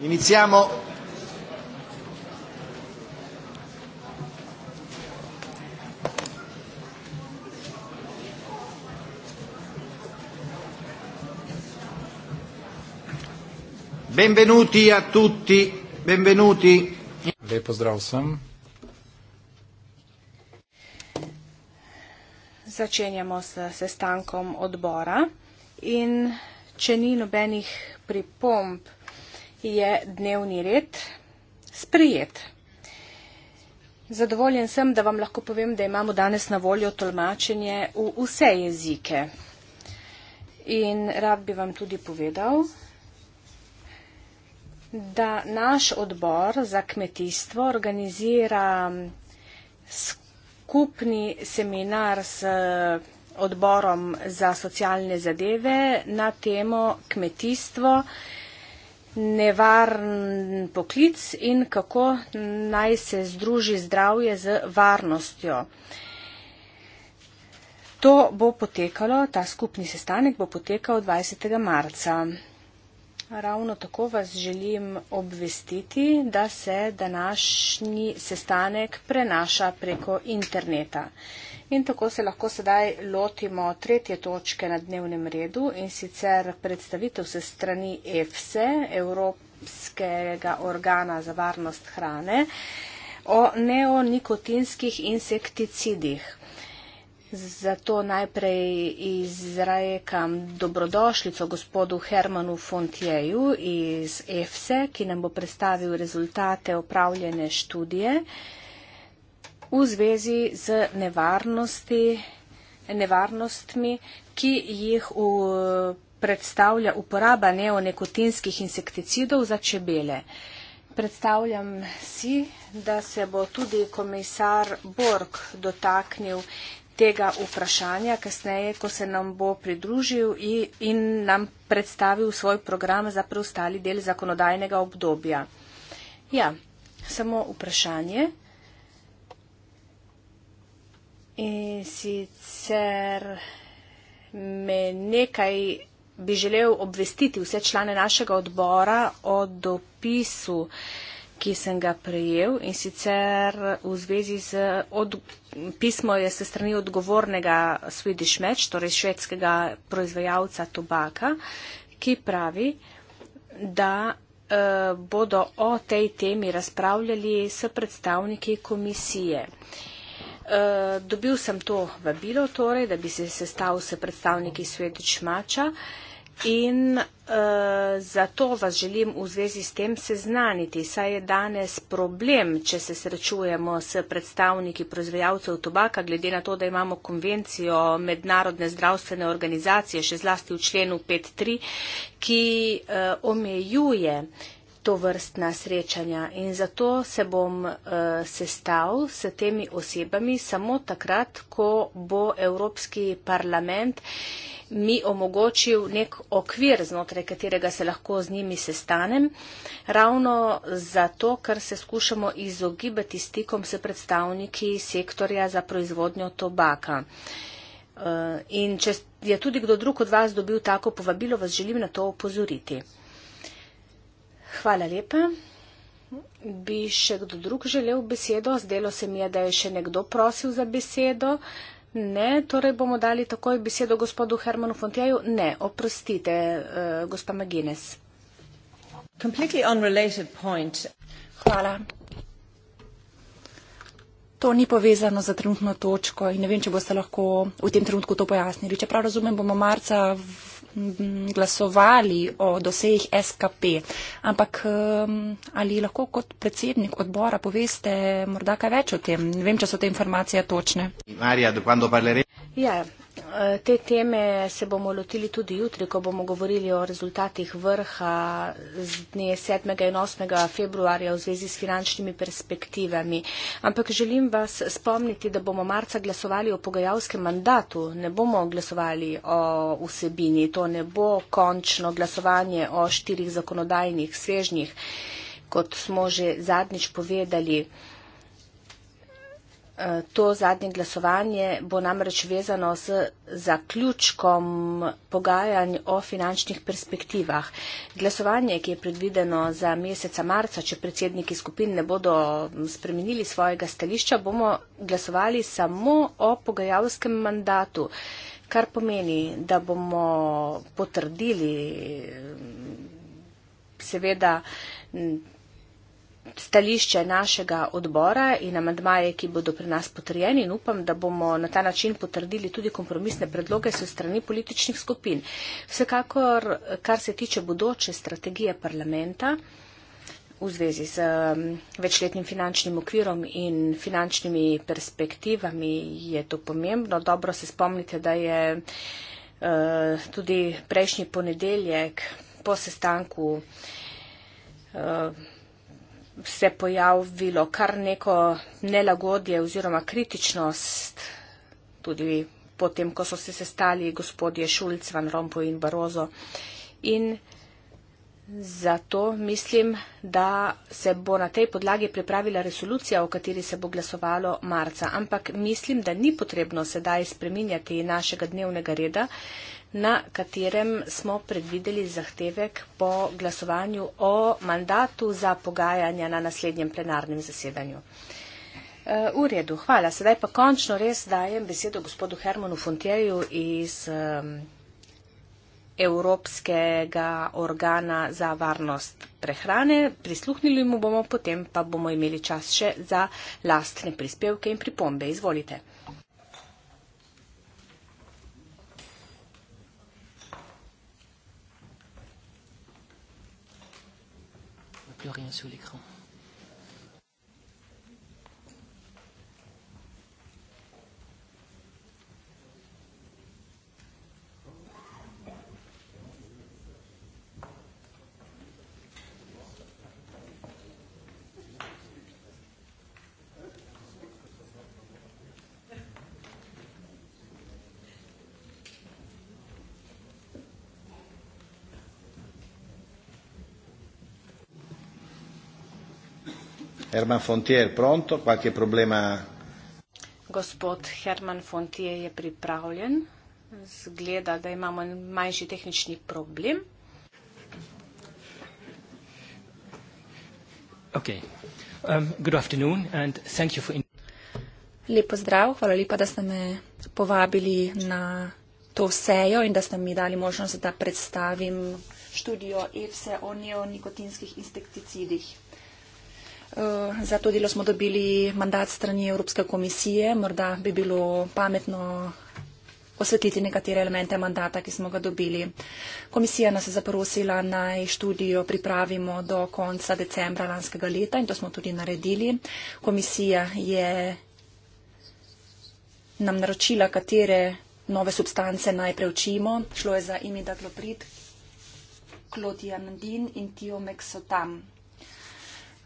Iniziamo. Benvenuti a tutti, benvenuti. Lep pozdrav vsem. Začenjamo s sestankom odbora in če ni nobenih pripomb, je dnevni red sprejet. Zadovoljen sem, da vam lahko povem, da imamo danes na voljo tolmačenje v vse jezike. In rad bi vam tudi povedal, da naš odbor za kmetijstvo organizira skupni seminar s odborom za socialne zadeve na temo kmetijstvo nevaren poklic in kako naj se združi zdravje z varnostjo. To bo potekalo, ta skupni sestanek bo potekal 20. marca. Ravno tako vas želim obvestiti, da se današnji sestanek prenaša preko interneta. In tako se lahko sedaj lotimo tretje točke na dnevnem redu in sicer predstavitev se strani EFSE, Evropskega organa za varnost hrane, o neonikotinskih insekticidih. Zato najprej izrajekam dobrodošlico gospodu Hermanu Fontjeju iz EFSE, ki nam bo predstavil rezultate opravljene študije v zvezi z nevarnostmi, ki jih v, predstavlja uporaba neonekotinskih insekticidov za čebele. Predstavljam si, da se bo tudi komisar Borg dotaknil tega vprašanja, kasneje, ko se nam bo pridružil in nam predstavil svoj program za preostali del zakonodajnega obdobja. Ja, samo vprašanje. In sicer me nekaj bi želel obvestiti vse člane našega odbora o dopisu, ki sem ga prejel in sicer v zvezi z od, pismo je se strani odgovornega Swedish Match, torej švedskega proizvajalca tobaka, ki pravi, da eh, bodo o tej temi razpravljali s predstavniki komisije. Eh, Eh, dobil sem to vabilo, torej, da bi se sestavil s predstavniki Svetič Mača in uh, zato vas želim v zvezi s tem seznaniti, saj je danes problem, če se srečujemo s predstavniki proizvajalcev tobaka, glede na to, da imamo konvencijo Mednarodne zdravstvene organizacije, še zlasti v členu 5.3, ki uh, omejuje uh, to vrstna srečanja in zato se bom uh, sestal s temi osebami samo takrat, ko bo Evropski parlament mi omogočil nek okvir, znotraj katerega se lahko z njimi sestanem, ravno zato, ker se skušamo izogibati stikom s predstavniki sektorja za proizvodnjo tobaka. Eh, in če je tudi kdo drug od vas dobil tako povabilo, vas želim na to opozoriti. Hvala lepa. Bi še kdo drug želel besedo? Zdelo se mi je, da je še nekdo prosil za besedo. Ne, torej bomo dali takoj besedo gospodu Hermanu Fontjeju. Ne, oprostite, uh, gospa Magines. Hvala. To ni povezano za trenutno točko in ne vem, če boste lahko v tem trenutku to pojasnili. Če prav razumem, bomo marca v glasovali o dosejih SKP. Ampak um, ali lahko kot predsednik odbora poveste morda kaj več o tem? Ne vem, če so te informacije točne. Marija, do quando parleremo? Ja. Yeah. Te teme se bomo lotili tudi jutri, ko bomo govorili o rezultatih vrha z dne 7. in 8. februarja v zvezi s finančnimi perspektivami. Ampak želim vas spomniti, da bomo marca glasovali o pogajalskem mandatu, ne bomo glasovali o vsebini, to ne bo končno glasovanje o štirih zakonodajnih svežnjih, kot smo že zadnjič povedali. To zadnje glasovanje bo namreč vezano z zaključkom pogajanj o finančnih perspektivah. Glasovanje, ki je predvideno za meseca marca, če predsedniki skupin ne bodo spremenili svojega stališča, bomo glasovali samo o pogajalskem mandatu, kar pomeni, da bomo potrdili seveda stališče našega odbora in amadmaje, ki bodo pri nas potrjeni in upam, da bomo na ta način potrdili tudi kompromisne predloge so strani političnih skupin. Vsekakor, kar se tiče bodoče strategije parlamenta v zvezi z um, večletnim finančnim okvirom in finančnimi perspektivami, je to pomembno. Dobro se spomnite, da je uh, tudi prejšnji ponedeljek po sestanku uh, se pojavilo kar neko nelagodje oziroma kritičnost tudi potem, ko so se sestali gospodje Šulc, Van Rompuy in Barozo. In zato mislim, da se bo na tej podlagi pripravila resolucija, o kateri se bo glasovalo marca. Ampak mislim, da ni potrebno sedaj spreminjati našega dnevnega reda, na katerem smo predvideli zahtevek po glasovanju o mandatu za pogajanja na naslednjem plenarnem zasedanju. E, v redu, hvala. Sedaj pa končno res dajem besedo gospodu Hermanu Fontjeju iz Evropskega organa za varnost prehrane. Prisluhnili mu bomo potem, pa bomo imeli čas še za lastne prispevke in pripombe. Izvolite. plus rien sur l'écran. Herman Fontier, pronto? Qualche problema? Gospod Herman Fontier je pripravljen. Zgleda, da imamo manjši tehnični problem. Okay. Um, good afternoon and thank you for in lepo zdrav, hvala lepa, da ste me povabili na to sejo in da ste mi dali možnost, da predstavim študijo EFSE o neonikotinskih insekticidih. Eh, Zato delo smo dobili mandat strani Evropske komisije. Morda bi bilo pametno osvetliti nekatere elemente mandata, ki smo ga dobili. Komisija nas je zaprosila, naj študijo pripravimo do konca decembra lanskega leta in to smo tudi naredili. Komisija je nam naročila, katere nove substance naj preučimo. Šlo je za imidagloprid, klotianandin in tiomeksotam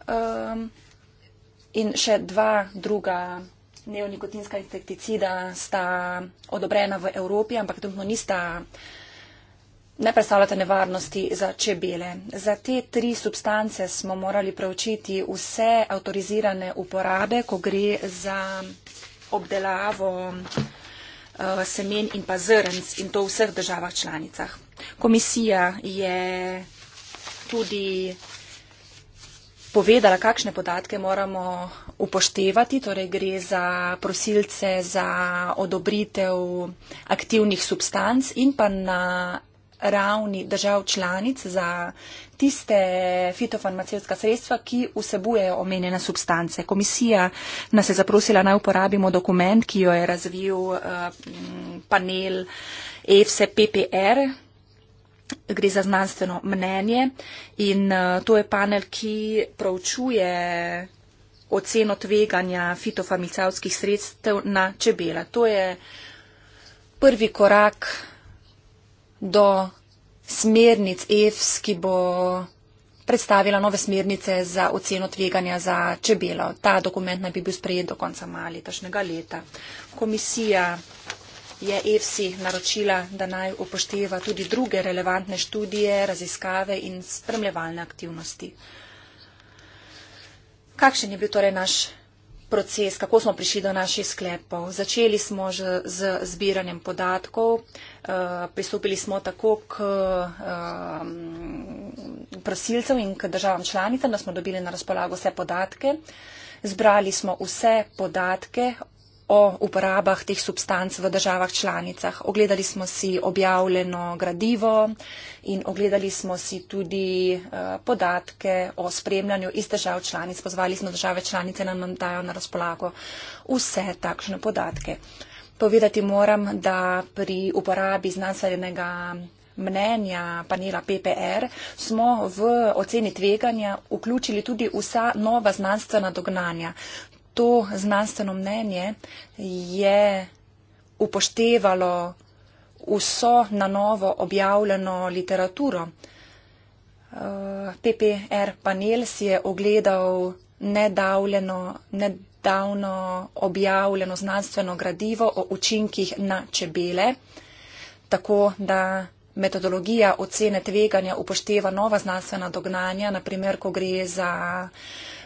um, in še dva druga neonikotinska insekticida sta odobrena v Evropi, ampak trenutno nista, ne predstavljate nevarnosti za čebele. Za te tri substance smo morali preučiti vse avtorizirane uporabe, ko gre za obdelavo uh, semen in pa zrnc in to v vseh državah članicah. Komisija je tudi povedala, kakšne podatke moramo upoštevati. Torej, gre za prosilce za odobritev aktivnih substanc in pa na ravni držav članic za tiste fitofarmacevska sredstva, ki vsebujejo omenjene substance. Komisija nas je zaprosila, naj uporabimo dokument, ki jo je razvil uh, panel EFSE PPR, gre za znanstveno mnenje in eh, to je panel, ki pravčuje oceno tveganja fitofarmicavskih sredstev na čebela. To je prvi korak do smernic EFS, ki bo predstavila nove smernice za oceno tveganja za čebelo. Ta dokument naj bi bil sprejet do konca maja letošnjega leta. Komisija je EFSI naročila, da naj upošteva tudi druge relevantne študije, raziskave in spremljevalne aktivnosti. Kakšen je bil torej naš proces, kako smo prišli do naših sklepov? Začeli smo že z zbiranjem podatkov, eh, pristopili smo tako k eh, prosilcem in k državam članicam, da smo dobili na razpolago vse podatke. Zbrali smo vse podatke o uporabah teh substanc v državah članicah. Ogledali smo si objavljeno gradivo in ogledali smo si tudi eh, podatke o spremljanju iz držav članic. Pozvali smo države članice, da nam dajo na razpolago vse takšne podatke. Povedati moram, da pri uporabi znanstvenega mnenja panela PPR smo v oceni tveganja vključili tudi vsa nova znanstvena dognanja to znanstveno mnenje je upoštevalo vso na novo objavljeno literaturo. PPR panel si je ogledal nedavljeno, nedavno objavljeno znanstveno gradivo o učinkih na čebele, tako da metodologija ocene tveganja upošteva nova znanstvena dognanja, naprimer, ko gre za uh,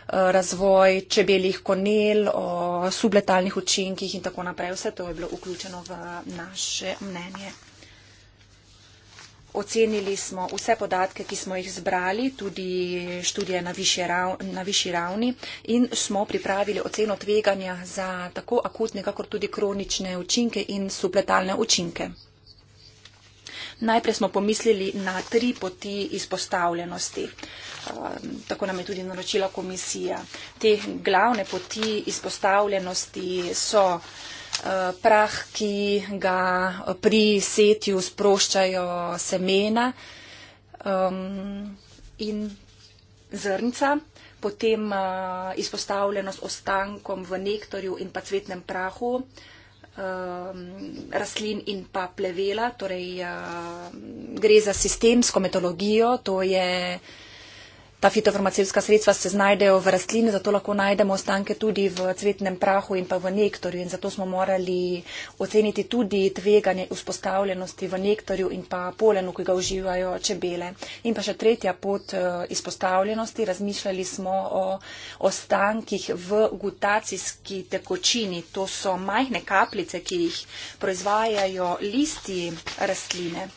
razvoj čebeljih konel, o subletalnih učinkih in tako naprej. Vse to je bilo vključeno v naše mnenje. Ocenili smo vse podatke, ki smo jih zbrali, tudi študije na višji, rav, na višji ravni in smo pripravili oceno tveganja za tako akutne, kakor tudi kronične učinke in subletalne učinke. Najprej smo pomislili na tri poti izpostavljenosti. Ehm, tako nam je tudi naročila komisija. Te glavne poti izpostavljenosti so e, prah, ki ga pri setju sproščajo semena ehm, in zrnca, potem e, izpostavljenost ostankom v nektorju in pa cvetnem prahu um, rastlin in pa plevela, torej uh, gre za sistemsko metologijo, to je uh, ta fitofarmacevska sredstva se znajdejo v rastline, zato lahko najdemo ostanke tudi v cvetnem prahu in pa v nektorju. In zato smo morali oceniti tudi tveganje vzpostavljenosti v nektorju in pa polenu, ki ga uživajo čebele. In pa še tretja pot eh, izpostavljenosti, razmišljali smo o ostankih v gutacijski tekočini. To so majhne kapljice, ki jih proizvajajo listi rastline.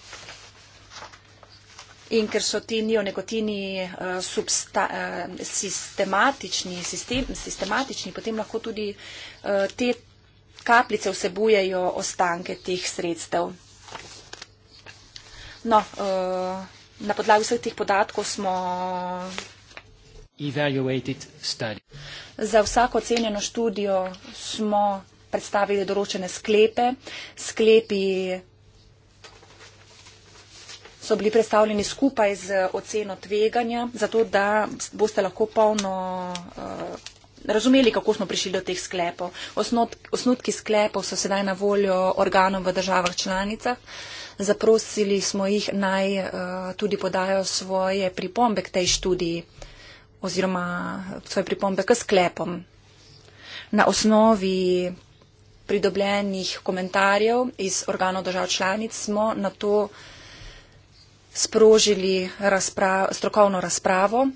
In ker so ti neonekotini eh, eh, sistematični, sistem, sistematični, potem lahko tudi eh, te kapljice vsebujejo ostanke teh sredstev. No, na podlagi vseh teh podatkov smo. Za vsako ocenjeno študijo smo predstavili določene sklepe. Sklepi so bili predstavljeni skupaj z oceno tveganja, zato da boste lahko polno eh, razumeli, kako smo prišli do teh sklepov. Osnutki sklepov so sedaj na voljo organom v državah članicah. Zaprosili smo jih naj eh, tudi podajo svoje pripombe k tej študiji oziroma svoje pripombe k sklepom. Na osnovi pridobljenih komentarjev iz organov držav članic smo na to pripravili sprožili razpravo, strokovno razpravo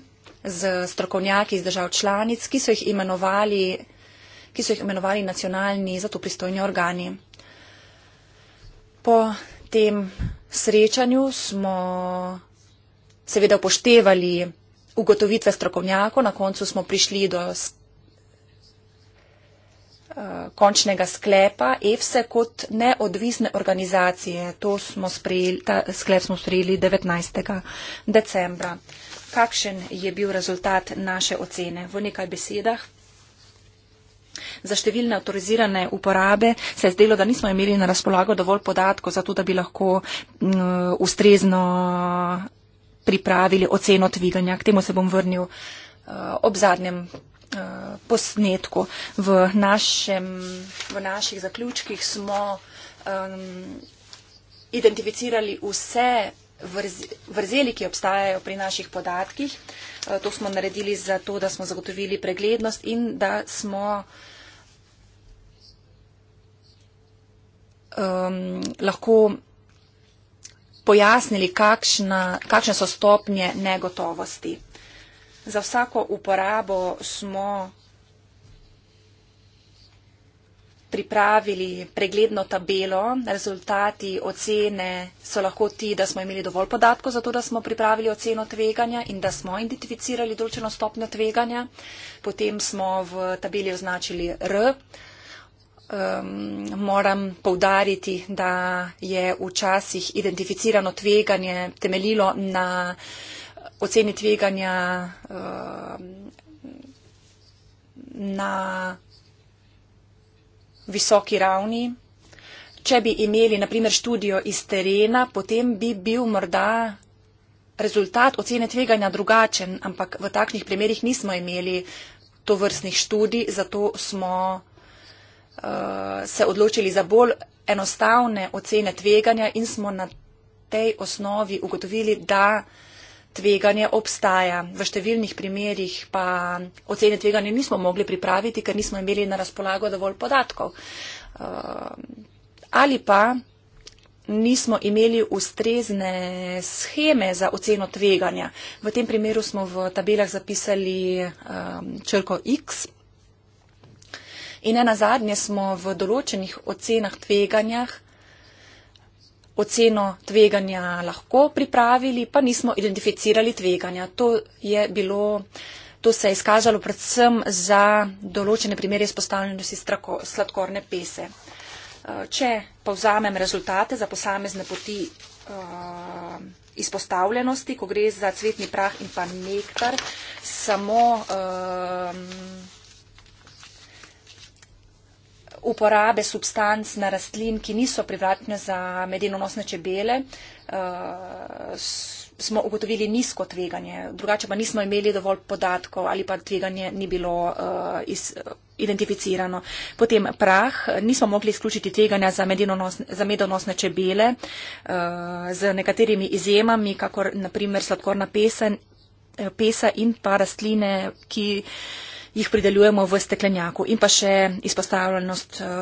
z strokovnjaki iz držav članic, ki so jih imenovali, ki so jih imenovali nacionalni za to pristojni organi. Po tem srečanju smo seveda upoštevali ugotovitve strokovnjakov, na koncu smo prišli do končnega sklepa EFSE kot neodvisne organizacije. Sprejeli, ta sklep smo sprejeli 19. decembra. Kakšen je bil rezultat naše ocene? V nekaj besedah. Za številne avtorizirane uporabe se je zdelo, da nismo imeli na razpolago dovolj podatkov za to, da bi lahko mm, ustrezno pripravili oceno tveganja. K temu se bom vrnil eh, ob zadnjem Eh, posnetku. V, našem, v naših zaključkih smo um, identificirali vse vrz, vrzeli, ki obstajajo pri naših podatkih. Uh, to smo naredili zato, da smo zagotovili preglednost in da smo um, lahko pojasnili, kakšna, kakšne so stopnje negotovosti. Za vsako uporabo smo pripravili pregledno tabelo. Rezultati ocene so lahko ti, da smo imeli dovolj podatkov za to, da smo pripravili oceno tveganja in da smo identificirali določeno stopnjo tveganja. Potem smo v tabeli označili R. Um, moram povdariti, da je včasih identificirano tveganje temeljilo na uh, oceni tveganja eh, na visoki ravni. Če bi imeli, naprimer, študijo iz terena, potem bi bil morda rezultat ocene tveganja drugačen, ampak v takšnih primerjih nismo imeli to vrstnih študij, zato smo uh, se odločili za bolj enostavne ocene tveganja in smo na tej osnovi ugotovili, da uh, tveganje obstaja. V številnih primerjih pa ocene tveganja nismo mogli pripraviti, ker nismo imeli na razpolago dovolj podatkov. Eh, ali pa nismo imeli ustrezne scheme za oceno tveganja. V tem primeru smo v tabelah zapisali eh, črko X. In ena zadnje smo v določenih ocenah tveganjah oceno tveganja lahko pripravili, pa nismo identificirali tveganja. To, bilo, to se je izkazalo predvsem za določene primere izpostavljenosti sladkorne pese. Eh, če povzamem rezultate za posamezne poti eh, izpostavljenosti, ko gre za cvetni prah in pa nektar, samo um, uporabe substanc na rastlin, ki niso privlačne za medenonosne čebele, eh, smo ugotovili nizko tveganje. Drugače pa nismo imeli dovolj podatkov ali pa tveganje ni bilo eh, iz identificirano. Potem prah, nismo mogli izključiti tveganja za, za medonosne čebele uh, z nekaterimi izjemami, kakor naprimer sladkorna pesa, pesa in pa rastline, ki uh, jih pridelujemo v steklenjaku. In pa še izpostavljenost uh,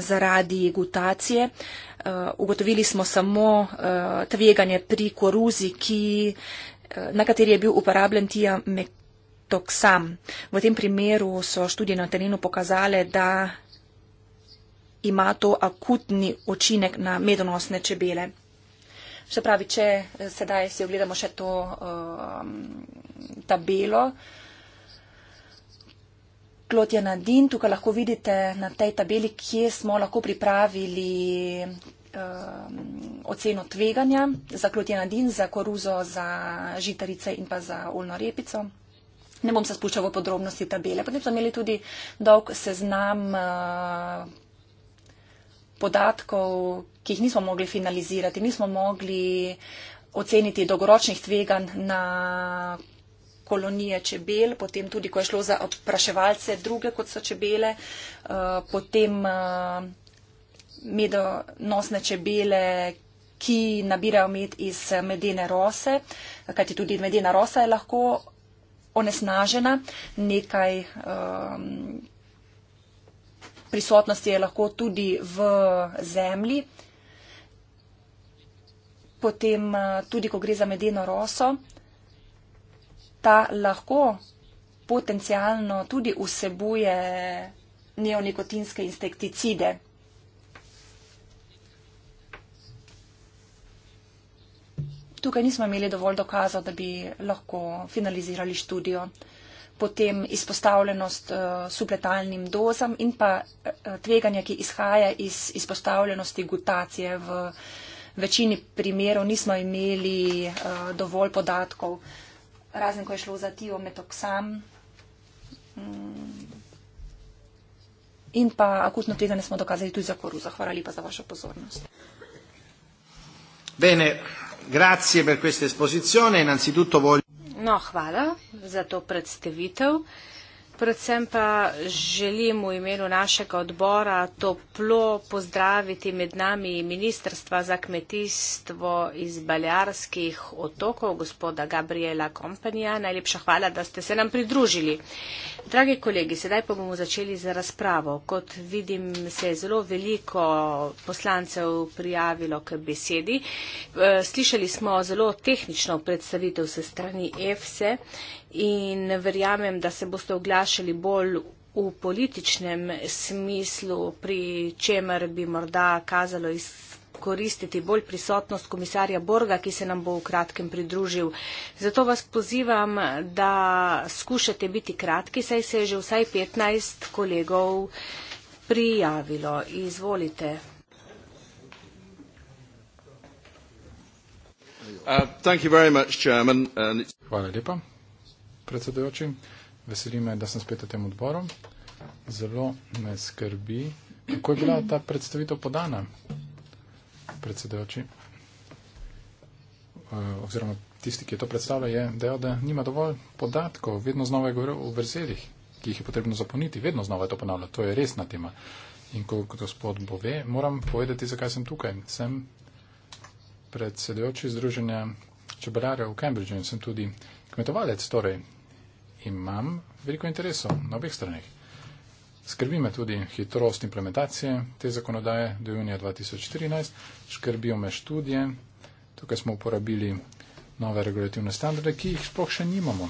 zaradi gutacije. Uh, ugotovili smo samo uh, tveganje pri koruzi, ki, uh, na kateri je bil uporabljen tija metoksam. V tem primeru so študije na terenu pokazale, da ima to akutni učinek na medonosne čebele. Se pravi, če sedaj si ogledamo še to um, tabelo, uh, Klotja Nadin, tukaj lahko vidite na tej tabeli, kje smo lahko pripravili um, oceno tveganja za Klotja Nadin, za koruzo, za žitarice in pa za oljno repico. Ne bom se spuščal v podrobnosti tabele. Potem smo imeli tudi dolg seznam uh, podatkov, ki jih nismo mogli finalizirati. Nismo mogli oceniti dolgoročnih tveganj na kolonije čebel, potem tudi, ko je šlo za opraševalce druge, kot so čebele, eh, potem eh, medonosne čebele, ki nabirajo med iz medene rose, kajti tudi medena rosa je lahko onesnažena, nekaj eh, prisotnosti je lahko tudi v zemlji. Potem tudi, ko gre za medeno roso, ta lahko potencialno tudi vsebuje neonikotinske insekticide. Tukaj nismo imeli dovolj dokazov, da bi lahko finalizirali študijo. Potem izpostavljenost uh, eh, supletalnim dozam in pa uh, tveganja, ki izhaja iz izpostavljenosti gutacije. V večini primerov nismo imeli uh, dovolj podatkov. Uh, razen ko je šlo za tio metoksam mm, in pa akutno tveganje smo dokazali tudi za koruzo. Hvala lepa za vašo pozornost. Bene, grazie per questa esposizione, innanzitutto voglio... No, hvala za to predstavitev. Predvsem pa želim v imenu našega odbora toplo pozdraviti med nami Ministrstva za kmetijstvo iz Balearskih otokov, gospoda Gabriela Kompanija. Najlepša hvala, da ste se nam pridružili. Dragi kolegi, sedaj pa bomo začeli z razpravo. Kot vidim, se je zelo veliko poslancev prijavilo k besedi. Eh, slišali smo zelo tehnično predstavitev se strani EFSE in verjamem, da se boste oglašali bolj v političnem smislu, pri čemer bi morda kazalo izkoristiti bolj prisotnost komisarja Borga, ki se nam bo v kratkem pridružil. Zato vas pozivam, da skušate biti kratki, saj se je že vsaj 15 kolegov prijavilo. Izvolite. Uh, Hvala lepa predsedojoči. Veseli me, da sem spet v tem odboru. Zelo me skrbi, kako je bila ta predstavitev podana, predsedojoči. Eh, oziroma tisti, ki je to predstavljal, je dejal, da nima dovolj podatkov, vedno znova je govoril o vrzelih, ki jih je potrebno zapolniti, vedno znova je to ponavljal. To je resna tema. In ko gospod Bove, moram povedati, zakaj sem tukaj. Sem predsedojoči Združenja čebelarjev v Cambridgeu in sem tudi kmetovalec, torej imam veliko interesov na obeh stranih. Skrbi me tudi hitrost implementacije te zakonodaje do junija 2014, skrbijo me študije, tukaj smo uporabili nove regulativne standarde, ki jih sploh še nimamo.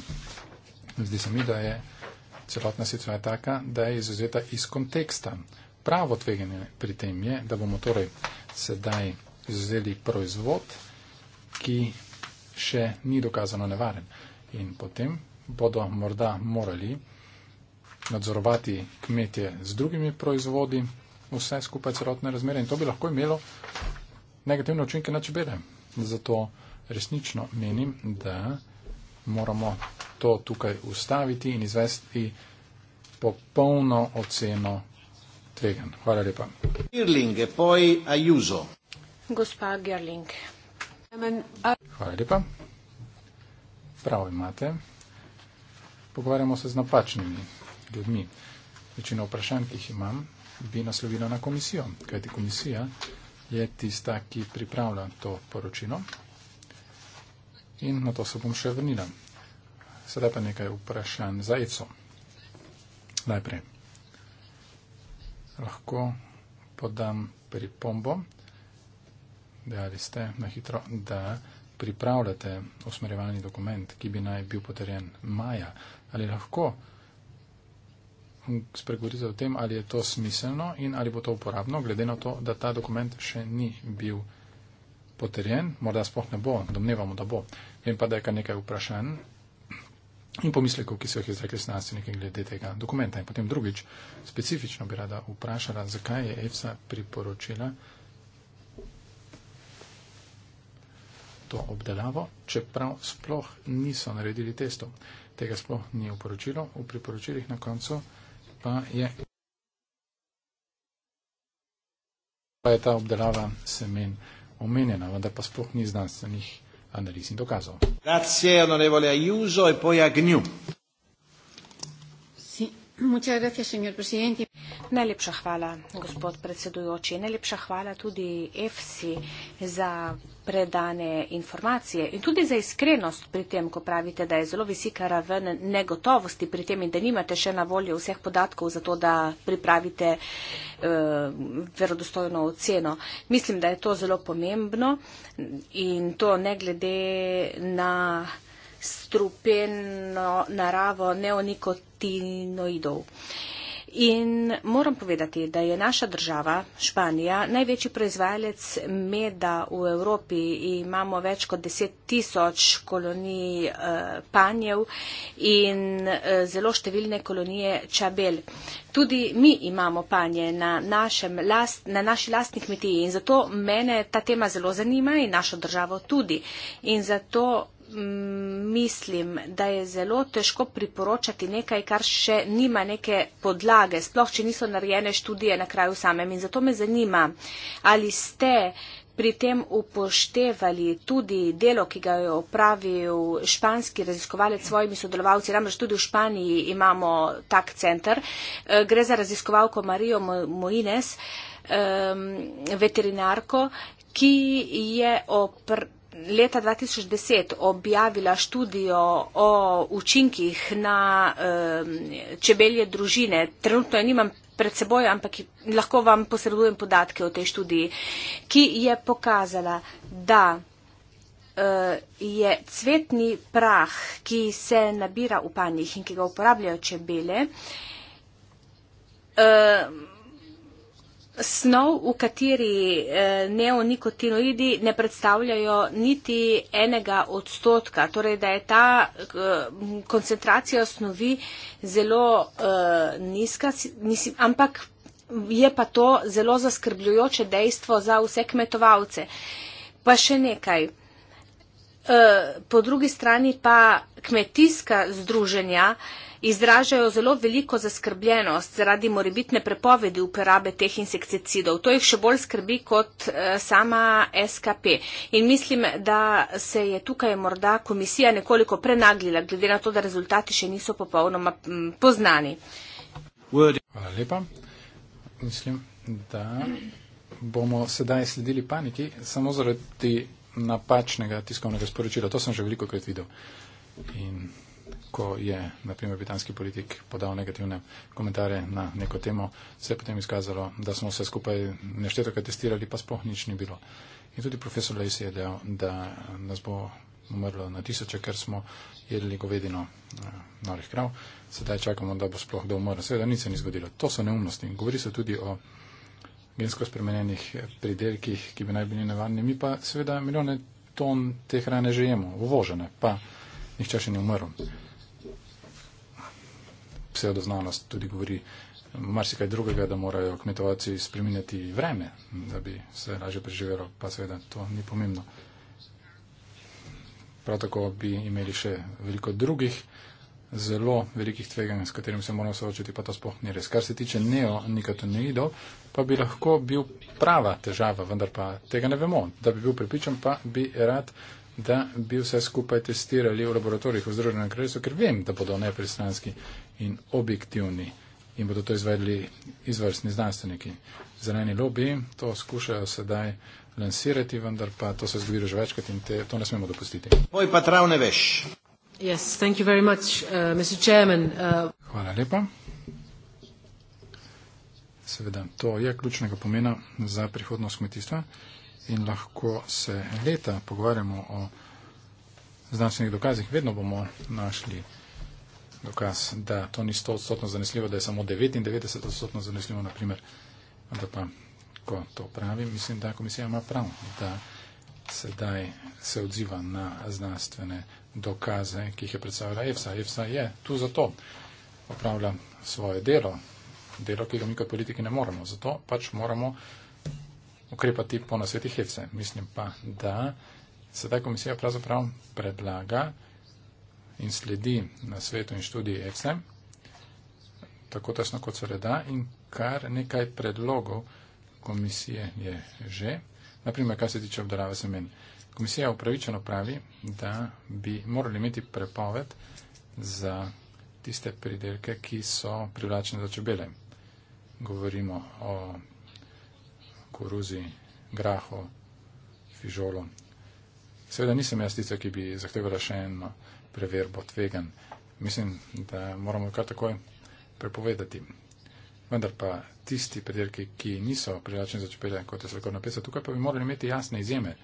Zdi se mi, da je celotna situacija taka, da je izuzeta iz konteksta. Pravo tveganje pri tem je, da bomo torej sedaj izuzeli proizvod, ki še ni dokazano nevaren. In potem bodo morda morali nadzorovati kmetje z drugimi proizvodi, vse skupaj celotne razmere in to bi lahko imelo negativne učinke na čebele. Zato resnično menim, da moramo to tukaj ustaviti in izvesti popolno oceno tvegan. Hvala lepa. Gerling, e poi Ayuso. Gospa Gerling. Hvala lepa. Prav imate pogovarjamo se z napačnimi ljudmi. Večino vprašanj, ki jih imam, bi naslovila na komisijo, kajti komisija je tista, ki pripravlja to poročilo. In na to se bom še vrnila. Sedaj pa nekaj vprašanj za ECO. Najprej. Lahko podam pripombo, da ste na hitro, da pripravljate usmerjevalni dokument, ki bi naj bil potrjen maja ali lahko spregovorite o tem, ali je to smiselno in ali bo to uporabno, glede na to, da ta dokument še ni bil potrjen, morda spoh ne bo, domnevamo, da bo. Vem pa, da je kar nekaj vprašanj in pomislekov, ki so jih izrekli znanstveniki glede tega dokumenta. In potem drugič, specifično bi rada vprašala, zakaj je EFSA priporočila to obdelavo, čeprav sploh niso naredili testov tega sploh ni v poročilu, v priporočilih na koncu pa je, pa je ta obdelava semen omenjena, vendar pa sploh ni znanstvenih analiz in dokazov. Grazie, onorevole Ayuso, e poi Agnew. Sì, muchas gracias, signor Presidente. Najlepša hvala, gospod predsedujoči. Najlepša hvala tudi EFSI za predane informacije in tudi za iskrenost pri tem, ko pravite, da je zelo visika raven negotovosti pri tem in da nimate še na voljo vseh podatkov za to, da pripravite eh, verodostojno oceno. Mislim, da je to zelo pomembno in to ne glede na strupeno naravo neonikotinoidov. Eh, In moram povedati, da je naša država, Španija, največji proizvajalec meda v Evropi. Imamo več kot deset tisoč kolonij eh, panjev in eh, zelo številne kolonije čabel. Tudi mi imamo panje na, našem, last, na naši lastni kmetiji in zato mene ta tema zelo zanima in našo državo tudi. In zato mislim, da je zelo težko priporočati nekaj, kar še nima neke podlage, sploh če niso narejene študije na kraju samem. In zato me zanima, ali ste pri tem upoštevali tudi delo, ki ga je opravil španski raziskovalec s svojimi sodelovalci, namreč tudi v Španiji imamo tak center, e, gre za raziskovalko Marijo Moines, veterinarko, ki je opravil leta 2010 objavila študijo o učinkih na um, čebelje družine, trenutno jo nimam pred seboj, ampak lahko vam posredujem podatke o tej študiji, ki je pokazala, da uh, je cvetni prah, ki se nabira v panjih in ki ga uporabljajo čebele, uh, snov, v kateri eh, neonikotinoidi ne predstavljajo niti enega odstotka, torej da je ta eh, koncentracija snovi zelo eh, nizka, mislim, ampak je pa to zelo zaskrbljujoče dejstvo za vse kmetovalce. Pa še nekaj. Po drugi strani pa kmetijska združenja izražajo zelo veliko zaskrbljenost zaradi morebitne prepovedi uporabe teh insekticidov. To jih še bolj skrbi kot eh, sama SKP. In mislim, da se je tukaj morda komisija nekoliko prenaglila, glede na to, da rezultati še niso popolnoma poznani. Hvala lepa. Mislim, da bomo sedaj sledili paniki samo zaradi napačnega tiskovnega sporočila. To sem že veliko krat videl. In ko je, na primer, britanski politik podal negativne komentarje na neko temo, se je potem izkazalo, da smo se skupaj nešteto kaj testirali, pa sploh nič ni bilo. In tudi profesor Lacey je dejal, da nas bo umrlo na tisoče, ker smo jedli govedino uh, norih krav, sedaj čakamo, da bo sploh kdo umrl. Seveda nič se ni zgodilo. To so neumnosti. Govori se tudi o gensko spremenjenih pridelkih, ki bi naj bili nevarni. Mi pa seveda milijone ton te hrane že jemo, uvožene, pa nihče še ni umrl pseudoznanost tudi govori marsikaj drugega, da morajo kmetovci spreminjati vreme, da bi se lažje preživelo, pa seveda to ni pomembno. Prav tako bi imeli še veliko drugih zelo velikih tveganj, s katerimi se moramo soočiti, pa to sploh ni res. Kar se tiče neonikotinoidov, pa bi lahko bil prava težava, vendar pa tega ne vemo. Da bi bil pripričan, pa bi rad, da bi vse skupaj testirali v laboratorijih v Združenem kraljestvu, ker vem, da bodo nepristranski in objektivni in bodo to izvedli izvrstni znanstveniki. Zeleni lobiji to skušajo sedaj lansirati, vendar pa to se zgodi že večkrat in te, to ne smemo dopustiti. Moj pa trav ne veš. Yes, thank you very much, uh, Mr. Chairman. Uh... Hvala lepa. Seveda, to je ključnega pomena za prihodnost kmetijstva in lahko se leta pogovarjamo o znanstvenih dokazih. Vedno bomo našli dokaz, da to ni 100% zanesljivo, da je samo 99% zanesljivo, naprimer. Da pa, ko to pravim, mislim, da komisija ima prav, da sedaj se odziva na znanstvene dokaze, ki jih je predstavila EFSA. EFSA je tu zato, opravlja svoje delo, delo, ki ga mi kot politiki ne moremo, zato pač moramo ukrepati po nasvetih EFSA. Mislim pa, da sedaj komisija pravzaprav predlaga, in sledi na svetu in študiji ECM, tako tesno kot se reda in kar nekaj predlogov komisije je že, naprimer, kar se tiče obdelave semen. Komisija upravičeno pravi, da bi morali imeti prepoved za tiste pridelke, ki so privlačene za čebele. Govorimo o koruzi, graho, fižolo. Seveda nisem jaz tisto, ki bi zahtevala še eno preverbo tvegan. Mislim, da moramo kar takoj prepovedati. Vendar pa tisti predelki, ki niso prilačni za čepele, kot je sladkorna pesa, tukaj pa bi morali imeti jasne izjeme.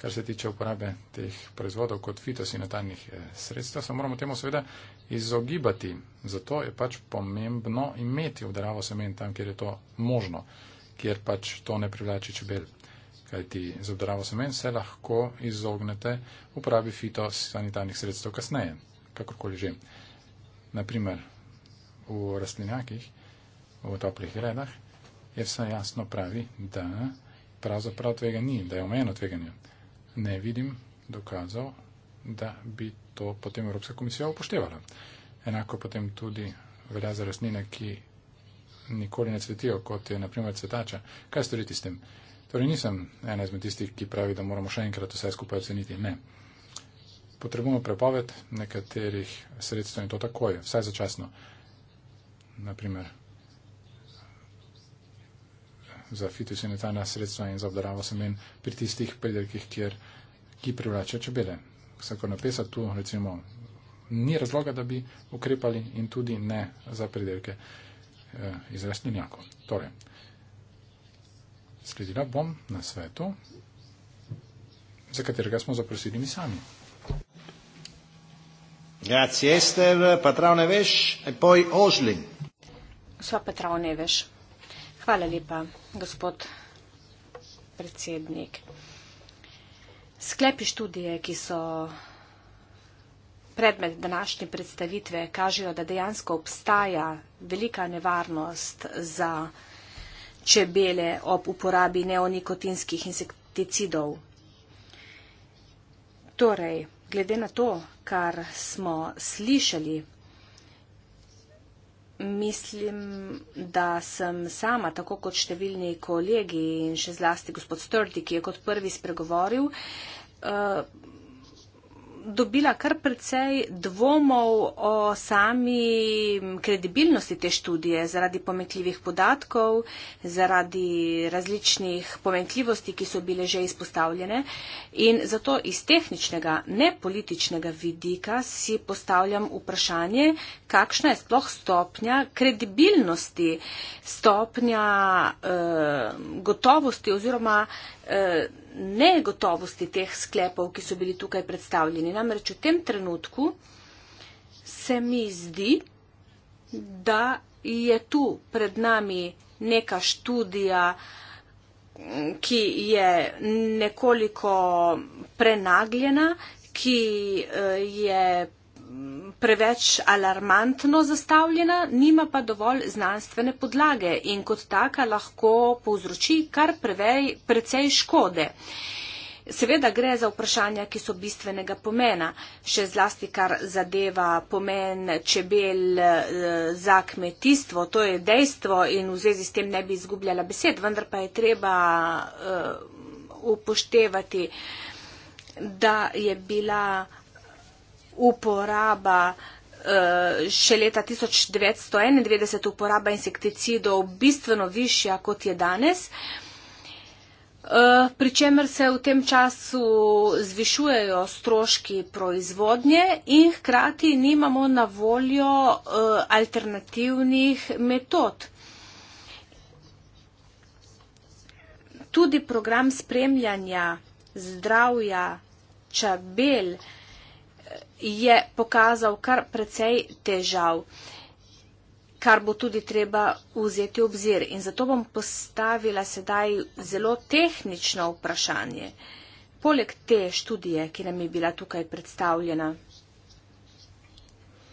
Kar se tiče uporabe teh proizvodov kot fitosinotalnih eh, sredstev, se moramo temu seveda izogibati. Zato je pač pomembno imeti obdelavo semen tam, kjer je to možno, kjer pač to ne privlači čebel kajti zdravo semen se lahko izognete uporabi fitosanitarnih sredstev kasneje, kakorkoli že. Naprimer, v rastlinjakih, v toplih redah, je vse jasno pravi, da pravzaprav tvega ni, da je omejeno tveganje. Ne vidim dokazov, da bi to potem Evropska komisija upoštevala. Enako potem tudi velja za rastline, ki nikoli ne cvetijo, kot je naprimer cvetača. Kaj storiti s tem? Torej nisem ena izmed tistih, ki pravi, da moramo še enkrat vse skupaj oceniti. Ne. Potrebujemo prepoved nekaterih sredstev in to takoj, vsaj začasno. Naprimer, za fitosanitarna sredstva in za obdaravo semen pri tistih predelkih, kjer, ki privlačajo čebele. Vsakor napisa tu, recimo, ni razloga, da bi ukrepali in tudi ne za predelke eh, iz rastlinjakov. Torej, Sledila bom na svetu, za katerega smo zaprosili mi sami. Grazie Ester, Patrao Neveš, e poi Ožlin. Sva Patrao Neveš. Hvala lepa, gospod predsednik. Sklepi študije, ki so predmet današnje predstavitve, kažejo, da dejansko obstaja velika nevarnost za čebele ob uporabi neonikotinskih insekticidov. Torej, glede na to, kar smo slišali, mislim, da sem sama, tako kot številni kolegi in še zlasti gospod Strdi, ki je kot prvi spregovoril, eh, dobila kar precej dvomov o sami kredibilnosti te študije zaradi pomenkljivih podatkov, zaradi različnih pomenkljivosti, ki so bile že izpostavljene. In zato iz tehničnega, ne političnega vidika si postavljam vprašanje, kakšna je sploh stopnja kredibilnosti, stopnja eh, gotovosti oziroma negotovosti teh sklepov, ki so bili tukaj predstavljeni. Namreč v tem trenutku se mi zdi, da je tu pred nami neka študija, ki je nekoliko prenagljena, ki eh, je preveč alarmantno zastavljena, nima pa dovolj znanstvene podlage in kot taka lahko povzroči kar prevej, precej škode. Seveda gre za vprašanja, ki so bistvenega pomena, še zlasti kar zadeva pomen čebel eh, za kmetijstvo, to je dejstvo in v zvezi s tem ne bi izgubljala besed, vendar pa je treba uh, upoštevati, da je bila uporaba eh, še leta 1991 uporaba insekticidov bistveno višja, kot je danes, eh, pri čemer se v tem času zvišujejo stroški proizvodnje in hkrati nimamo na voljo eh, alternativnih metod. Tudi program spremljanja zdravja čabel je pokazal kar precej težav, kar bo tudi treba vzeti obzir. In zato bom postavila sedaj zelo tehnično vprašanje. Poleg te študije, ki nam je bila tukaj predstavljena,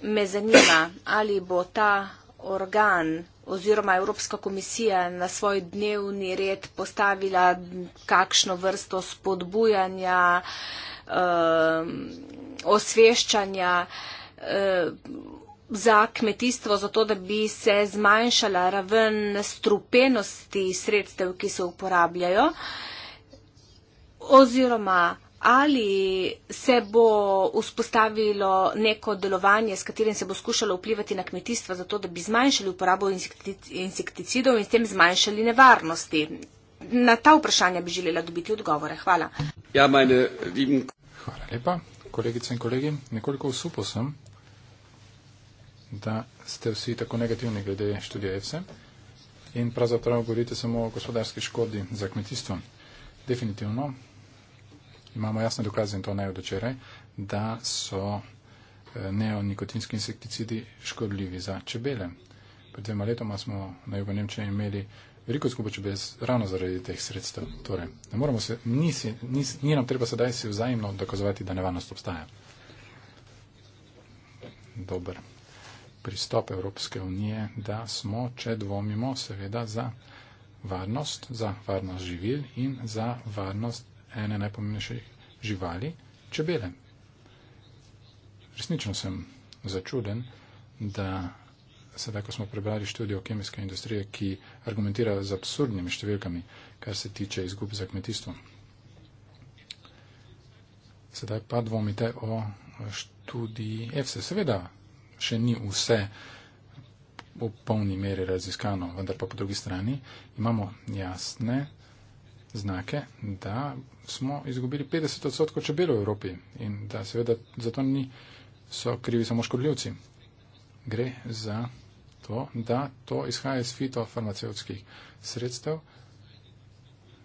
me zanima, ali bo ta organ oziroma Evropska komisija na svoj dnevni red postavila kakšno vrsto spodbujanja, Um, osveščanja eh, za kmetijstvo, zato da bi se zmanjšala raven strupenosti sredstev, ki se uporabljajo, oziroma ali se bo vzpostavilo neko delovanje, s katerim se bo skušalo vplivati na kmetijstvo, zato da bi zmanjšali uporabo insekticidov in s tem zmanjšali nevarnosti na ta vprašanja bi želela dobiti odgovore. Hvala. Ja, meine, lieben... Hvala lepa, kolegice in kolegi. Nekoliko usupo sem, da ste vsi tako negativni glede študija EFSE in pravzaprav govorite samo o gospodarski škodi za kmetijstvo. Definitivno imamo jasne dokaze in to ne od včeraj, da so eh, neonikotinski insekticidi škodljivi za čebele. Pred dvema letoma smo na jugu Nemčije imeli veliko izgubo, če bi jaz ravno zaradi teh sredstev. Torej, ne moramo se, nisi, nis, ni nam treba sedaj se vzajemno dokazovati, da nevarnost obstaja. Dober pristop Evropske unije, da smo, če dvomimo, seveda za varnost, za varnost živil in za varnost ene najpomembnejših živali, čebele. Resnično sem začuden, da sedaj, ko smo prebrali študijo kemijske industrije, ki argumentira z absurdnimi številkami, kar se tiče izgub za kmetijstvo. Sedaj pa dvomite o študiji EFSE. Seveda, še ni vse v polni meri raziskano, vendar pa po drugi strani imamo jasne znake, da smo izgubili 50 odstotkov čebel v Evropi in da seveda zato ni, so krivi samo škodljivci. Gre za to, da to izhaja iz fitofarmacevskih sredstev,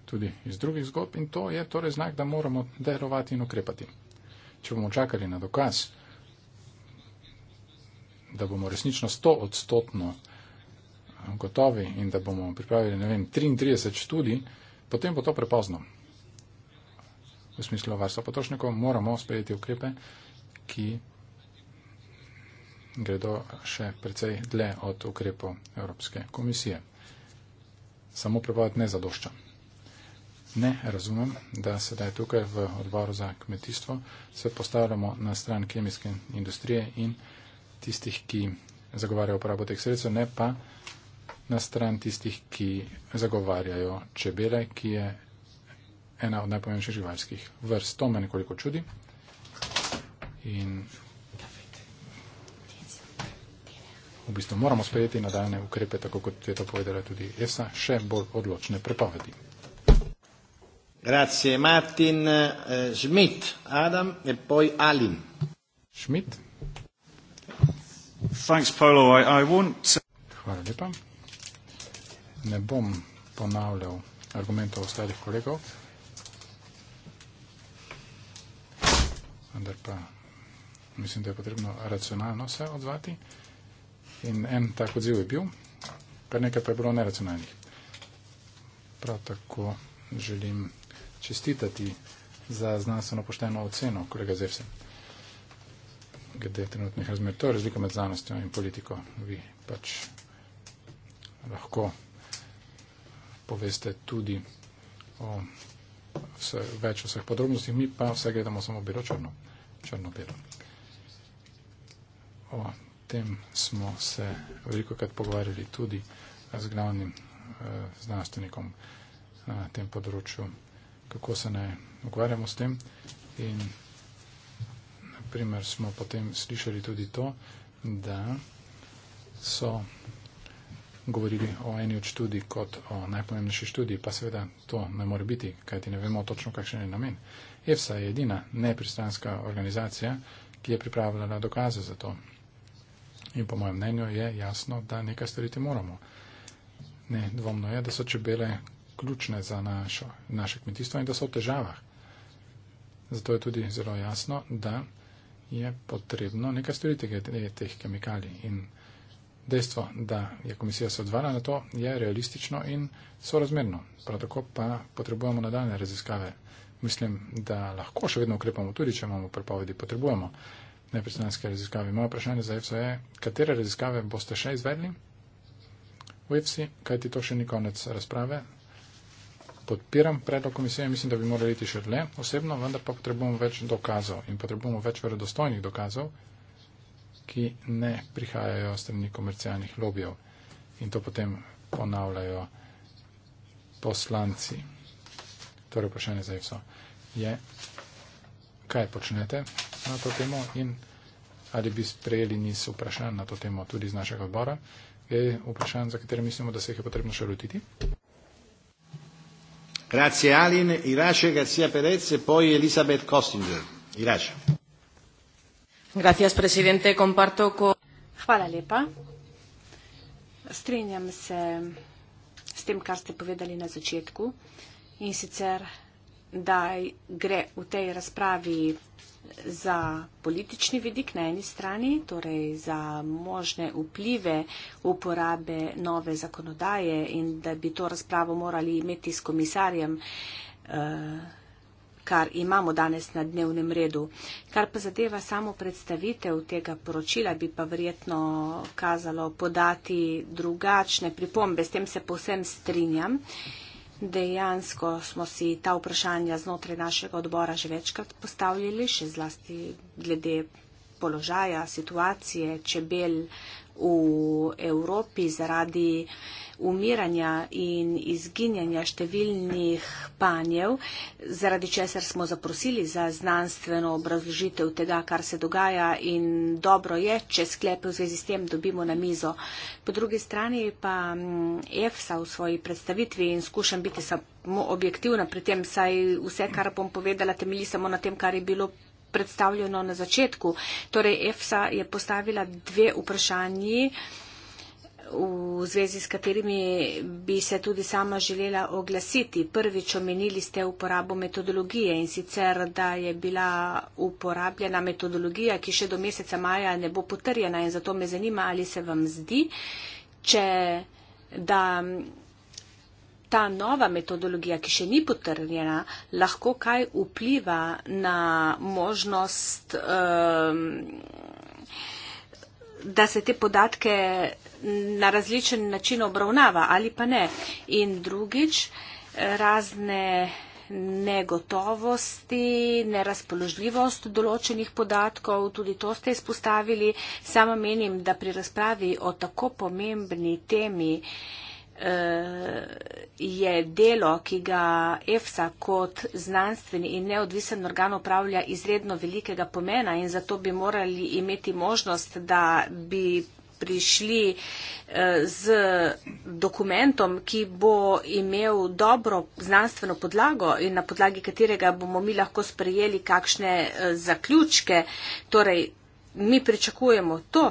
tudi iz drugih zgodb in to je torej znak, da moramo delovati in ukrepati. Če bomo čakali na dokaz, da bomo resnično 100 odstotno eh, gotovi in da bomo pripravili, ne vem, 33 študij, potem bo to prepozno. V smislu varstva potrošnikov moramo sprejeti ukrepe, ki gredo še precej dlje od ukrepov Evropske komisije. Samo prepoved ne zadošča. Ne razumem, da sedaj tukaj v odboru za kmetijstvo se postavljamo na stran kemijske industrije in tistih, ki zagovarjajo uporabo teh sredstev, ne pa na stran tistih, ki zagovarjajo čebele, ki je ena od najpomembnejših živalskih vrst. To me nekoliko čudi. In v bistvu moramo sprejeti nadaljne ukrepe, tako kot je to povedala tudi ESA, še bolj odločne prepovedi. Grazie Martin, eh, Schmidt, Adam e poi Alin. Schmidt. Thanks Polo, I, I want to... Hvala lepa. Ne bom ponavljal argumentov ostalih kolegov. Vendar pa mislim, da je potrebno racionalno se odzvati. In en tak odziv je bil, kar nekaj pa je bilo neracionalnih. Prav tako želim čestitati za znanstveno pošteno oceno kolega Zevsem, glede trenutnih razmer. To je razlika med znanostjo in politiko. Vi pač lahko poveste tudi o vse, več vseh podrobnostih, mi pa vse gledamo samo biro črno, črno-biro tem smo se veliko krat pogovarjali tudi z glavnim uh, znanstvenikom eh, na tem področju, kako se naj ukvarjamo s tem. In naprimer smo potem slišali tudi to, da so govorili o eni od študij kot o najpomembnejši študiji, pa seveda to ne more biti, kajti ne vemo točno, kakšen je namen. EFSA je edina nepristranska organizacija, ki je pripravljala dokaze za to. In po mojem mnenju je jasno, da nekaj storiti moramo. Ne, dvomno je, da so čebele ključne za našo, naše kmetijstvo in da so v težavah. Zato je tudi zelo jasno, da je potrebno nekaj storiti glede teh kemikalij. In dejstvo, da je komisija se odvala na to, je realistično in sorazmerno. Prav tako pa potrebujemo nadaljne raziskave. Mislim, da lahko še vedno ukrepamo, tudi če imamo prepovedi, potrebujemo nepristranske raziskave. Moje vprašanje za EFSA je, katere raziskave boste še izvedli v EFSI, kajti to še ni konec razprave. Podpiram predlog komisije, mislim, da bi morali iti še dlje osebno, vendar pa potrebujemo več dokazov in potrebujemo več verodostojnih dokazov, ki ne prihajajo strani komercialnih lobijev in to potem ponavljajo poslanci. Torej vprašanje za EFSO je kaj počnete na to temo in ali bi sprejeli niz vprašanj na to temo tudi iz našega odbora. Je vprašanj, za katere mislimo, da se jih je potrebno še lotiti. Grazie Alin, Irace Garcia Perez, e poi Elisabeth Kostinger. Irace. Grazie Presidente, comparto con... Hvala lepa. Strinjam se s tem, kar ste povedali na začetku. In sicer da gre v tej razpravi za politični vidik na eni strani, torej za možne vplive uporabe nove zakonodaje in da bi to razpravo morali imeti s komisarjem, eh, kar imamo danes na dnevnem redu. Kar pa zadeva samo predstavitev tega poročila, bi pa verjetno kazalo podati drugačne pripombe, s tem se povsem strinjam. Dejansko smo si ta vprašanja znotraj našega odbora že večkrat postavljali, še zlasti glede položaja, situacije, čebel v Evropi zaradi umiranja in izginjanja številnih panjev, zaradi česar smo zaprosili za znanstveno obrazložitev tega, kar se dogaja in dobro je, če sklepe v zvezi s tem dobimo na mizo. Po drugi strani pa mm, EFSA v svoji predstavitvi in skušam biti samo objektivna pri tem, saj vse, kar bom povedala, temeli samo na tem, kar je bilo predstavljeno na začetku. Torej, EFSA je postavila dve vprašanji, v zvezi s katerimi bi se tudi sama želela oglasiti. Prvič omenili ste uporabo metodologije in sicer, da je bila uporabljena metodologija, ki še do meseca maja ne bo potrjena in zato me zanima, ali se vam zdi, če da ta nova metodologija, ki še ni potrjena, lahko kaj vpliva na možnost, ehm, da se te podatke na različen način obravnava ali pa ne. In drugič, razne negotovosti, nerazpoložljivost določenih podatkov, tudi to ste izpostavili. Sama menim, da pri razpravi o tako pomembni temi, eh, Eh, je delo, ki ga EFSA kot znanstveni in neodvisen organ upravlja izredno velikega pomena in zato bi morali imeti možnost, da bi prišli eh, z dokumentom, ki bo imel dobro znanstveno podlago in na podlagi katerega bomo mi lahko sprejeli kakšne eh, zaključke. Torej, mi pričakujemo to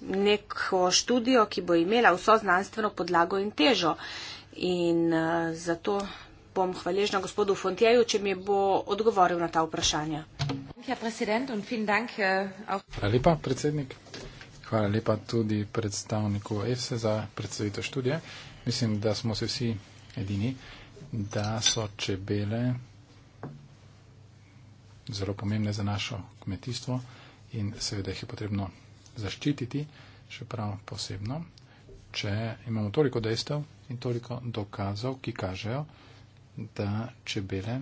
neko študijo, ki bo imela vso znanstveno podlago in težo. In uh, zato bom hvaležna gospodu Fontjeju, če mi bo odgovoril na ta vprašanja. Eh, Hvala lepa, predsednik. Hvala lepa tudi predstavniku EFSE za predstavitev študije. Mislim, da smo se vsi edini, da so čebele zelo pomembne za našo kmetijstvo in seveda jih je potrebno zaščititi, še prav posebno, če imamo toliko dejstev in toliko dokazov, ki kažejo, da čebele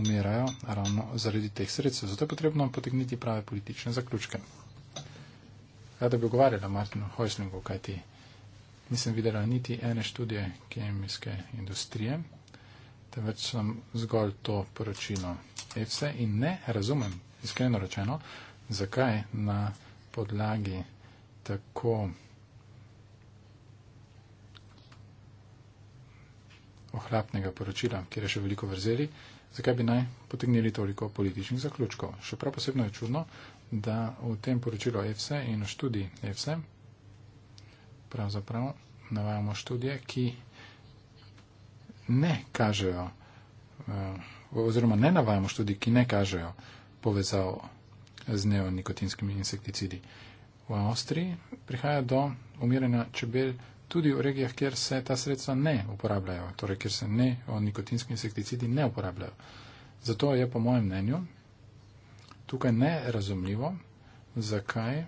umirajo ravno zaradi teh sredstev. Zato je potrebno potegniti prave politične zaključke. Rada bi govorila o Martinu Hojslingu, kajti nisem videla niti ene študije kemijske industrije, temveč sem zgolj to poročilo EFSE in ne razumem, iskreno rečeno, zakaj na podlagi tako ohlapnega poročila, kjer je še veliko vrzeli, zakaj bi naj potegnili toliko političnih zaključkov. Še prav posebno je čudno, da v tem poročilu EFSE in v študiji EFSE pravzaprav navajamo študije, ki ne kažejo, eh, oziroma ne navajamo študij, ki ne kažejo povezav z neonikotinskimi insekticidi. V Avstriji prihaja do umiranja čebel tudi v regijah, kjer se ta sredstva ne uporabljajo, torej kjer se neonikotinski insekticidi ne uporabljajo. Zato je po mojem mnenju tukaj nerazumljivo, zakaj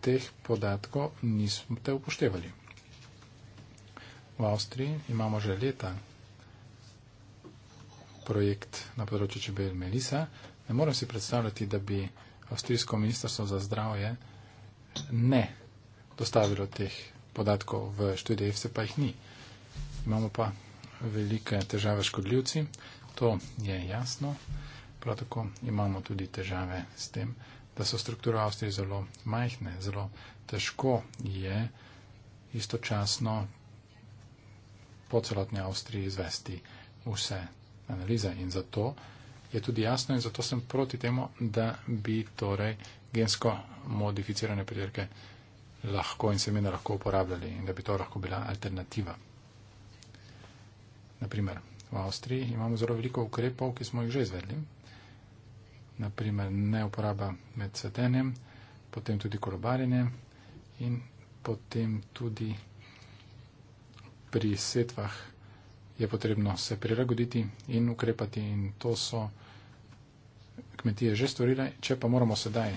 teh podatkov nismo te upoštevali. V Avstriji imamo že leta projekt na področju čebel Melisa, Ne morem si predstavljati, da bi avstrijsko ministrstvo za zdravje ne dostavilo teh podatkov v študije EFSE, pa jih ni. Imamo pa velike težave škodljivci, to je jasno. Prav tako imamo tudi težave s tem, da so strukture Avstrije zelo majhne, zelo težko je istočasno po celotni Avstriji izvesti vse analize in zato je tudi jasno in zato sem proti temu, da bi torej gensko modificirane pridelke lahko in semena lahko uporabljali in da bi to lahko bila alternativa. Naprimer, v Avstriji imamo zelo veliko ukrepov, ki smo jih že izvedli. Naprimer, ne uporaba med cvetenjem, potem tudi korobarjenje in potem tudi pri setvah je potrebno se prilagoditi in ukrepati in to so kmetije že storile. Če pa moramo sedaj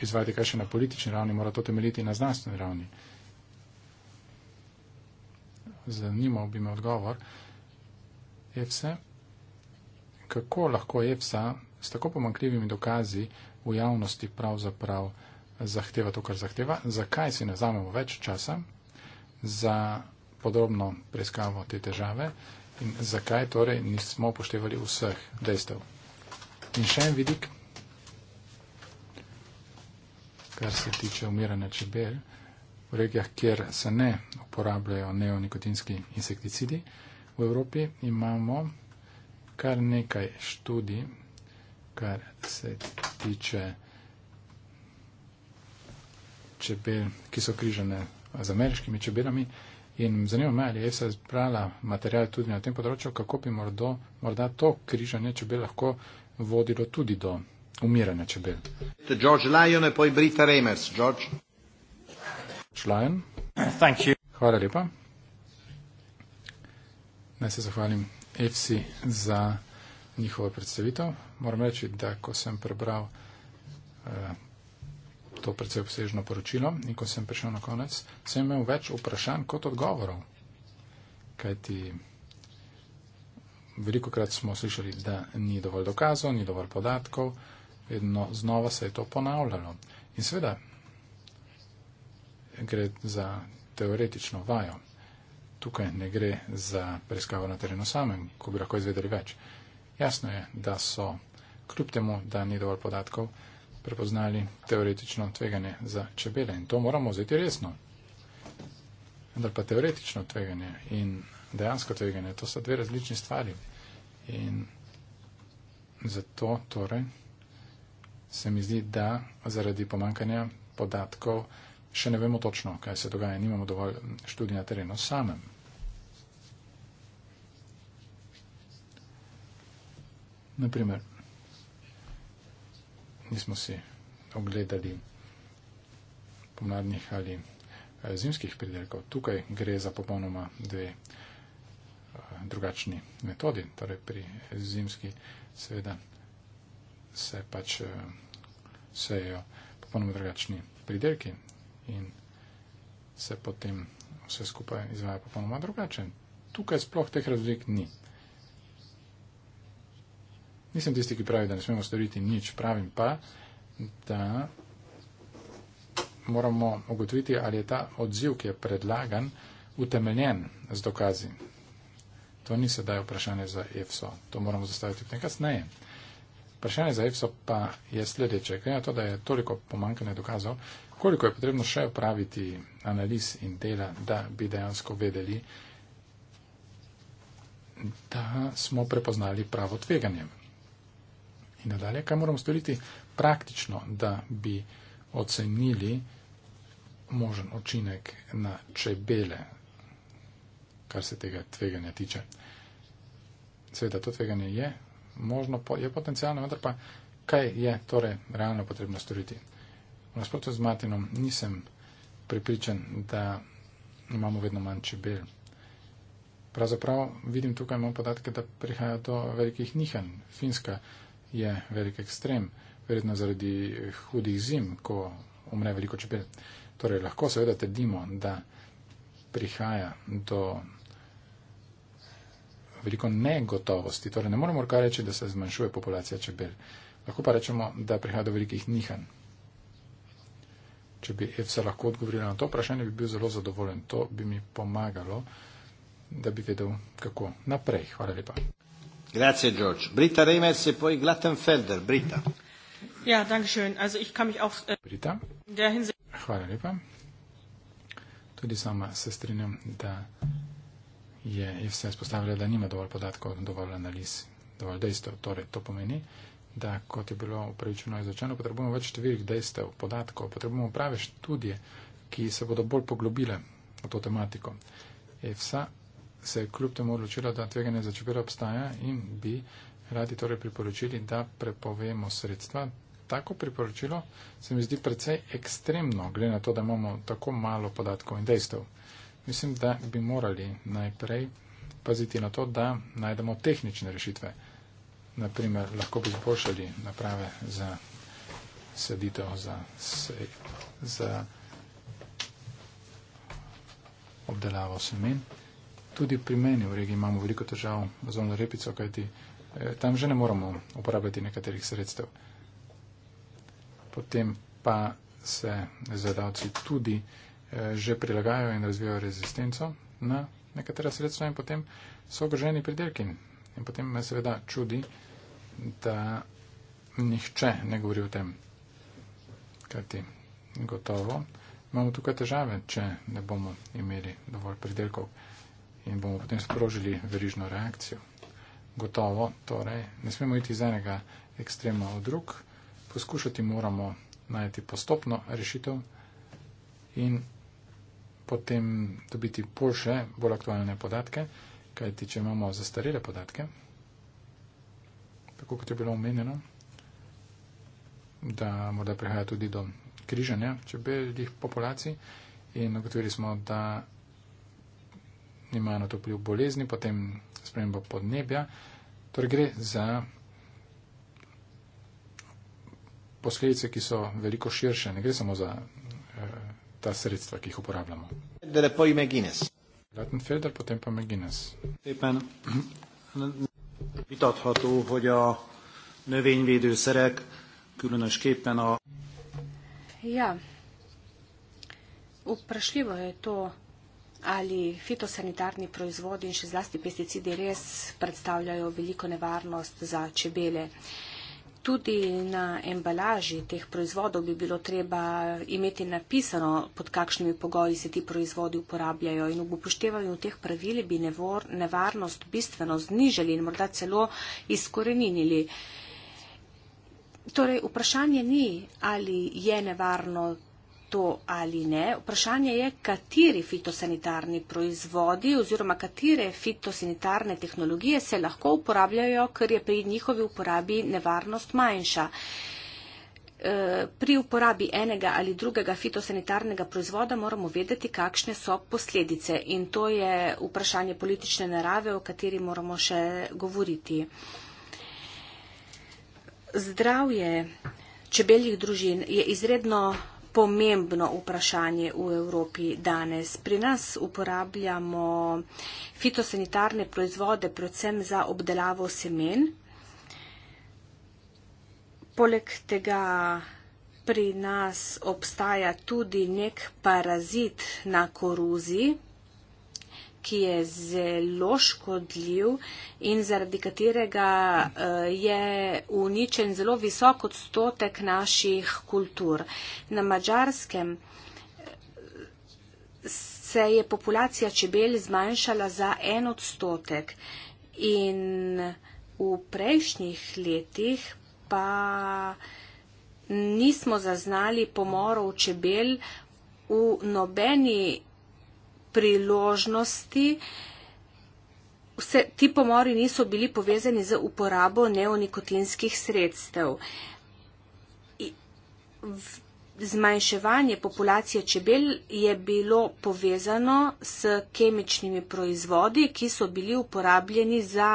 izvajati kaj še na politični ravni, mora to temeljiti na znanstveni ravni. Zanimal bi me odgovor EFSA, kako lahko EFSA s tako pomankljivimi dokazi v javnosti pravzaprav zahteva to, kar zahteva, zakaj si ne vzamemo več časa za podrobno preiskavo te težave in zakaj torej nismo upoštevali vseh dejstev. In še en vidik, kar se tiče umiranja čebel, v regijah, kjer se ne uporabljajo neonikotinski insekticidi, v Evropi imamo kar nekaj študij, kar se tiče čebel, ki so križane z ameriškimi čebelami. In zanima me, ali je se zbrala material tudi na tem področju, kako bi morda, morda to križanje čebel lahko vodilo tudi do umiranja čebel. George Lyon, poi Brita Remers. George. Lyon. Hvala lepa. Naj se zahvalim EFSI za njihovo predstavitev. Moram reči, da ko sem prebral. Uh, to precej obsežno poročilo in ko sem prišel na konec, sem imel več vprašanj kot odgovorov. Kajti veliko krat smo slišali, da ni dovolj dokazov, ni dovolj podatkov, vedno znova se je to ponavljalo. In seveda gre za teoretično vajo. Tukaj ne gre za preiskavo na terenu samem, ko bi lahko izvedeli več. Jasno je, da so, kljub temu, da ni dovolj podatkov, prepoznali teoretično tveganje za čebele in to moramo vzeti resno. Vendar pa teoretično tveganje in dejansko tveganje, to so dve različni stvari. In zato torej se mi zdi, da zaradi pomankanja podatkov še ne vemo točno, kaj se dogaja, nimamo dovolj študij na terenu samem. Naprimer, Mi smo si ogledali pomladnih ali eh, zimskih pridelkov. Tukaj gre za popolnoma dve eh, drugačni metodi. Torej pri zimski seveda se pač eh, sejejo popolnoma drugačni pridelki in se potem vse skupaj izvaja popolnoma drugače. Tukaj sploh teh razlik ni. Nisem tisti, ki pravi, da ne smemo storiti nič. Pravim pa, da moramo ugotoviti, ali je ta odziv, ki je predlagan, utemeljen z dokazi. To ni sedaj vprašanje za EFSO. To moramo zastaviti v nekaj sneje. Vprašanje za EFSO pa je sledeče. Ker je to, da je toliko pomankanje dokazov, koliko je potrebno še upraviti analiz in dela, da bi dejansko vedeli, da smo prepoznali pravo tveganje in nadalje, kaj moramo storiti praktično, da bi ocenili možen učinek na čebele, kar se tega tveganja tiče. Sveda, to tveganje je možno, je potencijalno, vendar pa kaj je torej realno potrebno storiti. V nasprotju z Matinom nisem pripričan, da imamo vedno manj čebel. Pravzaprav vidim tukaj imamo podatke, da prihaja do velikih nihanj. Finska je velik ekstrem, verjetno zaradi hudih zim, ko umre veliko čebel. Torej, lahko seveda trdimo, da prihaja do veliko negotovosti. Torej, ne moremo kar reči, da se zmanjšuje populacija čebel. Lahko pa rečemo, da prihaja do velikih nihanj. Če bi EFSA lahko odgovorila na to vprašanje, bi bil zelo zadovoljen. To bi mi pomagalo, da bi vedel, kako naprej. Hvala lepa. Grazie, George. Britta Remers und e poi Glattenfelder. Britta. Ja, danke schön. Also ich kann mich auch... Äh, Britta. Der Hvala lepa. Tudi sama se strinjam, da je vse izpostavila, da nima dovolj podatkov, dovolj analiz, dovolj dejstev. Torej, to pomeni, da kot je bilo upravičeno izrečeno, potrebujemo več številk dejstev, podatkov, potrebujemo prave študije, ki se bodo bolj poglobile v to tematiko. EFSA se je kljub temu odločila, da tveganje za čebele obstaja in bi radi torej priporočili, da prepovemo sredstva. Tako priporočilo se mi zdi precej ekstremno, glede na to, da imamo tako malo podatkov in dejstev. Mislim, da bi morali najprej paziti na to, da najdemo tehnične rešitve. Naprimer, lahko bi izboljšali naprave za seditev, za, se, za obdelavo semen tudi pri meni v regiji imamo veliko težav z omno repico, kajti eh, tam že ne moramo uporabljati nekaterih sredstev. Potem pa se zadavci tudi eh, že prilagajajo in razvijajo rezistenco na nekatera sredstva in potem so ogroženi pridelki. In potem me seveda čudi, da nihče ne govori o tem. Kajti gotovo imamo tukaj težave, če ne bomo imeli dovolj pridelkov in bomo potem sprožili verižno reakcijo. Gotovo, torej, ne smemo iti iz enega ekstrema v drug, poskušati moramo najti postopno rešitev in potem dobiti boljše, bolj aktualne podatke, kajti če imamo zastarele podatke, tako kot je bilo omenjeno, da morda prihaja tudi do križanja čebeljih populacij in ugotovili smo, da imajo na to vpliv bolezni, potem sprememba podnebja. Torej gre za posledice, ki so veliko širše, ne gre samo za eh, ta sredstva, ki jih uporabljamo. Lattenfelder, potem pa McGuinness. Vitatható, hogy a növényvédőszerek különösképpen a. Ja, vprašljivo je to ali fitosanitarni proizvodi in še zlasti pesticidi res predstavljajo veliko nevarnost za čebele. Tudi na embalaži teh proizvodov bi bilo treba imeti napisano, pod kakšnimi pogoji se ti proizvodi uporabljajo in ob upoštevanju teh pravil bi nevor, nevarnost bistveno znižali in morda celo izkoreninili. Torej, vprašanje ni, ali je nevarno to ali ne. Vprašanje je, kateri fitosanitarni proizvodi oziroma katere fitosanitarne tehnologije se lahko uporabljajo, ker je pri njihovi uporabi nevarnost manjša. E, pri uporabi enega ali drugega fitosanitarnega proizvoda moramo vedeti, kakšne so posledice. In to je vprašanje politične narave, o kateri moramo še govoriti. Zdravje čebeljih družin je izredno pomembno vprašanje v Evropi danes. Pri nas uporabljamo fitosanitarne proizvode predvsem za obdelavo semen. Poleg tega pri nas obstaja tudi nek parazit na koruzi ki je zelo škodljiv in zaradi katerega eh, je uničen zelo visok odstotek naših kultur. Na mačarskem eh, se je populacija čebel zmanjšala za en odstotek in v prejšnjih letih pa nismo zaznali pomorov čebel v nobeni priložnosti. Vse ti pomori niso bili povezani z uporabo neonikotinskih sredstev. Zmanjševanje populacije čebel je bilo povezano s kemičnimi proizvodi, ki so bili uporabljeni za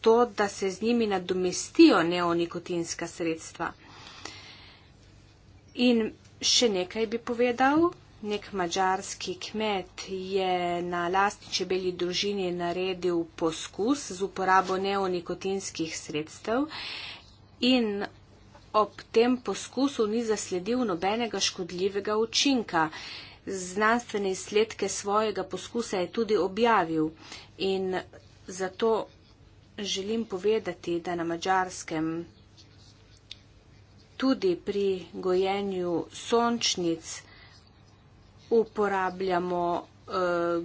to, da se z njimi nadomestijo neonikotinska sredstva. In še nekaj bi povedal. Nek mađarski kmet je na lastni čebelji družini naredil poskus z uporabo neonikotinskih sredstev in ob tem poskusu ni zasledil nobenega škodljivega učinka. Znanstvene izsledke svojega poskusa je tudi objavil in zato želim povedati, da na mađarskem tudi pri gojenju sončnic, uporabljamo eh,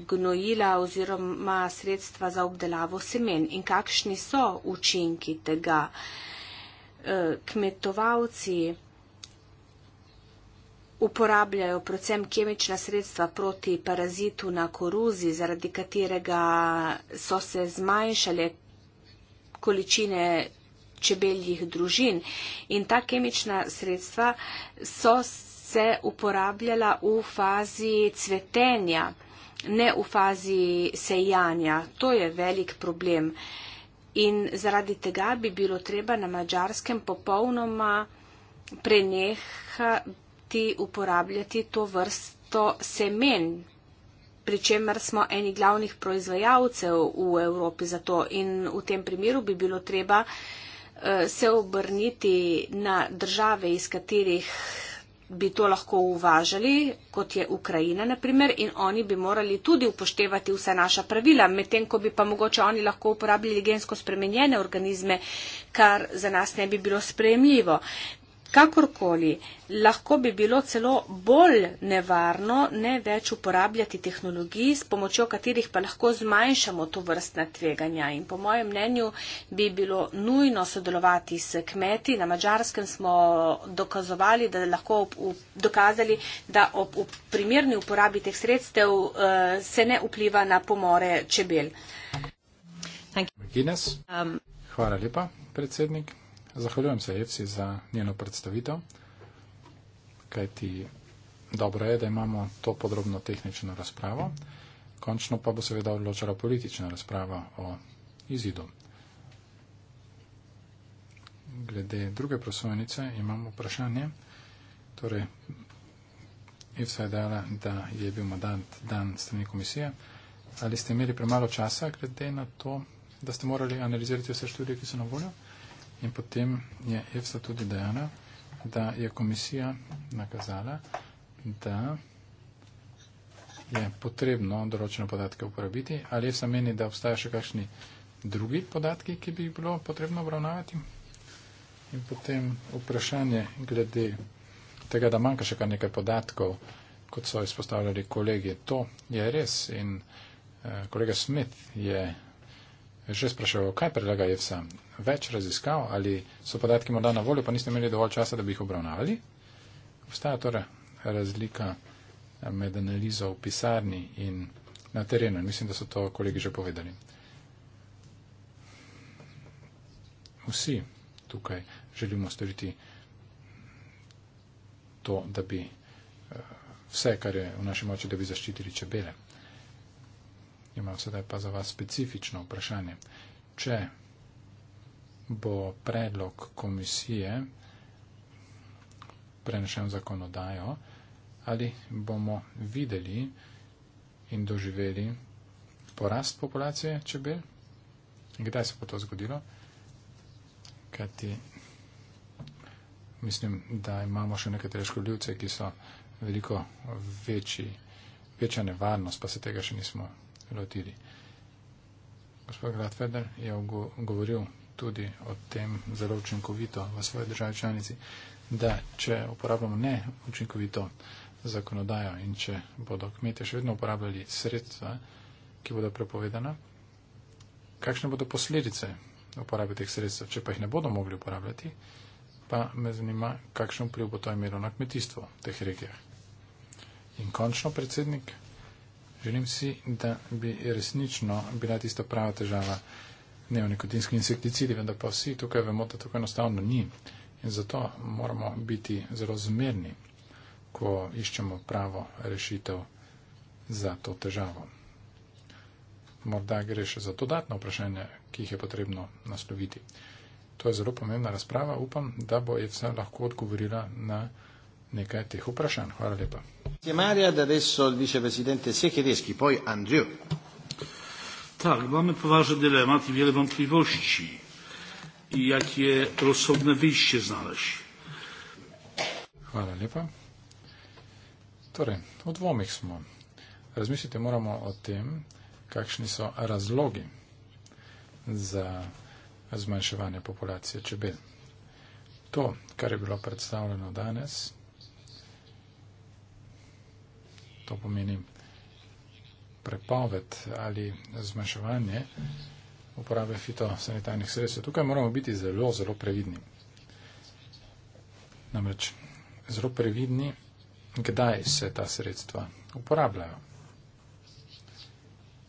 gnojila oziroma sredstva za obdelavo semen in kakšni so učinki tega. Eh, kmetovalci uporabljajo predvsem kemična sredstva proti parazitu na koruzi, zaradi katerega so se zmanjšale količine čebeljih družin in ta kemična sredstva so se uporabljala v fazi cvetenja, ne v fazi sejanja. To je velik problem. In zaradi tega bi bilo treba na mačarskem popolnoma prenehati uporabljati to vrsto semen, pri čemer smo eni glavnih proizvajalcev v Evropi za to. In v tem primeru bi bilo treba eh, se obrniti na države, iz katerih bi to lahko uvažali, kot je Ukrajina, naprimer, in oni bi morali tudi upoštevati vse naša pravila, medtem ko bi pa mogoče oni lahko uporabljali gensko spremenjene organizme, kar za nas ne bi bilo sprejemljivo. Kakorkoli, lahko bi bilo celo bolj nevarno ne več uporabljati tehnologij, s pomočjo katerih pa lahko zmanjšamo to vrstna tveganja. In po mojem mnenju bi bilo nujno sodelovati s kmeti. Na Mačarskem smo dokazovali, da lahko ob, ob, dokazali, da ob, ob primerni uporabi teh sredstev uh, se ne vpliva na pomore čebel. Um, Hvala lepa, predsednik. Zahvaljujem se Evci za njeno predstavitev, kajti dobro je, da imamo to podrobno tehnično razpravo. Končno pa bo seveda odločala politična razprava o izidu. Glede druge prosovnice imamo vprašanje. Torej, Evca je dala, da je bil mandat dan strani komisije. Ali ste imeli premalo časa, glede na to, da ste morali analizirati vse študije, ki so na voljo? In potem je EFSA tudi dejala, da je komisija nakazala, da je potrebno določene podatke uporabiti. Ali EFSA meni, da obstaja še kakšni drugi podatki, ki bi jih bilo potrebno obravnavati? In potem vprašanje glede tega, da manjka še kar nekaj podatkov, kot so izpostavljali kolegi. To je res in eh, kolega Smith je Še spraševal, kaj predlaga EFSA? Več raziskav ali so podatki morda na voljo, pa niste imeli dovolj časa, da bi jih obravnavali? Obstaja torej razlika med analizo v pisarni in na terenu. Mislim, da so to kolegi že povedali. Vsi tukaj želimo storiti to, da bi eh, vse, kar je v naši moči, da bi zaščitili čebele. Imam sedaj pa za vas specifično vprašanje. Če bo predlog komisije prenešen zakonodajo, ali bomo videli in doživeli porast populacije čebel? Kdaj se bo to zgodilo? Kajti mislim, da imamo še nekatere škodljivce, ki so veliko večji, večja nevarnost, pa se tega še nismo lotili. Gospod Gradfeder je govoril tudi o tem zelo učinkovito v svoji državi članici, da če uporabljamo neučinkovito zakonodajo in če bodo kmetje še vedno uporabljali sredstva, ki bodo prepovedana, kakšne bodo posledice uporabe teh sredstev, če pa jih ne bodo mogli uporabljati, pa me zanima, kakšen vpliv bo to imelo na kmetijstvo v teh regijah. In končno, predsednik, Želim si, da bi resnično bila tista prava težava neonikotinski insekticidi, vendar pa vsi tukaj vemo, da tako enostavno ni. In zato moramo biti zelo zmerni, ko iščemo pravo rešitev za to težavo. Morda gre še za dodatno vprašanje, ki jih je potrebno nasloviti. To je zelo pomembna razprava. Upam, da bo EFSA lahko odgovorila na vprašanje nekaj teh vprašanj. Hvala lepa. Marja, da adesso il vicepresidente Secheteschi, poi Andrew. Tak, mamy poważny dylemat i wiele wątpliwości. I jakie rozsądne wyjście znaleźć? Hvala lepa. Torej, v dvomih smo. Razmisliti moramo o tem, kakšni so razlogi za zmanjševanje populacije čebel. To, kar je bilo predstavljeno danes, to pomeni prepoved ali zmanjševanje uporabe fitosanitarnih sredstev. Tukaj moramo biti zelo, zelo previdni. Namreč zelo previdni, kdaj se ta sredstva uporabljajo.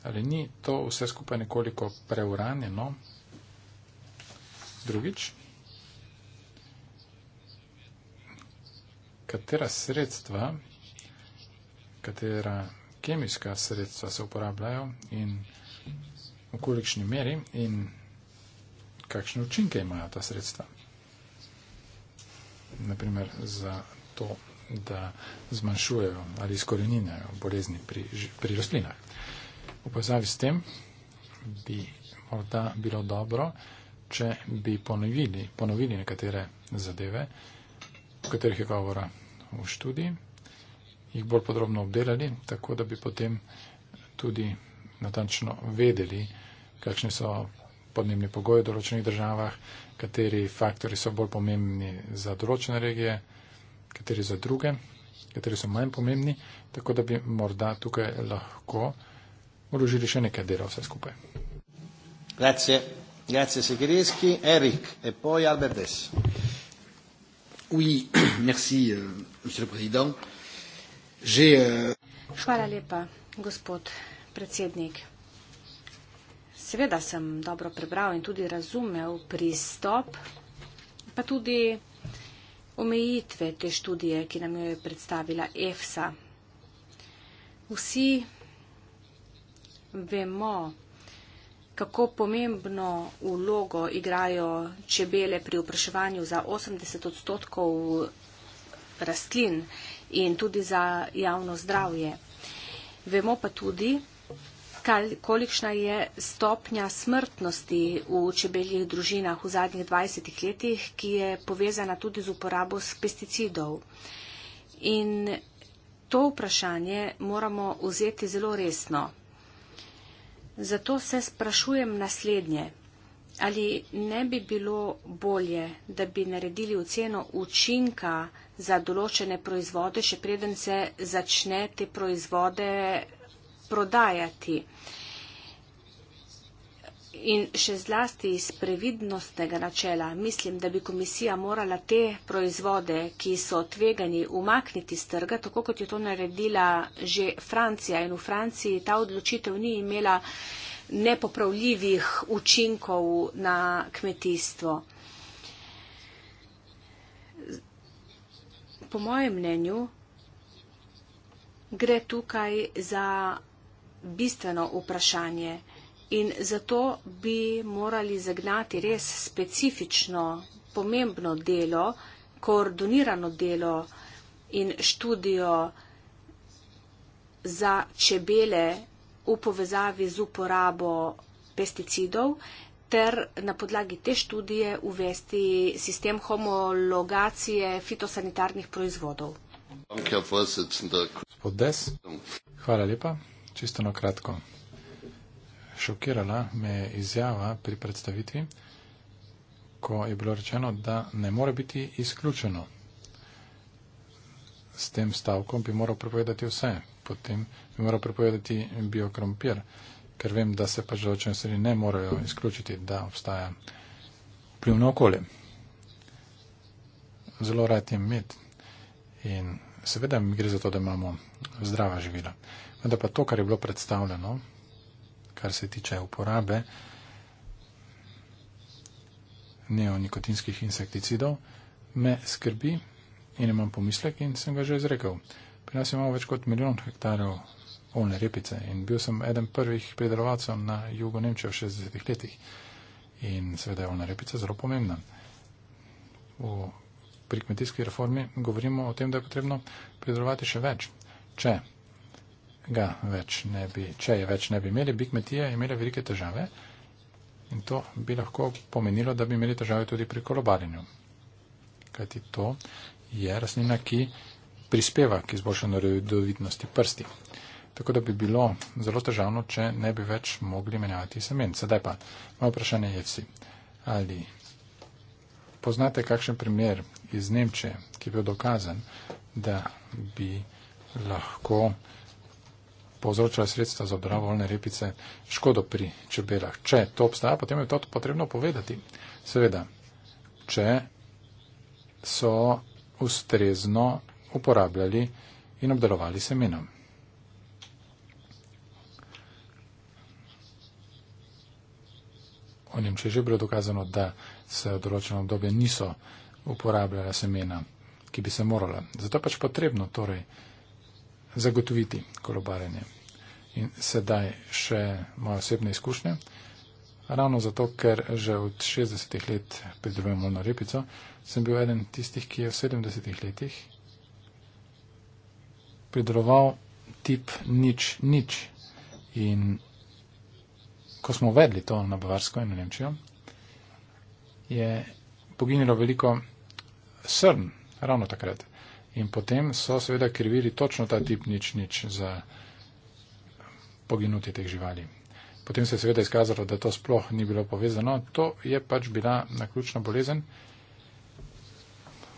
Ali ni to vse skupaj nekoliko preuranjeno? Drugič, katera sredstva katera kemijska sredstva se uporabljajo in v kolikšni meri in kakšne učinke imajo ta sredstva. Naprimer za to, da zmanjšujejo ali izkoreninjajo bolezni pri, pri rastlinah. V povezavi s tem bi morda bilo dobro, če bi ponovili, ponovili nekatere zadeve, o katerih je govora v študiji jih bolj podrobno obdelali, tako da bi potem tudi natančno vedeli, kakšne so podnebni pogoji v določenih državah, kateri faktori so bolj pomembni za določene regije, kateri za druge, kateri so manj pomembni, tako da bi morda tukaj lahko vložili še nekaj dela vse skupaj. Grazie. Grazie Segreski. Eric e poi Albertes. Oui, merci, euh, Monsieur le Président. Euh, že. Eh, Hvala lepa, gospod predsednik. Seveda sem dobro prebral in tudi razumel pristop, pa tudi omejitve te študije, ki nam jo je predstavila EFSA. Vsi vemo, kako pomembno vlogo igrajo čebele pri vpraševanju za 80 odstotkov rastlin in tudi za javno zdravje. Vemo pa tudi, kolikšna je stopnja smrtnosti v čebeljih družinah v zadnjih 20 letih, ki je povezana tudi z uporabo pesticidov. In to vprašanje moramo vzeti zelo resno. Zato se sprašujem naslednje. Ali ne bi bilo bolje, da bi naredili oceno učinka za določene proizvode, še preden se začne te proizvode prodajati. In še zlasti iz previdnostnega načela mislim, da bi komisija morala te proizvode, ki so tvegani, umakniti z trga, tako kot je to naredila že Francija. In v Franciji ta odločitev ni imela nepopravljivih učinkov na kmetijstvo. po mojem mnenju, gre tukaj za bistveno vprašanje in zato bi morali zagnati res specifično, pomembno delo, koordinirano delo in študijo za čebele v povezavi z uporabo pesticidov ter na podlagi te študije uvesti sistem homologacije fitosanitarnih proizvodov. Des, hvala lepa. Čisto na kratko. Šokirala me je izjava pri predstavitvi, ko je bilo rečeno, da ne more biti izključeno. S tem stavkom bi moral prepovedati vse, potem bi moral prepovedati biokrompir ker vem, da se pač določene stvari ne morejo izključiti, da obstaja vpliv na okolje. Zelo rad jim med in seveda mi gre za to, da imamo zdrava živila. Vendar pa to, kar je bilo predstavljeno, kar se tiče uporabe neonikotinskih insekticidov, me skrbi in imam pomislek in sem ga že izrekel. Pri nas imamo več kot milijon hektarjev ovne repice. In bil sem eden prvih predelovalcev na jugu Nemčije v 60-ih letih. In seveda je ovna repica zelo pomembna. V, pri kmetijski reformi govorimo o tem, da je potrebno predelovati še več. Če ga več ne bi, če je več ne bi imeli, bi kmetije imele velike težave in to bi lahko pomenilo, da bi imeli težave tudi pri kolobarjenju. Kajti to je rastlina, ki prispeva k izboljšanju redovitnosti prsti. Tako da bi bilo zelo težavno, če ne bi več mogli menjavati semen. Sedaj pa, moje vprašanje je vsi. Ali poznate kakšen primer iz Nemčije, ki je bil dokazan, da bi lahko povzročala sredstva za obdravo volne repice škodo pri čebelah? Če to obstaja, potem je to potrebno povedati. Seveda, če so ustrezno uporabljali in obdelovali semenom. o njem, če je že bilo dokazano, da se v določenem obdobju niso uporabljala semena, ki bi se morala. Zato pač potrebno torej zagotoviti kolobarenje. In sedaj še moje osebne izkušnje. Ravno zato, ker že od 60-ih let pridružujem volno repico, sem bil eden tistih, ki je v 70-ih letih pridroval tip nič, nič. In ko smo uvedli to na Bavarsko in Nemčijo, je poginilo veliko srn, ravno takrat. In potem so seveda krivili točno ta tip nič nič za poginutje teh živali. Potem se je seveda izkazalo, da to sploh ni bilo povezano. To je pač bila naključna bolezen.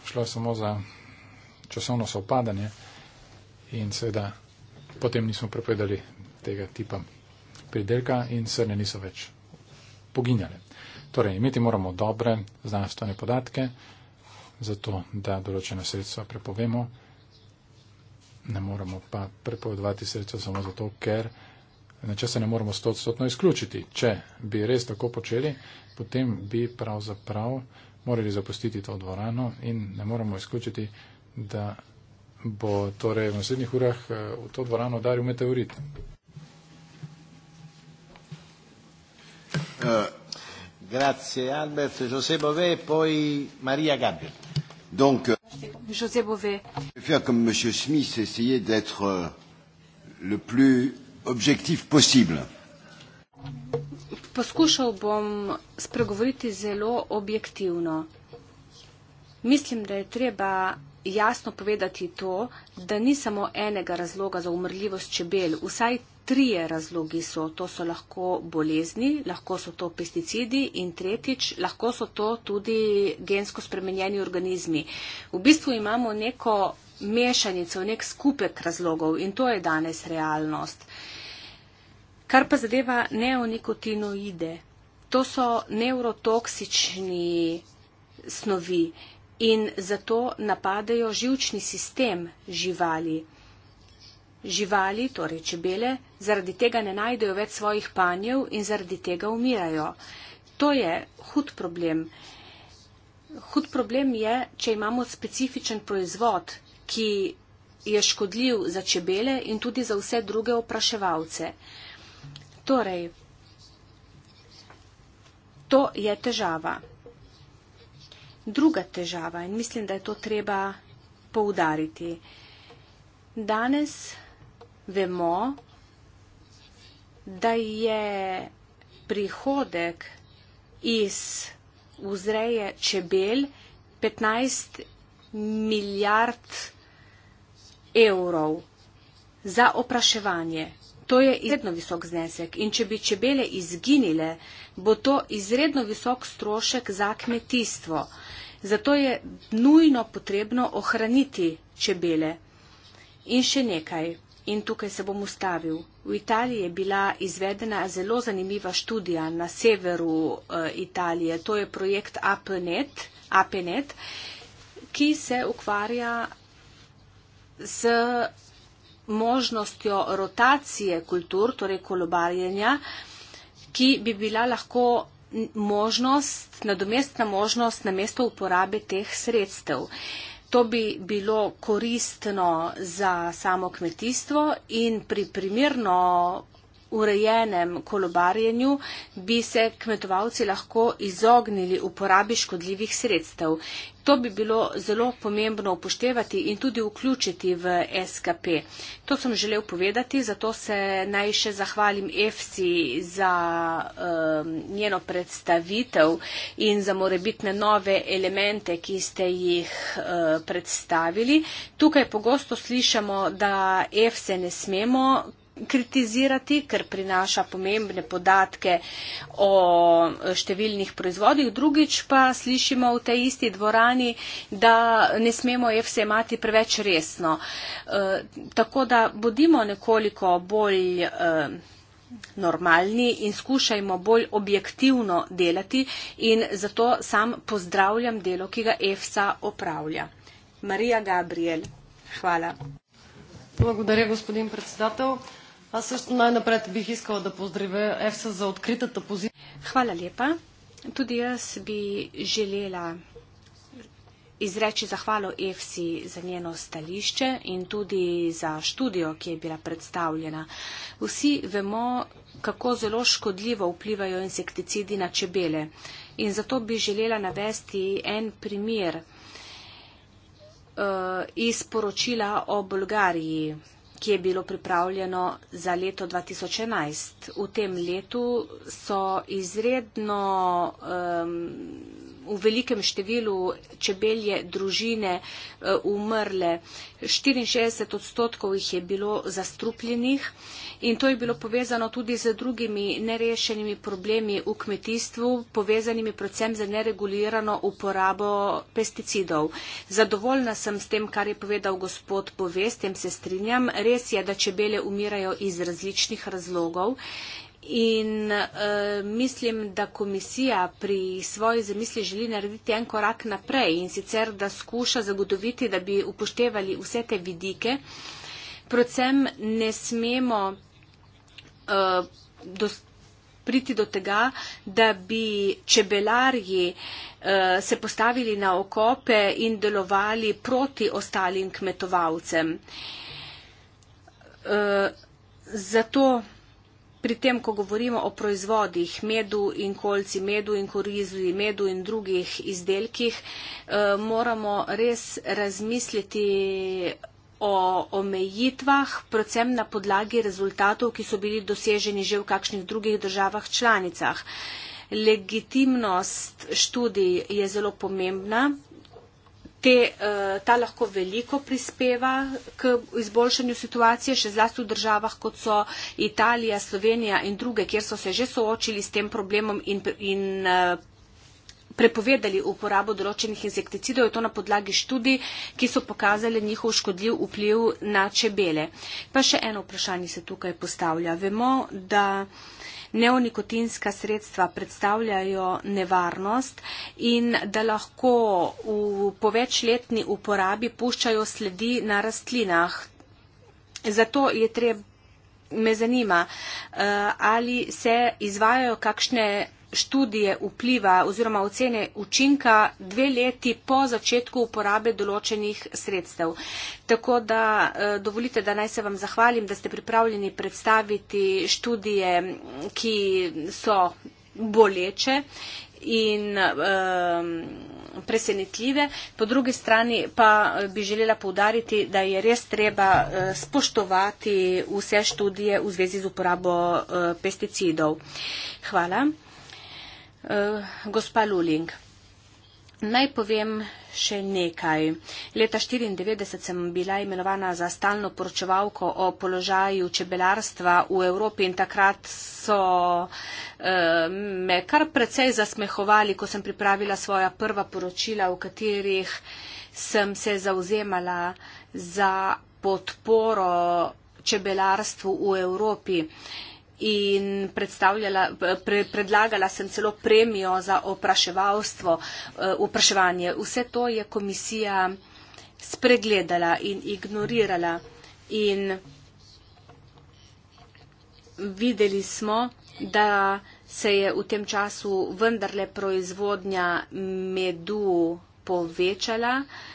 Šlo je samo za časovno sovpadanje in seveda potem nismo prepovedali tega tipa pridelka in srne niso več poginjale. Torej, imeti moramo dobre znanstvene podatke, zato da določena sredstva prepovemo. Ne moramo pa prepovedovati sredstva samo zato, ker nečesa ne moramo stotstotno izključiti. Če bi res tako počeli, potem bi pravzaprav morali zapustiti to dvorano in ne moramo izključiti, da bo torej v naslednjih urah eh, v to dvorano udaril meteorit. Eh, grazie Albert. José Bové, poi Maria Gabriel. Donc, euh, José Bové. Je vais faire comme M. Smith, essayer d'être euh, le plus objectif possible. Poskušal bom spregovoriti zelo objektivno. Mislim, da je treba jasno povedati to, da ni samo enega razloga za umrljivost čebel. Vsaj trije razlogi so. To so lahko bolezni, lahko so to pesticidi in tretjič, lahko so to tudi gensko spremenjeni organizmi. V bistvu imamo neko mešanico, nek skupek razlogov in to je danes realnost. Kar pa zadeva neonikotinoide. To so neurotoksični snovi in zato napadajo živčni sistem živali. Živali, torej čebele, zaradi tega ne najdejo več svojih panjev in zaradi tega umirajo. To je hud problem. Hud problem je, če imamo specifičen proizvod, ki je škodljiv za čebele in tudi za vse druge opraševalce. Torej, to je težava. Druga težava in mislim, da je to treba poudariti. Danes vemo, da je prihodek iz vzreje čebel 15 milijard evrov za opraševanje. To je izredno visok znesek in če bi čebele izginile, bo to izredno visok strošek za kmetijstvo. Zato je nujno potrebno ohraniti čebele. In še nekaj, in tukaj se bom ustavil. V Italiji je bila izvedena zelo zanimiva študija na severu eh, Italije. To je projekt APNET, APNET ki se ukvarja z možnostjo rotacije kultur, torej kolobarjenja, ki bi bila lahko možnost, nadomestna možnost na mesto uporabe teh sredstev. Uh, To bi bilo koristno za samo kmetijstvo in pri primerno urejenem kolobarjenju bi se kmetovalci lahko izognili uporabi škodljivih sredstev. To bi bilo zelo pomembno upoštevati in tudi vključiti v SKP. To sem želel povedati, zato se naj še zahvalim EFSI za um, njeno predstavitev in za morebitne nove elemente, ki ste jih uh, predstavili. Tukaj pogosto slišamo, da EFSE ne smemo kritizirati, ker prinaša pomembne podatke o številnih proizvodih. Drugič pa slišimo v tej isti dvorani, da ne smemo EFSA imati preveč resno. E, tako da bodimo nekoliko bolj. E, normalni in skušajmo bolj objektivno delati in zato sam pozdravljam delo, ki ga EFSA opravlja. Marija Gabriel, hvala. Благодаря, господин председател. Аз също най-напред бих искала да поздравя ЕФСА за откритата позиция. Хвала лепа. Tudi jaz bi želela izreči zahvalo EFSI za njeno stališče in tudi za študijo, ki je bila predstavljena. Vsi vemo, kako zelo škodljivo vplivajo insekticidi na čebele in zato bi želela navesti en primer uh, iz poročila o Bolgariji ki je bilo pripravljeno za leto 2011. V tem letu so izredno um, v velikem številu čebelje družine eh, umrle. 64 odstotkov jih je bilo zastrupljenih in to je bilo povezano tudi z drugimi nerešenimi problemi v kmetijstvu, povezanimi predvsem z neregulirano uporabo pesticidov. Zadovoljna sem s tem, kar je povedal gospod Povest, s tem se strinjam. Res je, da čebele umirajo iz različnih razlogov In uh, mislim, da komisija pri svoji zamisli želi narediti en korak naprej in sicer, da skuša zagotoviti, da bi upoštevali vse te vidike. Predvsem ne smemo uh, do, priti do tega, da bi čebelarji uh, se postavili na okope in delovali proti ostalim kmetovalcem. Uh, zato Pri tem, ko govorimo o proizvodih medu in kolci medu in korizuji medu in drugih izdelkih, eh, moramo res razmisliti o omejitvah, predvsem na podlagi rezultatov, ki so bili doseženi že v kakšnih drugih državah članicah. Legitimnost študij je zelo pomembna te, eh, ta lahko veliko prispeva k izboljšanju situacije, še zlasti v državah, kot so Italija, Slovenija in druge, kjer so se že soočili s tem problemom in, in eh, prepovedali uporabo določenih insekticidov, je to na podlagi študij, ki so pokazali njihov škodljiv vpliv na čebele. Pa še eno vprašanje se tukaj postavlja. Vemo, da uh, neonikotinska sredstva predstavljajo nevarnost in da lahko v povečletni uporabi puščajo sledi na rastlinah. Zato je treba, me zanima, eh, ali se izvajajo kakšne študije vpliva oziroma ocene učinka dve leti po začetku uporabe določenih sredstev. Tako da eh, dovolite, da naj se vam zahvalim, da ste pripravljeni predstaviti študije, ki so boleče in um, presenetljive. Po drugi strani pa eh, bi želela povdariti, da je res treba uh, spoštovati vse študije v zvezi z uporabo uh, pesticidov. Hvala. Eh, gospa Luling. Naj povem še nekaj. Leta 1994 sem bila imenovana za stalno poročevalko o položaju čebelarstva v Evropi in takrat so eh, me kar precej zasmehovali, ko sem pripravila svoja prva poročila, v katerih sem se zauzemala za podporo čebelarstvu v Evropi. Uh, in pre, predlagala sem celo premijo za opraševalstvo, eh, opraševanje. Vse to je komisija spregledala in ignorirala. In videli smo, da se je v tem času vendarle proizvodnja medu povečala. Uh,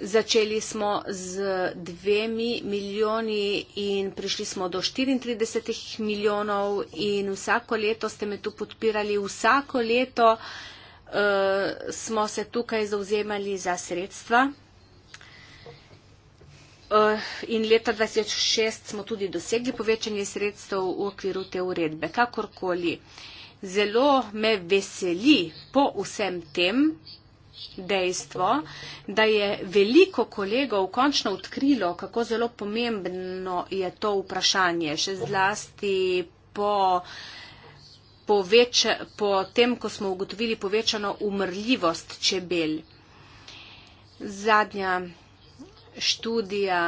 Začeli smo z dvemi milijoni in prišli smo do 34 milijonov in vsako leto ste me tu podpirali, vsako leto uh, smo se tukaj zauzemali za sredstva. Eh, in leta 2006 smo tudi dosegli povečanje sredstev v okviru te uredbe. Kakorkoli, zelo me veseli po vsem tem, dejstvo, da je veliko kolegov končno odkrilo, kako zelo pomembno je to vprašanje, še zlasti po, po, več, po tem, ko smo ugotovili povečano umrljivost čebel. Zadnja študija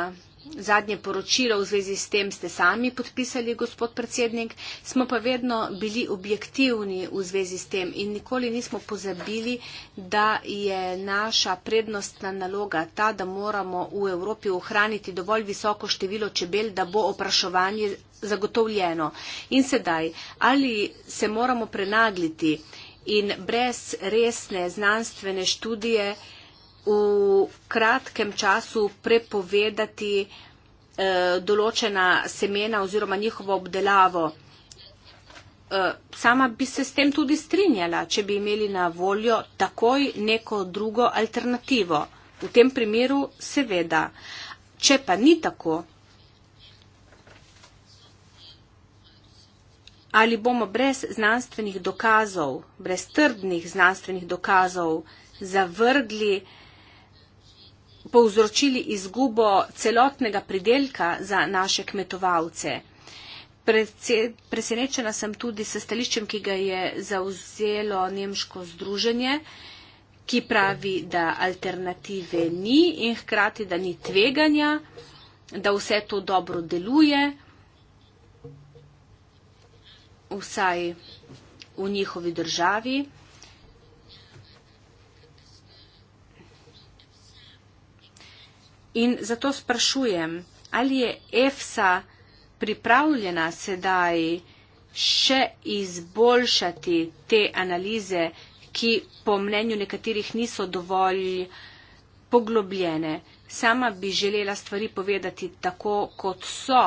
zadnje poročilo v zvezi s tem ste sami podpisali, gospod predsednik, smo pa vedno bili objektivni v zvezi s tem in nikoli nismo pozabili, da je naša prednostna naloga ta, da moramo v Evropi ohraniti dovolj visoko število čebel, da bo oprašovanje zagotovljeno. In sedaj, ali se moramo prenagliti in brez resne znanstvene študije, v kratkem času prepovedati eh, določena semena oziroma njihovo obdelavo. Eh, sama bi se s tem tudi strinjala, če bi imeli na voljo takoj neko drugo alternativo. V tem primeru seveda. Če pa ni tako, ali bomo brez znanstvenih dokazov, brez trdnih znanstvenih dokazov zavrgli, povzročili izgubo celotnega pridelka za naše kmetovalce. Presenečena sem tudi s stališčem, ki ga je zauzelo Nemško združenje, ki pravi, da alternative ni in hkrati, da ni tveganja, da vse to dobro deluje, vsaj v njihovi državi. In zato sprašujem, ali je EFSA pripravljena sedaj še izboljšati te analize, ki po mnenju nekaterih niso dovolj poglobljene. Sama bi želela stvari povedati tako, kot so.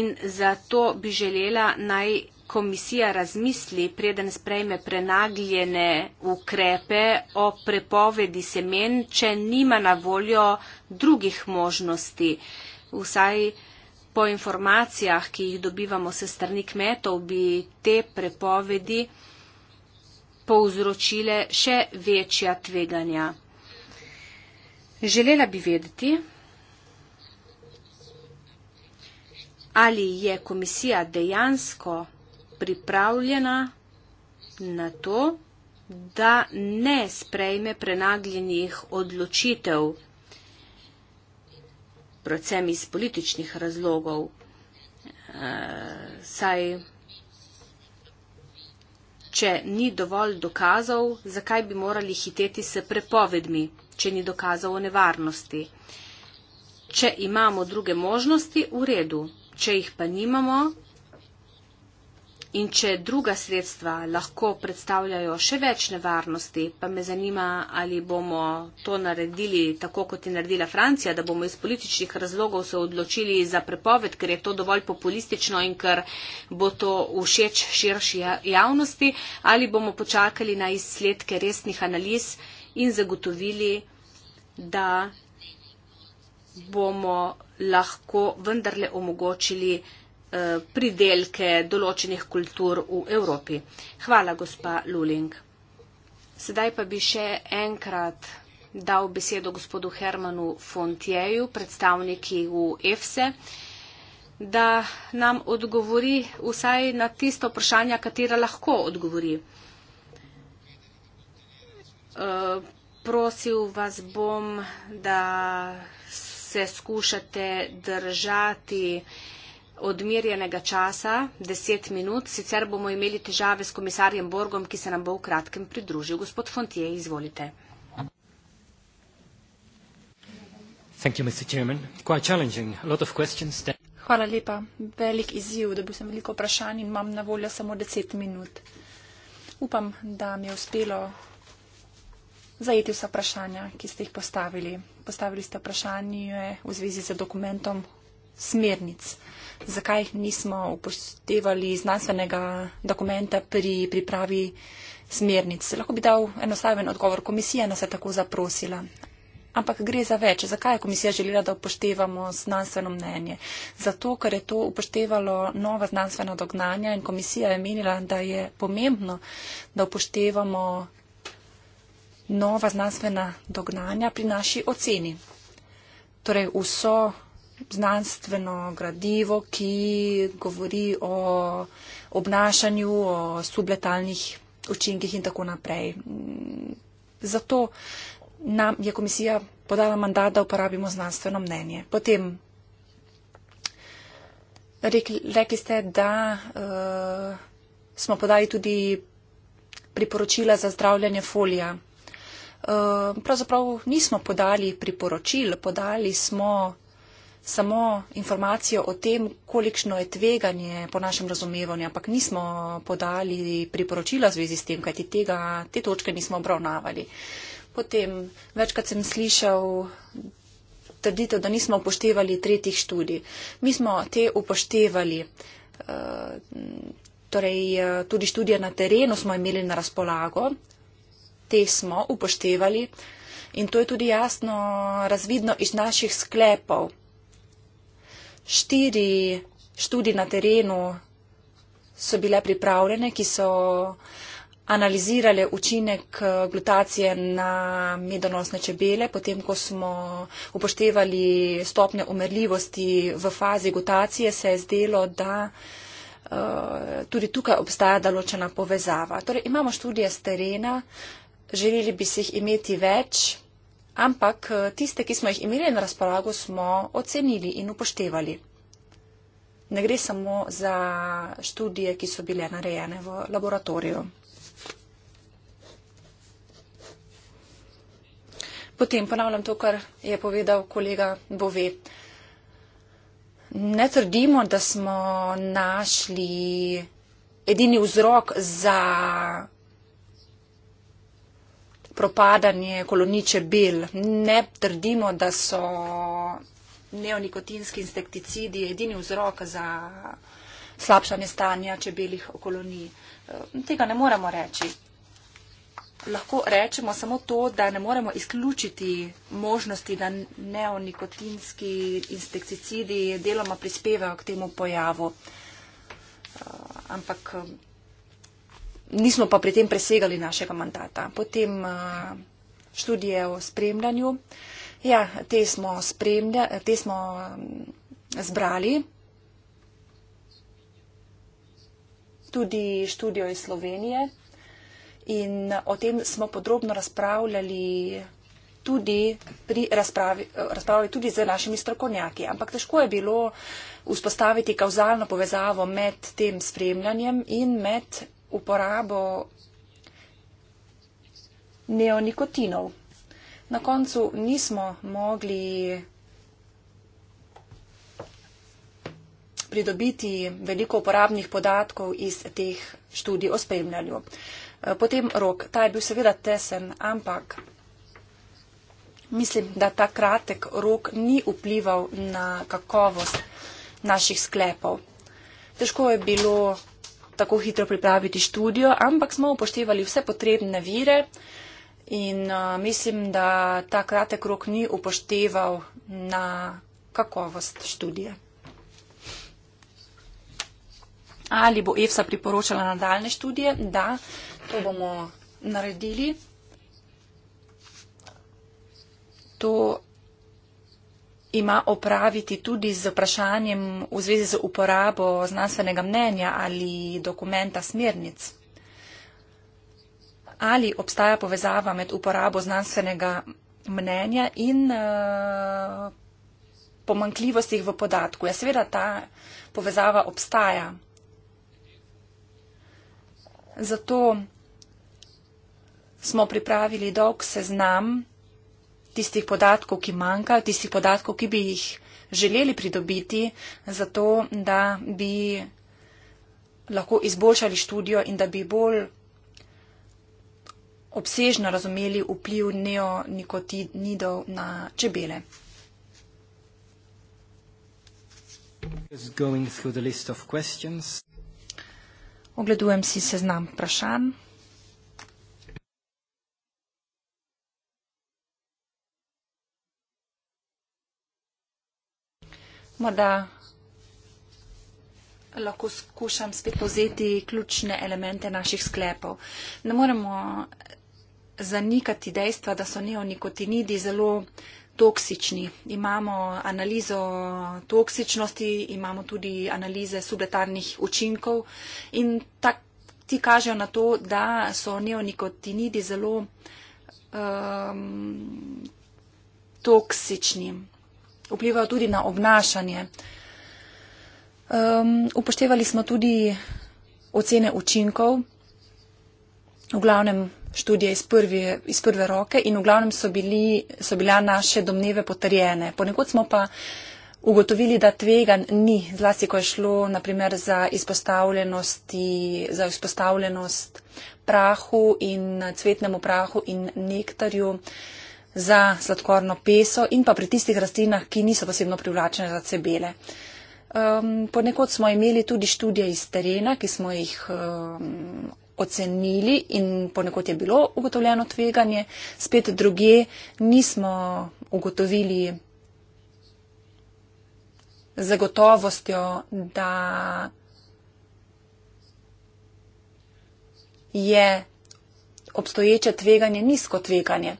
In zato bi želela naj komisija razmisli, preden sprejme prenagljene ukrepe o prepovedi semen, če nima na voljo drugih možnosti. Vsaj po informacijah, ki jih dobivamo se strani kmetov, bi te prepovedi povzročile še večja tveganja. Želela bi vedeti, ali je komisija dejansko pripravljena na to, da ne sprejme prenagljenih odločitev, predvsem iz političnih razlogov, eh, saj če ni dovolj dokazov, zakaj bi morali hiteti s prepovedmi, če ni dokazov o nevarnosti. Če imamo druge možnosti, v redu. Če jih pa nimamo, In če druga sredstva lahko predstavljajo še več nevarnosti, pa me zanima, ali bomo to naredili tako, kot je naredila Francija, da bomo iz političnih razlogov se odločili za prepoved, ker je to dovolj populistično in ker bo to všeč širši ja-, javnosti, ali bomo počakali na izsledke resnih analiz in zagotovili, da bomo lahko vendarle omogočili Eh, pridelke določenih kultur v Evropi. Hvala, gospa Luling. Sedaj pa bi še enkrat dal besedo gospodu Hermanu Fontjeju, predstavniki v EFSE, da nam odgovori vsaj na tisto vprašanje, katera lahko odgovori. Eh, prosil vas bom, da se skušate držati odmirjenega časa, 10 minut, sicer bomo imeli težave s komisarjem Borgom, ki se nam bo v kratkem pridružil. Gospod Fontije, izvolite. You, Hvala lepa. Velik izziv, da bo sem veliko vprašanj in imam na voljo samo 10 minut. Upam, da mi je uspelo zajeti vsa vprašanja, ki ste jih postavili. Postavili ste vprašanje v zvezi z dokumentom smernic, zakaj nismo upoštevali znanstvenega dokumenta pri pripravi smernic. Lahko bi dal enostaven odgovor. Komisija nas je tako zaprosila. Ampak gre za več. Zakaj je komisija želela, da upoštevamo znanstveno mnenje? Zato, ker je to upoštevalo nova znanstvena dognanja in komisija je menila, da je pomembno, da upoštevamo nova znanstvena dognanja pri naši oceni. Torej vso znanstveno gradivo, ki govori o obnašanju, o subletalnih učinkih in tako naprej. Zato nam je komisija podala mandat, da uporabimo znanstveno mnenje. Potem rekli, rekli ste, da uh, smo podali tudi priporočila za zdravljanje folija. Uh, pravzaprav nismo podali priporočil, podali smo samo informacijo o tem, kolikšno je tveganje po našem razumevanju, ampak nismo podali priporočila v zvezi s tem, kajti tega, te točke nismo obravnavali. Potem večkrat sem slišal trditev, da nismo upoštevali tretjih študij. Mi smo te upoštevali. Eh, torej, eh, tudi študije na terenu smo imeli na razpolago, te smo upoštevali in to je tudi jasno razvidno iz naših sklepov štiri študije na terenu so bile pripravljene, ki so analizirale učinek eh, glutacije na medonosne čebele, potem ko smo upoštevali stopne umrljivosti v fazi glutacije, se je zdelo, da eh, tudi tukaj obstaja določena povezava. Torej imamo študije z terena, želeli bi si jih imeti več, ampak eh, tiste, ki smo jih imeli na razpolago, smo ocenili in upoštevali. Ne gre samo za študije, ki so bile narejene v laboratoriju. Potem ponavljam to, kar je povedal kolega Bove. Ne trdimo, da smo našli edini vzrok za propadanje koloniče bil. Ne trdimo, da so neonikotinski insekticidi edini vzrok za slabšanje stanja čebelih kolonij. Eh, tega ne moremo reči. Lahko rečemo samo to, da ne moremo izključiti možnosti, da neonikotinski insekticidi deloma prispevajo k temu pojavu. Eh, ampak eh, nismo pa pri tem presegali našega mandata. Potem uh, študije o spremljanju. Ja, te smo, spremlja, te smo mm, zbrali. Tudi študijo iz Slovenije. In eh, o tem smo podrobno razpravljali tudi, razpravi, eh, razpravljali tudi z našimi strokovnjaki. Ampak težko je bilo vzpostaviti kauzalno povezavo med tem spremljanjem in med uporabo neonikotinov. Na koncu nismo mogli pridobiti veliko uporabnih podatkov iz teh študij o spremljanju. Eh, potem rok, ta je bil seveda tesen, ampak mislim, da ta kratek rok ni vplival na kakovost naših sklepov. Težko je bilo tako hitro pripraviti študijo, ampak smo upoštevali vse potrebne vire in uh, mislim, da ta kratek rok ni upošteval na kakovost študije. Ali bo EFSA priporočala nadaljne študije? Da, to bomo naredili. To ima opraviti tudi z vprašanjem v zvezi z uporabo znanstvenega mnenja ali dokumenta smernic. Ali obstaja povezava med uporabo znanstvenega mnenja in uh, eh, pomankljivosti v podatku? Ja, seveda ta povezava obstaja. Zato smo pripravili dolg seznam tistih podatkov, ki manjka, tistih podatkov, ki bi jih želeli pridobiti, zato da bi lahko izboljšali študijo in da bi bolj obsežno razumeli vpliv neonikotinidov na čebele. Ogledujem si seznam vprašanj. morda lahko skušam spet povzeti ključne elemente naših sklepov. Ne moremo zanikati dejstva, da so neonikotinidi zelo toksični. Imamo analizo toksičnosti, imamo tudi analize subletarnih učinkov in tak, ti kažejo na to, da so neonikotinidi zelo um, toksični vplivajo tudi na obnašanje. Um, upoštevali smo tudi ocene učinkov, v glavnem študije iz prve, iz prve roke in v glavnem so, bili, so bila naše domneve potrjene. Ponekod smo pa ugotovili, da tvegan ni, zlasti ko je šlo naprimer za, za izpostavljenost prahu in cvetnemu prahu in nektarju. Uh, za sladkorno peso in pa pri tistih rastlinah, ki niso posebno privlačene za cebele. Um, ponekod smo imeli tudi študije iz terena, ki smo jih um, ocenili in ponekod je bilo ugotovljeno tveganje, spet druge nismo ugotovili zagotovostjo, da je obstoječe tveganje nizko tveganje.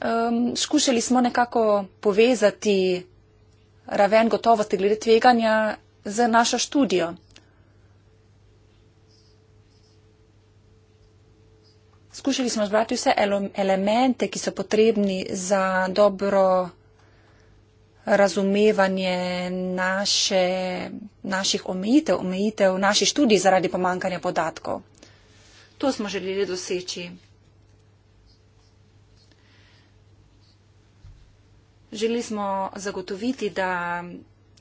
um, skušali smo nekako povezati raven gotovosti glede tveganja z našo študijo. Skušali smo zbrati vse elemente, ki so potrebni za dobro razumevanje naše, naših omejitev, omejitev naših študij zaradi pomankanja podatkov. To smo želeli doseči. Želeli smo zagotoviti, da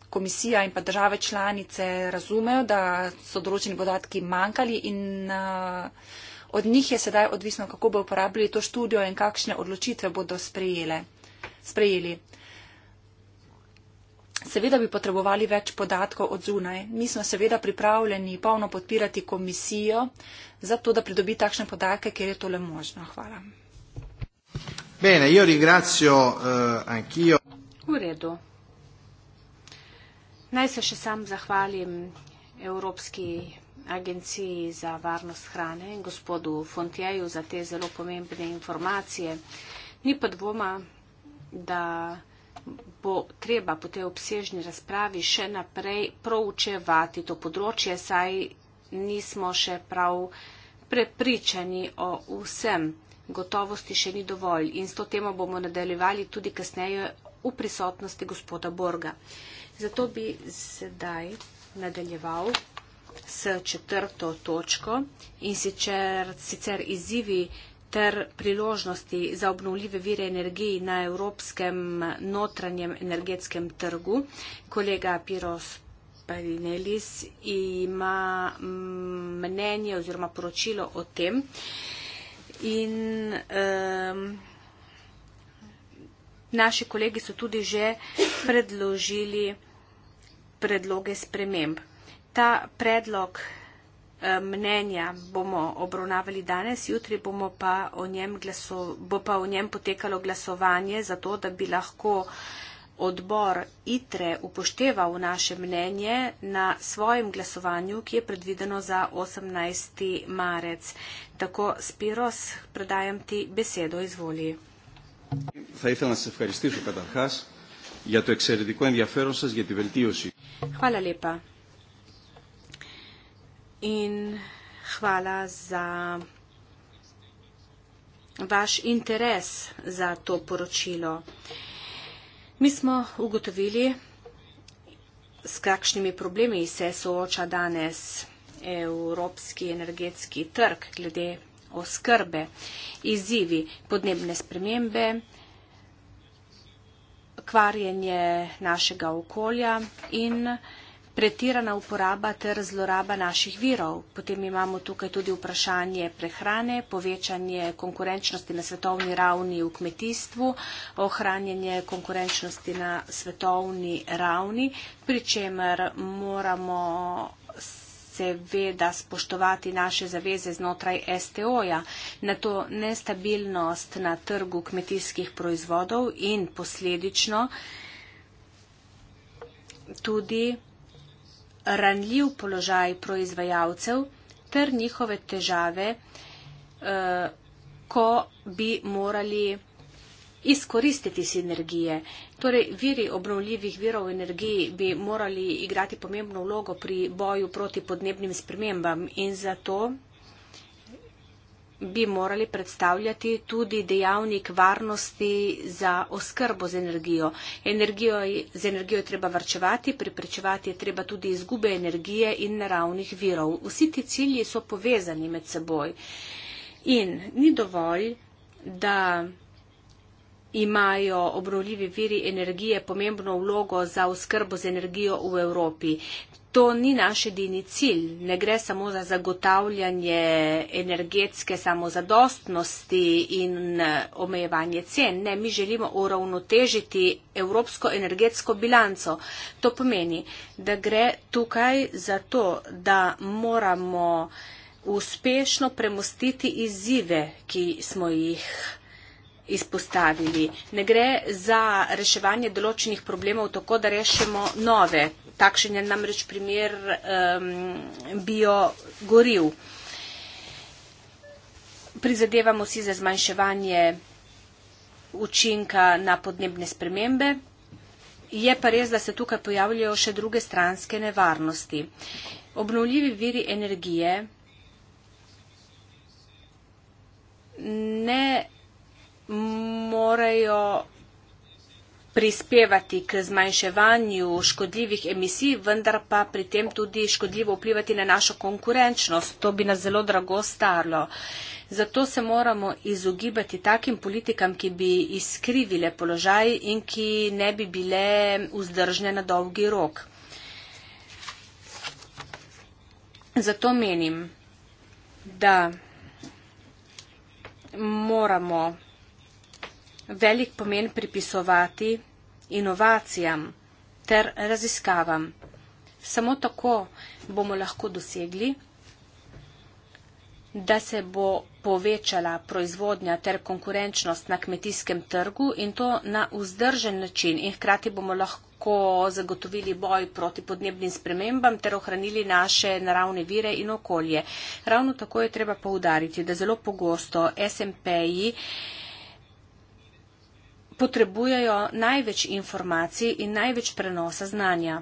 komisija in pa države članice razumejo, da so določeni podatki manjkali in eh, od njih je sedaj odvisno, kako bo uporabljali to študijo in kakšne odločitve bodo sprejele, sprejeli. Seveda bi potrebovali več podatkov od zunaj. Mi smo seveda pripravljeni polno podpirati komisijo za to, da pridobi takšne podatke, ker je tole možno. Hvala. Bene, io ringrazio uh, anch'io. U redu. Naj se še sam zahvalim Evropski agenciji za varnost hrane in gospodu Fontjeju za te zelo pomembne informacije. Ni pa dvoma, da bo treba po tej obsežni razpravi še naprej proučevati to področje, saj nismo še prav prepričani o vsem gotovosti še ni dovolj in s to temo bomo nadaljevali tudi kasneje v prisotnosti gospoda Borga. Zato bi sedaj nadaljeval s četrto točko in sicer, sicer izzivi ter priložnosti za obnovljive vire energije na evropskem notranjem energetskem trgu. Kolega Piros Parinelis ima mm, mnenje oziroma poročilo o tem. Uh, in um, naši kolegi so tudi že predložili predloge sprememb. Ta predlog mnenja bomo obravnavali danes, jutri bomo pa o njem glaso, bo pa o njem potekalo glasovanje za to, da bi lahko uh, odbor ITRE upošteval naše mnenje na svojem glasovanju, ki je predvideno za 18. marec. Tako, Spiros, predajam ti besedo, izvoli. Hvala lepa. In hvala za vaš interes za to poročilo. Mi smo ugotovili, s kakšnimi problemi se sooča danes evropski energetski trg glede oskrbe, izzivi podnebne spremembe, kvarjenje našega okolja in vsega pretirana uporaba ter zloraba naših virov. Potem imamo tukaj tudi vprašanje prehrane, povečanje konkurenčnosti na svetovni ravni v kmetijstvu, ohranjanje konkurenčnosti na svetovni ravni, pri čemer moramo seveda spoštovati naše zaveze znotraj STO-ja. Na to nestabilnost na trgu kmetijskih proizvodov in posledično tudi ranljiv položaj proizvajalcev ter njihove težave, eh, ko bi morali izkoristiti sinergije. Torej, viri obnovljivih virov energiji bi morali igrati pomembno vlogo pri boju proti podnebnim spremembam in zato bi morali predstavljati tudi dejavnik varnosti za oskrbo z energijo. energijo z energijo je treba vrčevati, priprečevati je treba tudi izgube energije in naravnih virov. Vsi ti cilji so povezani med seboj. In ni dovolj, da imajo obnovljivi viri energije pomembno vlogo za oskrbo z energijo v Evropi. To ni naš edini cilj. Ne gre samo za zagotavljanje energetske samozadostnosti in eh, omejevanje cen. Ne, mi želimo uravnotežiti evropsko energetsko bilanco. To pomeni, da gre tukaj za to, da moramo uspešno premostiti izzive, ki smo jih izpostavili. Ne gre za reševanje določenih problemov tako, da rešimo nove takšen je namreč primer um, biogoriv. Prizadevamo si za zmanjševanje učinka na podnebne spremembe. Je pa res, da se tukaj pojavljajo še druge stranske nevarnosti. Obnovljivi viri energije ne morajo prispevati k zmanjševanju škodljivih emisij, vendar pa pri tem tudi škodljivo vplivati na našo konkurenčnost. To bi nas zelo drago starlo. Zato se moramo izogibati takim politikam, ki bi izkrivile položaj in ki ne bi bile vzdržne na dolgi rok. Zato menim, da moramo velik pomen pripisovati inovacijam ter raziskavam. Samo tako bomo lahko dosegli, da se bo povečala proizvodnja ter konkurenčnost na kmetijskem trgu in to na vzdržen način in hkrati bomo lahko zagotovili boj proti podnebnim spremembam ter ohranili naše naravne vire in okolje. Ravno tako je treba poudariti, da zelo pogosto SMP-ji potrebujejo največ informacij in največ prenosa znanja.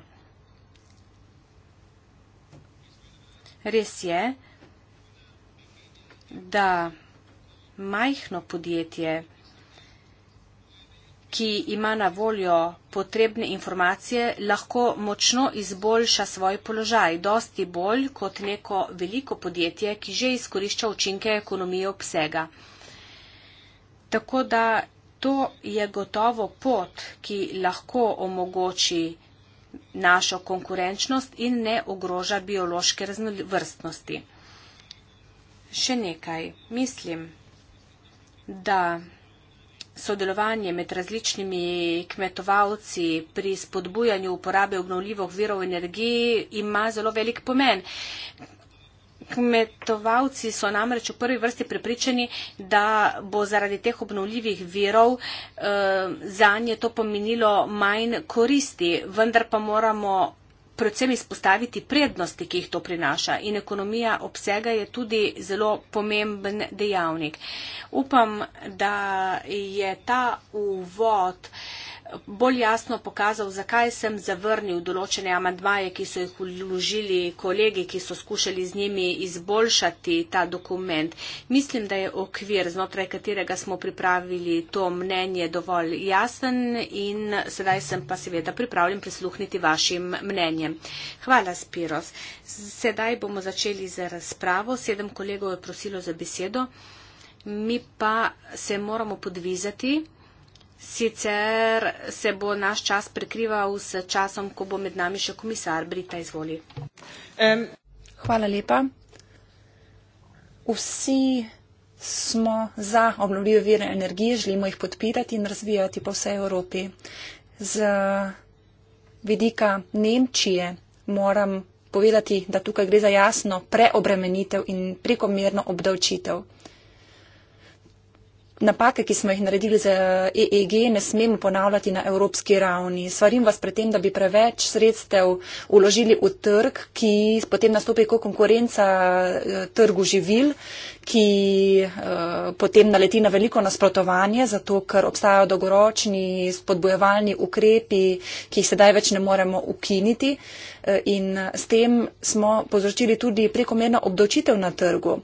Res je, da majhno podjetje, ki ima na voljo potrebne informacije, lahko močno izboljša svoj položaj, dosti bolj kot neko veliko podjetje, ki že izkorišča učinke ekonomije obsega. Tako da To je gotovo pot, ki lahko omogoči našo konkurenčnost in ne ogroža biološke raznovrstnosti. Še nekaj. Mislim, da sodelovanje med različnimi kmetovalci pri spodbujanju uporabe obnovljivih virov energije ima zelo velik pomen. Kmetovalci so namreč v prvi vrsti prepričani, da bo zaradi teh obnovljivih virov eh, za nje to pomenilo manj koristi, vendar pa moramo predvsem izpostaviti prednosti, ki jih to prinaša. In ekonomija obsega je tudi zelo pomemben dejavnik. Upam, da je ta uvod. Eh, bolj jasno pokazal, zakaj sem zavrnil določene amadmaje, ki so jih vložili kolegi, ki so skušali z njimi izboljšati ta dokument. Mislim, da je okvir, znotraj katerega smo pripravili to mnenje, dovolj jasen in sedaj sem pa seveda pripravljen prisluhniti vašim mnenjem. Hvala, Spiros. Sedaj bomo začeli z razpravo. Sedem kolegov je prosilo za besedo. Mi pa se moramo podvizati. Sicer se bo naš čas prekrival s časom, ko bo med nami še komisar Brita izvoli. Um. Hvala lepa. Vsi smo za obnovljive vire energije, želimo jih podpirati in razvijati po vsej Evropi. Z vidika Nemčije moram povedati, da tukaj gre za jasno preobremenitev in prekomerno obdavčitev napake, ki smo jih naredili za EEG, eh, e ne smemo ponavljati na evropski ravni. Svarim vas pred tem, da bi preveč sredstev uložili v trg, ki potem nastopi kot konkurenca eh, trgu živil ki uh, potem naleti na veliko nasprotovanje, zato ker obstajajo dolgoročni spodbojevalni ukrepi, ki jih sedaj več ne moremo ukiniti. Eh, in s tem smo povzročili tudi prekomerno obdočitev na trgu.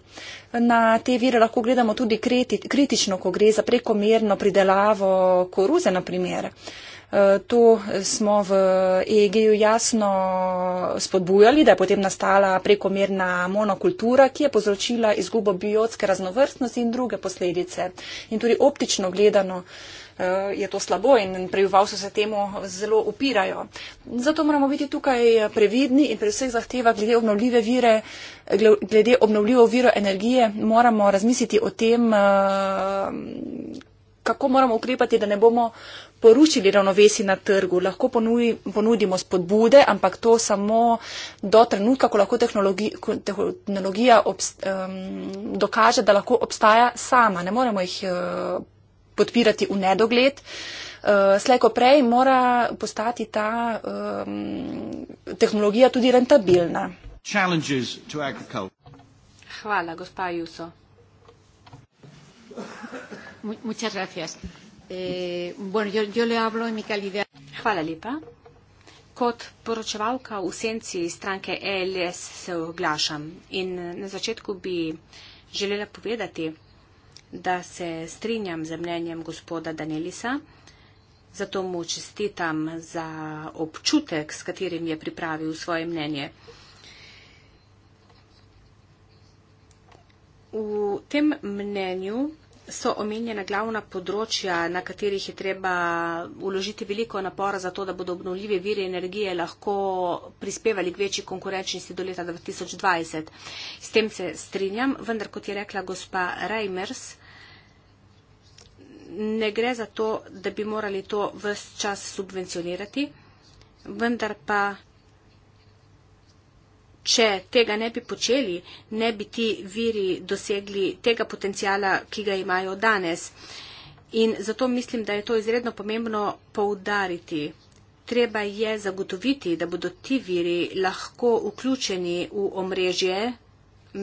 Na te vire lahko gledamo tudi kriti, kritično, ko gre za prekomerno pridelavo koruze, na primer. Uh, Eh, to smo v EG-ju jasno spodbujali, da je potem nastala prekomerna monokultura, ki je povzročila izgubo biotske raznovrstnosti in druge posledice. In tudi optično gledano eh, je to slabo in prebivalstvo se temu zelo upirajo. Zato moramo biti tukaj previdni in pri vseh zahtevah glede obnovljive vire, glede obnovljivo viro energije, moramo razmisliti o tem, eh, kako moramo ukrepati, da ne bomo porušili ravnovesi na trgu. Lahko ponudimo spodbude, ampak to samo do trenutka, ko lahko tehnologija obst, um, dokaže, da lahko obstaja sama. Ne moremo jih uh, podpirati v nedogled. Uh, eh, Slejko prej mora postati ta um, tehnologija tudi rentabilna. Hvala, gospa Juso. Thank you. Muchas gracias. Eh, bueno, yo, yo le hablo en mi calidad. Hvala lepa. Kot poročevalka v senci stranke ELS se oglašam in na začetku bi želela povedati, da se strinjam z mnenjem gospoda Danielisa, zato mu čestitam za občutek, s katerim je pripravil svoje mnenje. V tem mnenju so omenjena glavna področja, na katerih je treba uložiti veliko napora za to, da bodo obnovljive vire energije lahko prispevali k večji konkurenčnosti do leta 2020. S tem se strinjam, vendar kot je rekla gospa Reimers, ne gre za to, da bi morali to vse čas subvencionirati, vendar pa če tega ne bi počeli, ne bi ti viri dosegli tega potencijala, ki ga imajo danes. In zato mislim, da je to izredno pomembno poudariti. Treba je zagotoviti, da bodo ti viri lahko vključeni v omrežje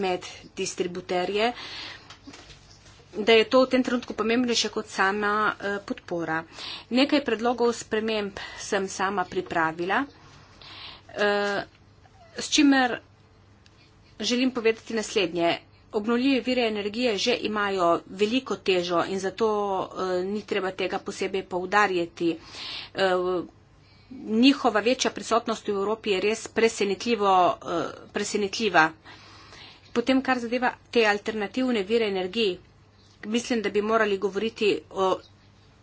med distributerje, da je to v tem trenutku pomembnejše kot sama eh, podpora. Nekaj predlogov sprememb sem sama pripravila. Eh, s čimer želim povedati naslednje. Obnovljive vire energije že imajo veliko težo in zato uh, ni treba tega posebej poudarjati. Uh, njihova večja prisotnost v Evropi je res uh, presenetljiva. Potem, kar zadeva te alternativne vire energije, mislim, da bi morali govoriti o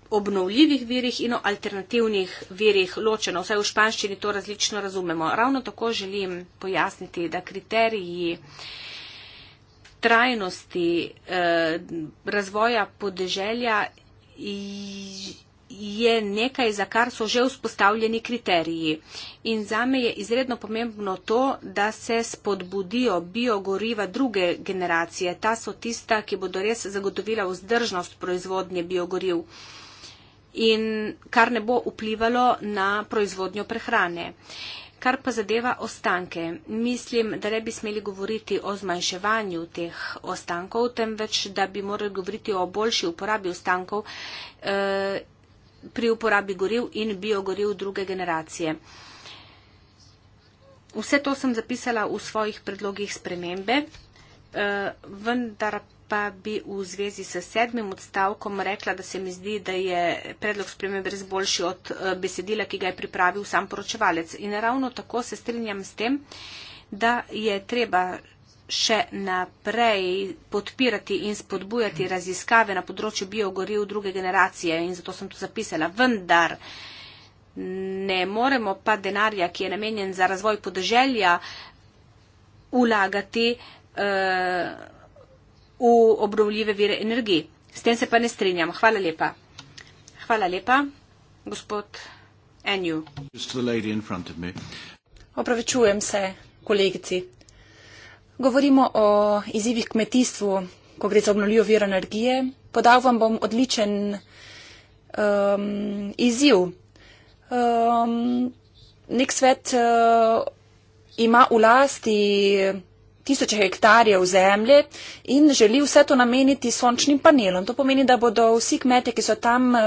obnovljivih virih in o alternativnih virih ločeno. Vse v španščini to različno razumemo. Ravno tako želim pojasniti, da kriteriji trajnosti eh, razvoja podeželja je nekaj, za kar so že vzpostavljeni kriteriji. In zame je izredno pomembno to, da se spodbudijo biogoriva druge generacije. Ta so tista, ki bodo res zagotovila vzdržnost proizvodnje biogoriv. Eh, in kar ne bo vplivalo na proizvodnjo prehrane. Kar pa zadeva ostanke, mislim, da ne bi smeli govoriti o zmanjševanju teh ostankov, temveč da bi morali govoriti o boljši uporabi ostankov eh, pri uporabi goril in biogoril druge generacije. Vse to sem zapisala v svojih predlogih spremembe, eh, vendar pa pa bi v zvezi s sedmim odstavkom rekla, da se mi zdi, da je predlog spreme brez boljši od eh, besedila, ki ga je pripravil sam poročevalec. In ravno tako se strinjam s tem, da je treba še naprej podpirati in spodbujati raziskave na področju biogoriv druge generacije in zato sem to zapisala. Vendar ne moremo pa denarja, ki je namenjen za razvoj podeželja, vlagati uh, v obnovljive vire energije. S tem se pa ne strinjam. Hvala lepa. Hvala lepa, gospod Enju. Opravičujem se, kolegici. Govorimo o izzivih kmetijstvu, ko gre za obnovljivo vir energije. Podal vam bom odličen um, izziv. Um, nek svet uh, ima v lasti tisoč hektarjev zemlje in želi vse to nameniti sončnim panelom. To pomeni, da bodo vsi kmetje, ki so tam eh,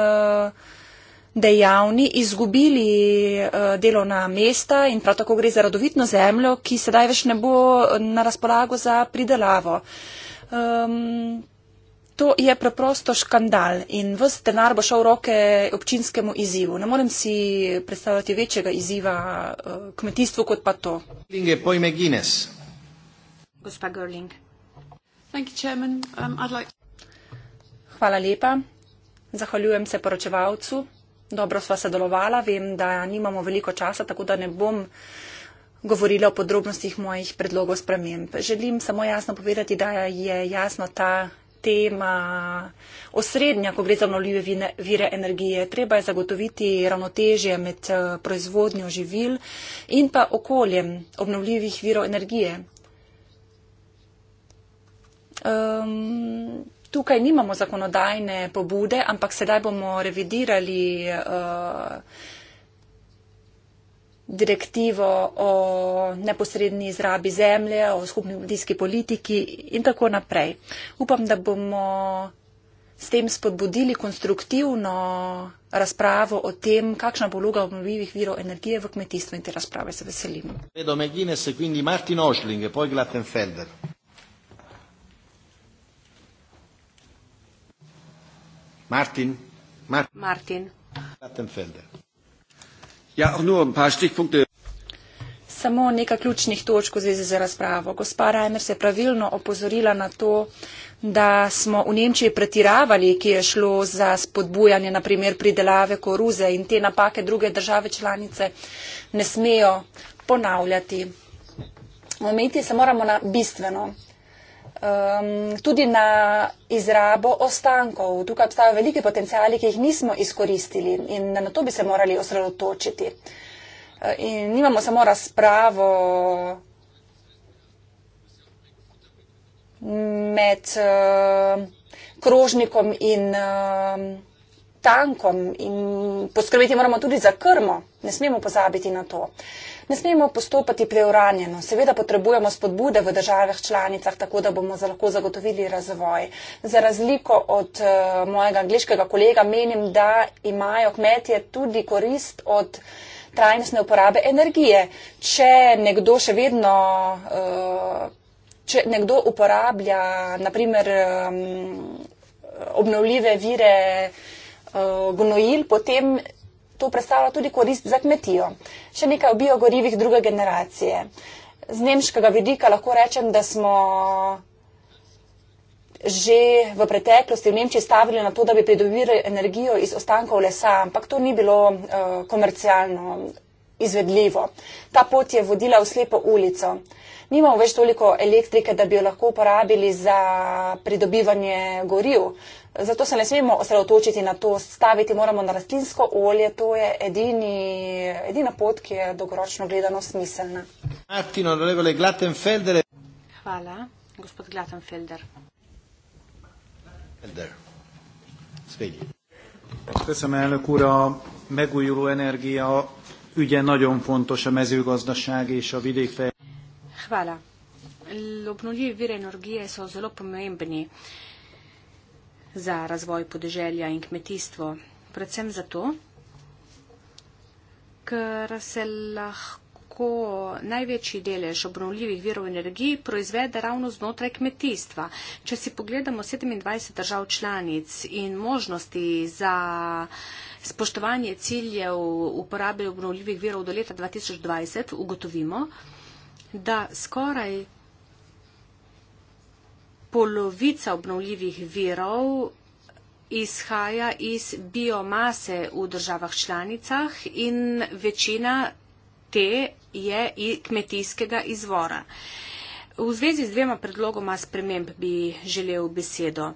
dejavni, izgubili eh, delovna mesta in prav tako gre za radovitno zemljo, ki sedaj več ne bo eh, na razpolago za pridelavo. Um, to je preprosto škandal in vse denar bo šel v roke občinskemu izzivu. Ne morem si predstavljati večjega izziva kmetijstvu kot pa to gospa Görling. Um, Hvala lepa. Zahvaljujem se poročevalcu. Dobro sva sodelovala. Vem, da nimamo veliko časa, tako da ne bom govorila o podrobnostih mojih predlogov sprememb. Želim samo jasno povedati, da je jasno ta tema osrednja, ko gre za obnovljive vire energije. Treba je zagotoviti ravnotežje med eh, proizvodnjo živil in pa okoljem obnovljivih virov energije. Um, tukaj nimamo zakonodajne pobude, ampak sedaj bomo revidirali uh, direktivo o neposredni izrabi zemlje, o skupni medijski politiki in tako naprej. Upam, da bomo s tem spodbudili konstruktivno razpravo o tem, kakšna bo vloga obnovljivih virov energije v kmetijstvu in te razprave se veselim. Martin. Martin. Martin. Ja, nur ein paar Stichpunkte. Samo nekaj ključnih točk v zvezi z razpravo. Gospa Reimer se je pravilno opozorila na to, da smo v Nemčiji pretiravali, ki je šlo za spodbujanje, naprimer pridelave koruze in te napake druge države članice ne smejo ponavljati. Omeniti se moramo na bistveno um, tudi na izrabo ostankov. Tukaj obstajajo velike potencijali, ki jih nismo izkoristili in na to bi se morali osredotočiti. Eh, in nimamo samo razpravo med uh, krožnikom in uh, tankom in poskrbeti moramo tudi za krmo. Ne smemo pozabiti na to. Uh, ne smemo postopati preuranjeno. Seveda potrebujemo spodbude v državah članicah, tako da bomo lahko zagotovili razvoj. Za razliko od uh, mojega angliškega kolega menim, da imajo kmetje tudi korist od trajnostne uporabe energije. Če nekdo še vedno. Uh, Če nekdo uporablja naprimer um, eh, obnovljive vire uh, gnojil, potem to predstavlja tudi korist za kmetijo. Uh, še nekaj o biogorivih druge generacije. Z nemškega vidika lahko rečem, da smo že v preteklosti v Nemčiji stavili na to, da bi pridobili energijo iz ostankov lesa, ampak to ni bilo uh, komercialno izvedljivo. Ta pot je vodila v slepo ulico. Nimamo več toliko elektrike, da bi jo lahko uporabili za pridobivanje goriv. Zato se ne smemo osredotočiti na to, staviti moramo na rastlinsko olje, to je edini, edina pot, ki je dolgoročno gledano smiselna. Hvala, gospod Glatenfelder. Köszönöm, elnök úr! A megújuló energia ügye nagyon fontos a mezőgazdaság és a vidékfejlesztés. Köszönöm. A megújuló energia nagyon fontos a mezőgazdaság és a vidékfejlesztés za razvoj podeželja in kmetijstvo. Predvsem zato, ker se lahko največji delež obnovljivih virov energiji proizvede ravno znotraj kmetijstva. Če si pogledamo 27 držav članic in možnosti za spoštovanje ciljev uporabe obnovljivih virov do leta 2020, ugotovimo, da skoraj polovica obnovljivih virov izhaja iz biomase v državah članicah in večina te je kmetijskega izvora. V zvezi z dvema predlogoma sprememb bi želel besedo.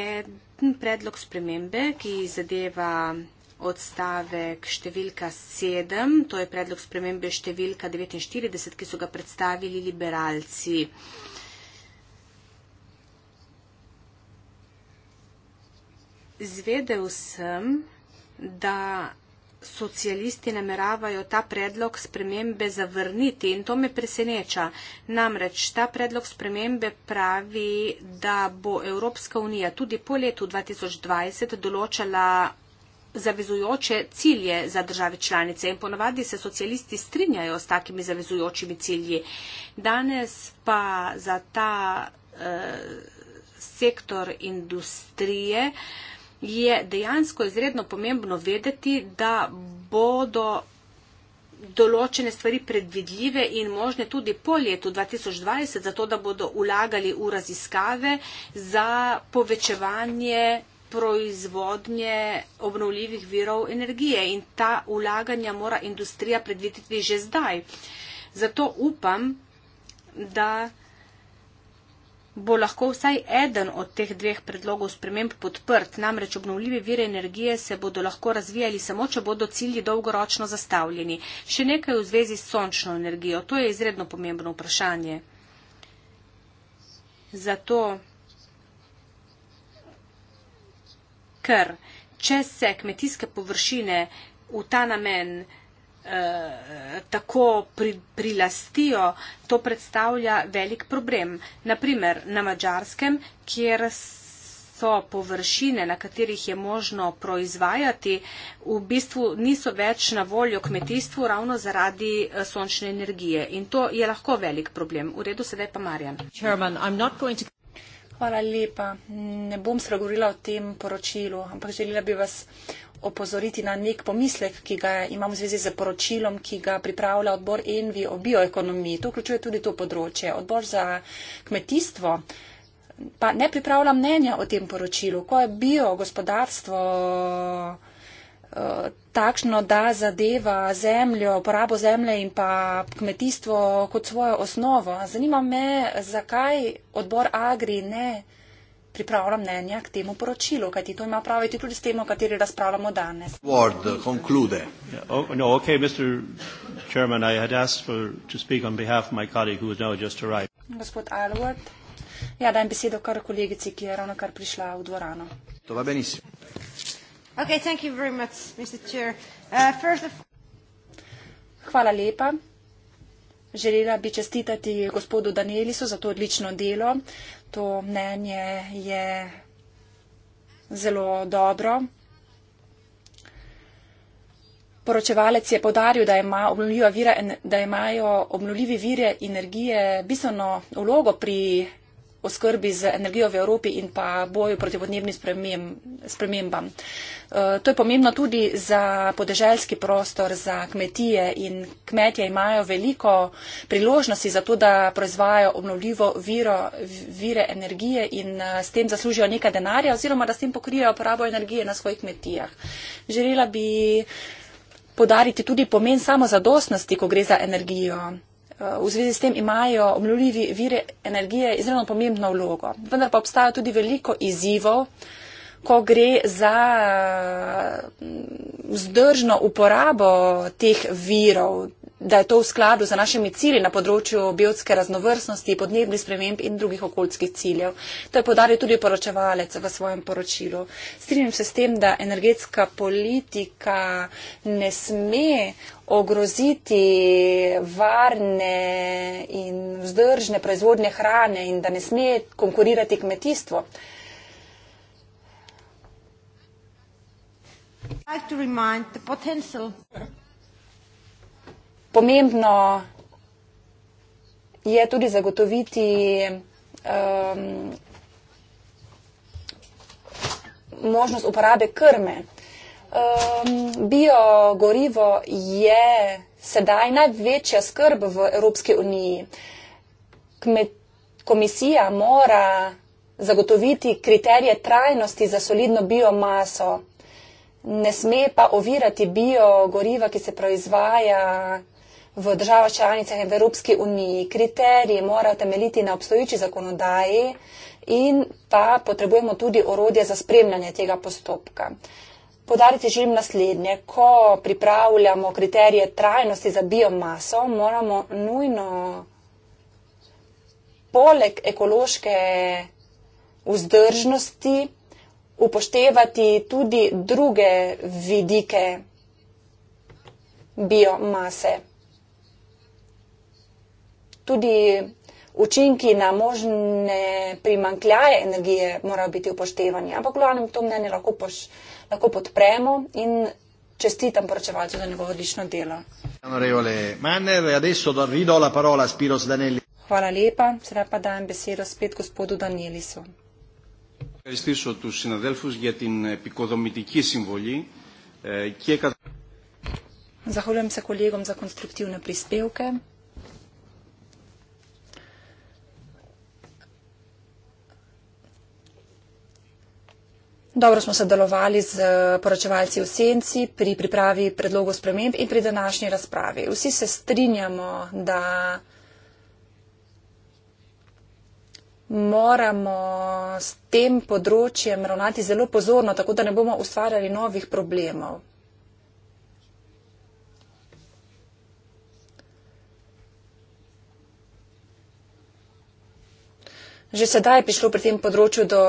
En predlog spremembe, ki zadeva odstavek številka 7, to je predlog spremembe številka 49, ki so ga predstavili liberalci. Uh, zvedel sem, da socialisti nameravajo ta predlog spremembe zavrniti in to me preseneča. Namreč ta predlog spremembe pravi, da bo Evropska unija tudi po letu 2020 določala zavezujoče cilje za države članice in ponavadi se socialisti strinjajo s takimi zavezujočimi cilji. Danes pa za ta eh, sektor industrije eh, je dejansko izredno pomembno vedeti, da bodo določene stvari predvidljive in možne tudi po letu 2020, zato da bodo ulagali v raziskave za povečevanje proizvodnje obnovljivih virov energije in ta ulaganja mora industrija predvideti že zdaj. Zato upam, da bo lahko vsaj eden od teh dveh predlogov sprememb podprt, namreč obnovljive vire energije se bodo lahko razvijali samo, če bodo cilji dolgoročno zastavljeni. Še nekaj v zvezi s sončno energijo, to je izredno pomembno vprašanje. Zato, ker če se kmetijske površine v ta namen Eh, tako pri, prilastijo, to predstavlja velik problem. Naprimer, na Mačarskem, kjer so površine, na katerih je možno proizvajati, v bistvu niso več na voljo kmetijstvu ravno zaradi eh, sončne energije. In to je lahko velik problem. V redu, sedaj pa Marjan. Hvala lepa. Ne bom spregovorila o tem poročilu, ampak želela bi vas opozoriti na nek pomislek, ki ga imamo v zvezi z poročilom, ki ga pripravlja odbor Envi o bioekonomiji. To vključuje tudi to področje. Odbor za kmetijstvo pa ne pripravlja mnenja o tem poročilu, ko je bio gospodarstvo eh, takšno, da zadeva zemljo, porabo zemlje in pa kmetijstvo kot svojo osnovo. Zanima me, zakaj odbor Agri ne pripravila mnenja k temu poročilu, kajti to ima praviti tudi s tem, o kateri razpravljamo danes. Word, uh, oh, no, Gospod Alward, ja, dajem besedo kar kolegici, ki je ravno kar prišla v dvorano. To va benissimo. Okay, thank you very much, Mr. Chair. Uh, first of... Hvala lepa. Želela bi čestitati gospodu Danielisu za to odlično delo. To mnenje je zelo dobro. Poročevalec je podaril, da, ima vire, da imajo obnuljivi vire energije bistveno vlogo pri oskrbi z energijo v Evropi in pa boju proti podnebnim spremembam. E, to je pomembno tudi za podeželski prostor, za kmetije in kmetje imajo veliko priložnosti za to, da proizvajo obnovljivo viro, vire energije in e, s tem zaslužijo nekaj denarja oziroma da s tem pokrijejo porabo energije na svojih kmetijah. Želela bi podariti tudi pomen samozadostnosti, ko gre za energijo v zvezi s tem imajo obnovljivi vire energije izredno pomembno vlogo. Vendar pa obstaja tudi veliko izzivov, ko gre za mm, vzdržno uporabo teh virov, da je to v skladu z našimi cilji na področju biotske raznovrstnosti, podnebnih sprememb in drugih okoljskih ciljev. To je podaril tudi poročevalec v svojem poročilu. Strinjam se s tem, da energetska politika ne sme ogroziti varne in vzdržne proizvodne hrane in da ne sme konkurirati kmetijstvo. I'd like to remind the potential pomembno je tudi zagotoviti um, možnost uporabe krme. Um, Biogorivo je sedaj največja skrb v Evropski uniji. Kmet, komisija mora zagotoviti kriterije trajnosti za solidno biomaso. Ne sme pa ovirati biogoriva, ki se proizvaja v državah članicah Evropske unije. Kriteriji morajo temeljiti na obstoječi zakonodaji in pa potrebujemo tudi orodje za spremljanje tega postopka. Podariti želim naslednje. Ko pripravljamo kriterije trajnosti za biomaso, moramo nujno poleg ekološke vzdržnosti upoštevati tudi druge vidike biomase tudi učinki na možne primankljaje energije morajo biti upoštevani. Ampak glavnem to mnenje lahko, poš, lahko podpremo in čestitam poročevalcu za njegovo odlično delo. Hvala lepa, sedaj pa dajem besedo spet gospodu Danielisu. Eh, Zahvaljujem se kolegom za konstruktivne prispevke. Dobro smo sodelovali z eh, poročevalci v Senci pri pripravi predlogov sprememb in pri današnji razpravi. Vsi se strinjamo, da moramo s tem področjem ravnati zelo pozorno, tako da ne bomo ustvarjali novih problemov. Že sedaj je prišlo pri tem področju do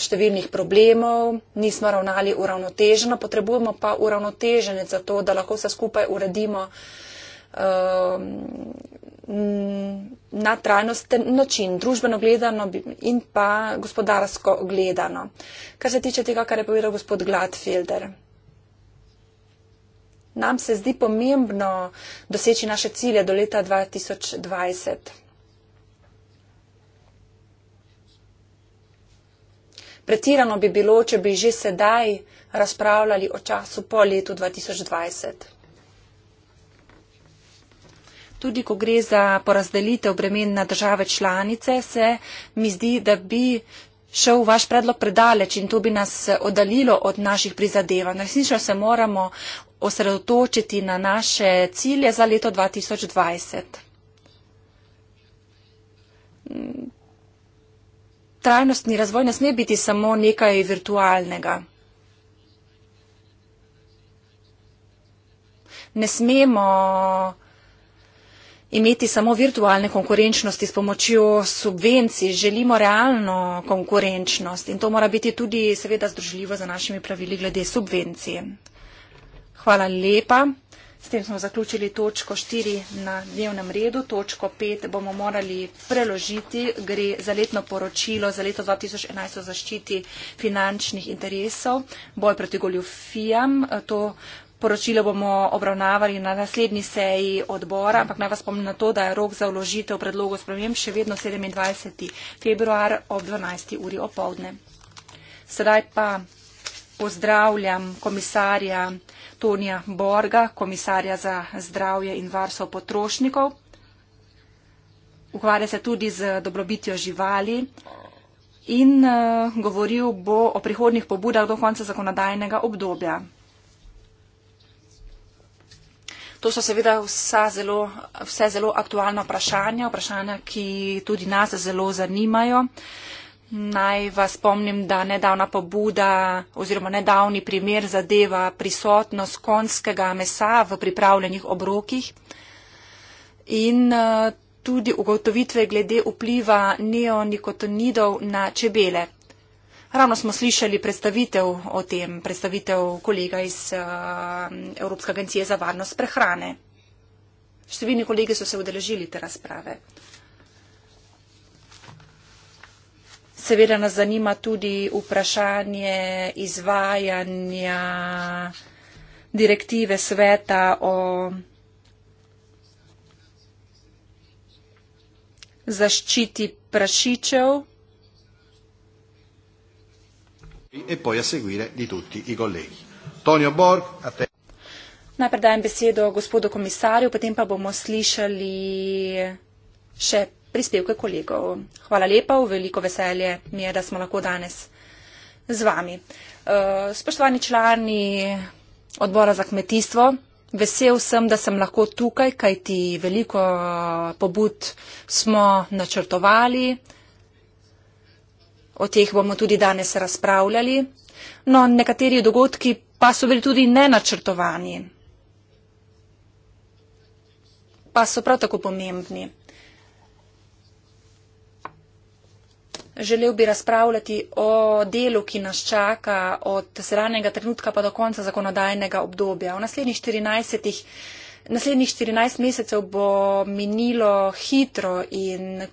številnih problemov, nismo ravnali uravnoteženo, potrebujemo pa uravnotežene za to, da lahko vse skupaj uredimo um, na trajnosten način, družbeno gledano in pa gospodarsko gledano. Kar se tiče tega, kar je povedal gospod Gladfelder. Nam se zdi pomembno doseči naše cilje do leta 2020. Pretirano bi bilo, če bi že sedaj razpravljali o času po letu 2020. Tudi, ko gre za porazdelitev bremen na države članice, se mi zdi, da bi šel vaš predlog predaleč in to bi nas oddaljilo od naših prizadevanj. Resnično se moramo osredotočiti na naše cilje za leto 2020 trajnostni razvoj ne sme biti samo nekaj virtualnega. Ne smemo imeti samo virtualne konkurenčnosti s pomočjo subvencij, želimo realno konkurenčnost in to mora biti tudi seveda združljivo za našimi pravili glede subvencij. Hvala lepa. S tem smo zaključili točko 4 na dnevnem redu. Točko 5 bomo morali preložiti. Gre za letno poročilo za leto 2011 o zaščiti finančnih interesov, boj proti goljufijam. To poročilo bomo obravnavali na naslednji seji odbora, ampak naj vas spomnim na to, da je rok za vložitev predlogov sprememb še vedno 27. februar ob 12. uri opovdne. Sedaj pa pozdravljam komisarja. Tonija Borga, komisarja za zdravje in varstvo potrošnikov. Ukvarja se tudi z dobrobitjo živali in eh, govoril bo o prihodnih pobudah do konca zakonodajnega obdobja. To so seveda zelo, vse zelo aktualna vprašanja, vprašanja, ki tudi nas zelo zanimajo. Uh, Naj vas spomnim, da nedavna pobuda oziroma nedavni primer zadeva prisotnost konjskega mesa v pripravljenih obrokih in eh, tudi ugotovitve glede vpliva neonikotonidov na čebele. Ravno smo slišali predstavitev o tem, predstavitev kolega iz eh, Evropske agencije za varnost prehrane. Številni kolegi so se udeležili te razprave. Seveda nas zanima tudi vprašanje izvajanja direktive sveta o zaščiti prašičev. E Najprej dajem besedo gospodu komisarju, potem pa bomo slišali še prispevke kolegov. Hvala lepa, v veliko veselje mi je, da smo lahko danes z vami. Eh, spoštovani člani odbora za kmetijstvo, vesel sem, da sem lahko tukaj, kaj ti veliko eh, pobud smo načrtovali. O teh bomo tudi danes razpravljali. No, nekateri dogodki pa so bili tudi nenačrtovani. Pa so prav tako pomembni. Želel bi razpravljati o delu, ki nas čaka od sedanjega trenutka pa do konca zakonodajnega obdobja. V naslednjih 14, naslednjih 14 mesecev bo minilo hitro in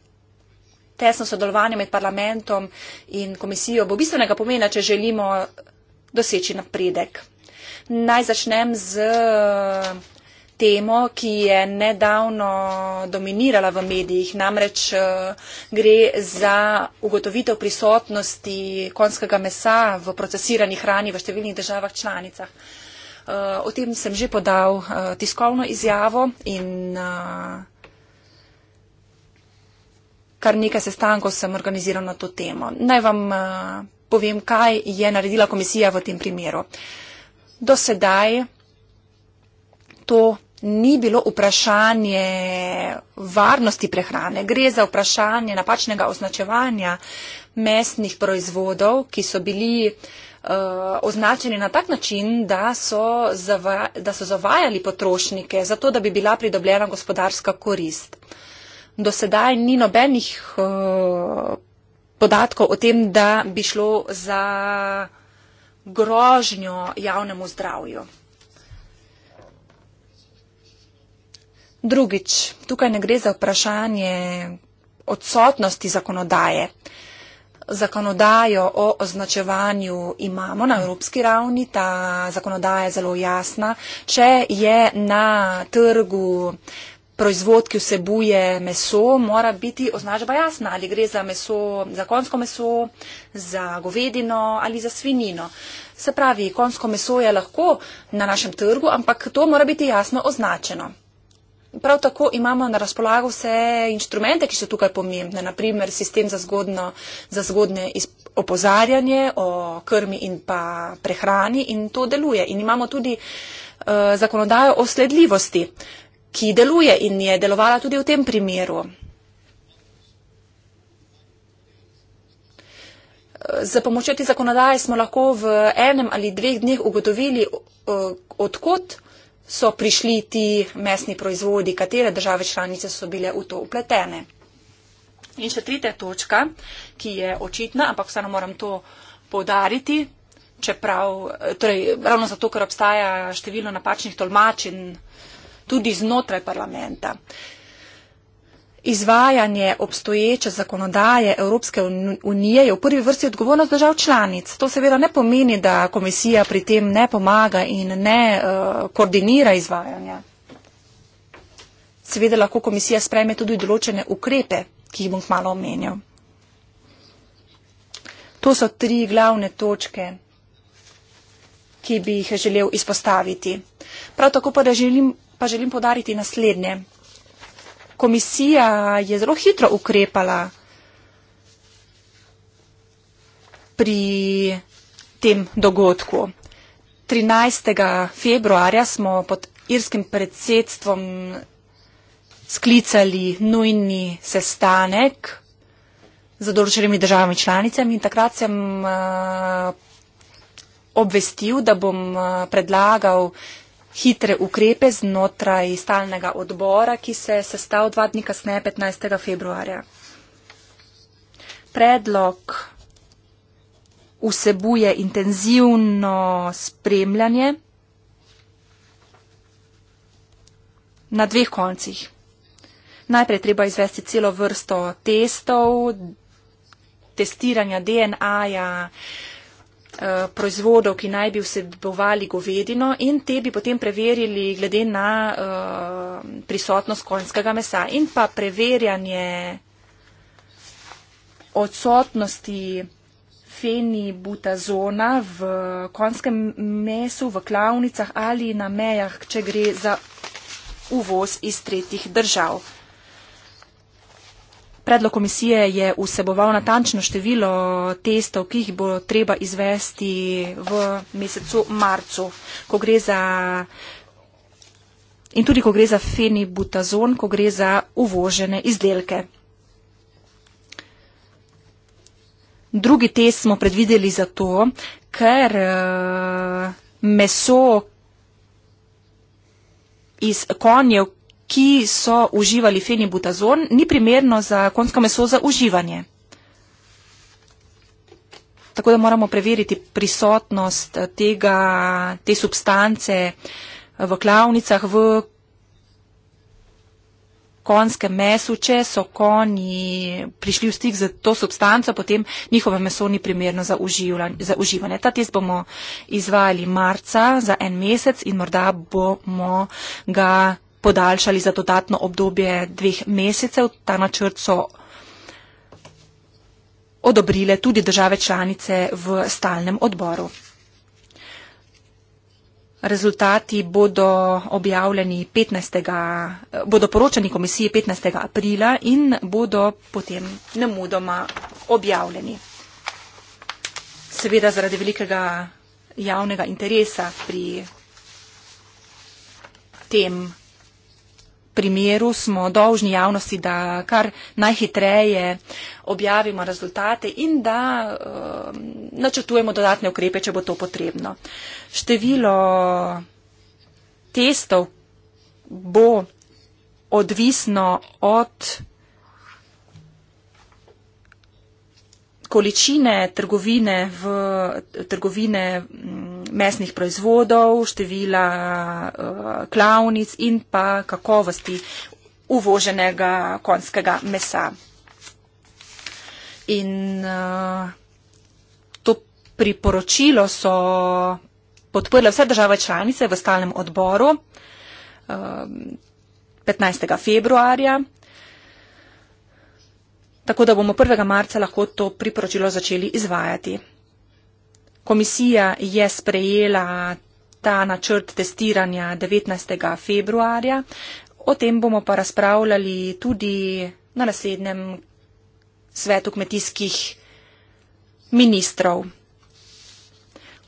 tesno sodelovanje med parlamentom in komisijo bo bistvenega pomena, če želimo doseči napredek. Naj začnem z temo, ki je nedavno dominirala v medijih. Namreč eh, gre za ugotovitev prisotnosti konjskega mesa v procesirani hrani v številnih državah članicah. Eh, o tem sem že podal eh, tiskovno izjavo in kar nekaj sestankov sem organiziral na to temo. Naj vam povem, kaj je naredila komisija v tem primeru. Do sedaj to ni bilo vprašanje varnosti prehrane, gre za vprašanje napačnega označevanja mesnih proizvodov, ki so bili uh, označeni na tak način, da so, zava, da so zavajali potrošnike, zato da bi bila pridobljena gospodarska korist. Do sedaj ni nobenih uh, podatkov o tem, da bi šlo za grožnjo javnemu zdravju. Drugič, tukaj ne gre za vprašanje odsotnosti zakonodaje. Zakonodajo o označevanju imamo na evropski ravni, ta zakonodaja je zelo jasna. Če je na trgu proizvod, ki vsebuje meso, mora biti označba jasna, ali gre za meso, za konsko meso, za govedino ali za svinino. Se pravi, konsko meso je lahko na našem trgu, ampak to mora biti jasno označeno. Prav tako imamo na razpolago vse inštrumente, ki so tukaj pomembne, naprimer sistem za, zgodno, za zgodne opozarjanje o krmi in pa prehrani in to deluje. In imamo tudi uh, zakonodajo o sledljivosti, ki deluje in je delovala tudi v tem primeru. Za eh, pomočjo te zakonodaje smo lahko v enem ali dveh dneh ugotovili, uh, eh, odkot so prišli ti mesni proizvodi, katere države članice so bile v to upletene. In še tretja točka, ki je očitna, ampak vseeno moram to povdariti, čeprav, torej, ravno zato, ker obstaja število napačnih tolmačin tudi znotraj parlamenta. Uh, Izvajanje obstoječe zakonodaje Evropske unije je v prvi vrsti odgovornost držav članic. To seveda ne pomeni, da komisija pri tem ne pomaga in ne uh, koordinira izvajanja. Seveda lahko komisija spreme tudi določene ukrepe, ki jih bom malo omenjal. To so tri glavne točke, ki bi jih želel izpostaviti. Prav tako pa želim, pa želim podariti naslednje komisija je zelo hitro ukrepala pri tem dogodku. 13. februarja smo pod irskim predsedstvom sklicali nujni sestanek z določenimi državami članicami in takrat sem uh, obvestil, da bom uh, predlagal uh, hitre ukrepe znotraj stalnega odbora, ki se je sestal dva dni kasneje, 15. februarja. Predlog vsebuje intenzivno spremljanje na dveh koncih. Najprej treba izvesti celo vrsto testov, testiranja DNA-ja, -ja, Eh, proizvodov, ki naj bi vsebovali govedino in te bi potem preverili glede na uh, prisotnost konjskega mesa in pa preverjanje odsotnosti fenibutazona v konjskem mesu, v klavnicah ali na mejah, če gre za uvoz iz tretjih držav. Predlog komisije je vseboval natančno število testov, ki jih bo treba izvesti v mesecu marcu, ko gre za. In tudi, ko gre za fenibutazon, ko gre za uvožene izdelke. Drugi test smo predvideli zato, ker eh, meso iz konjev, ki so uživali fenibutazon, ni primerno za konjsko meso za uživanje. Tako da moramo preveriti prisotnost eh, tega, te substance eh, v klavnicah, v konjskem mesu. Če so konji prišli v stik z to substanco, potem njihovo meso ni primerno za, uživla, za uživanje. Ta test bomo izvajali marca za en mesec in morda bomo ga podaljšali za dodatno obdobje dveh mesecev. Ta načrt so odobrile tudi države članice v stalnem odboru. Rezultati bodo objavljeni 15. bodo poročeni komisiji 15. aprila in bodo potem nemudoma objavljeni. Seveda zaradi velikega javnega interesa pri tem primeru smo dolžni javnosti, da kar najhitreje objavimo rezultate in da uh, načrtujemo dodatne ukrepe, če bo to potrebno. Število testov bo odvisno od količine trgovine, v, trgovine mm, mesnih proizvodov, števila eh, klavnic in pa kakovosti uvoženega konskega mesa. In eh, to priporočilo so podprle vse države članice v stalnem odboru 15. Eh, februarja tako da bomo 1. marca lahko to priporočilo začeli izvajati. Komisija je sprejela ta načrt testiranja 19. februarja. O tem bomo pa razpravljali tudi na naslednjem svetu kmetijskih ministrov.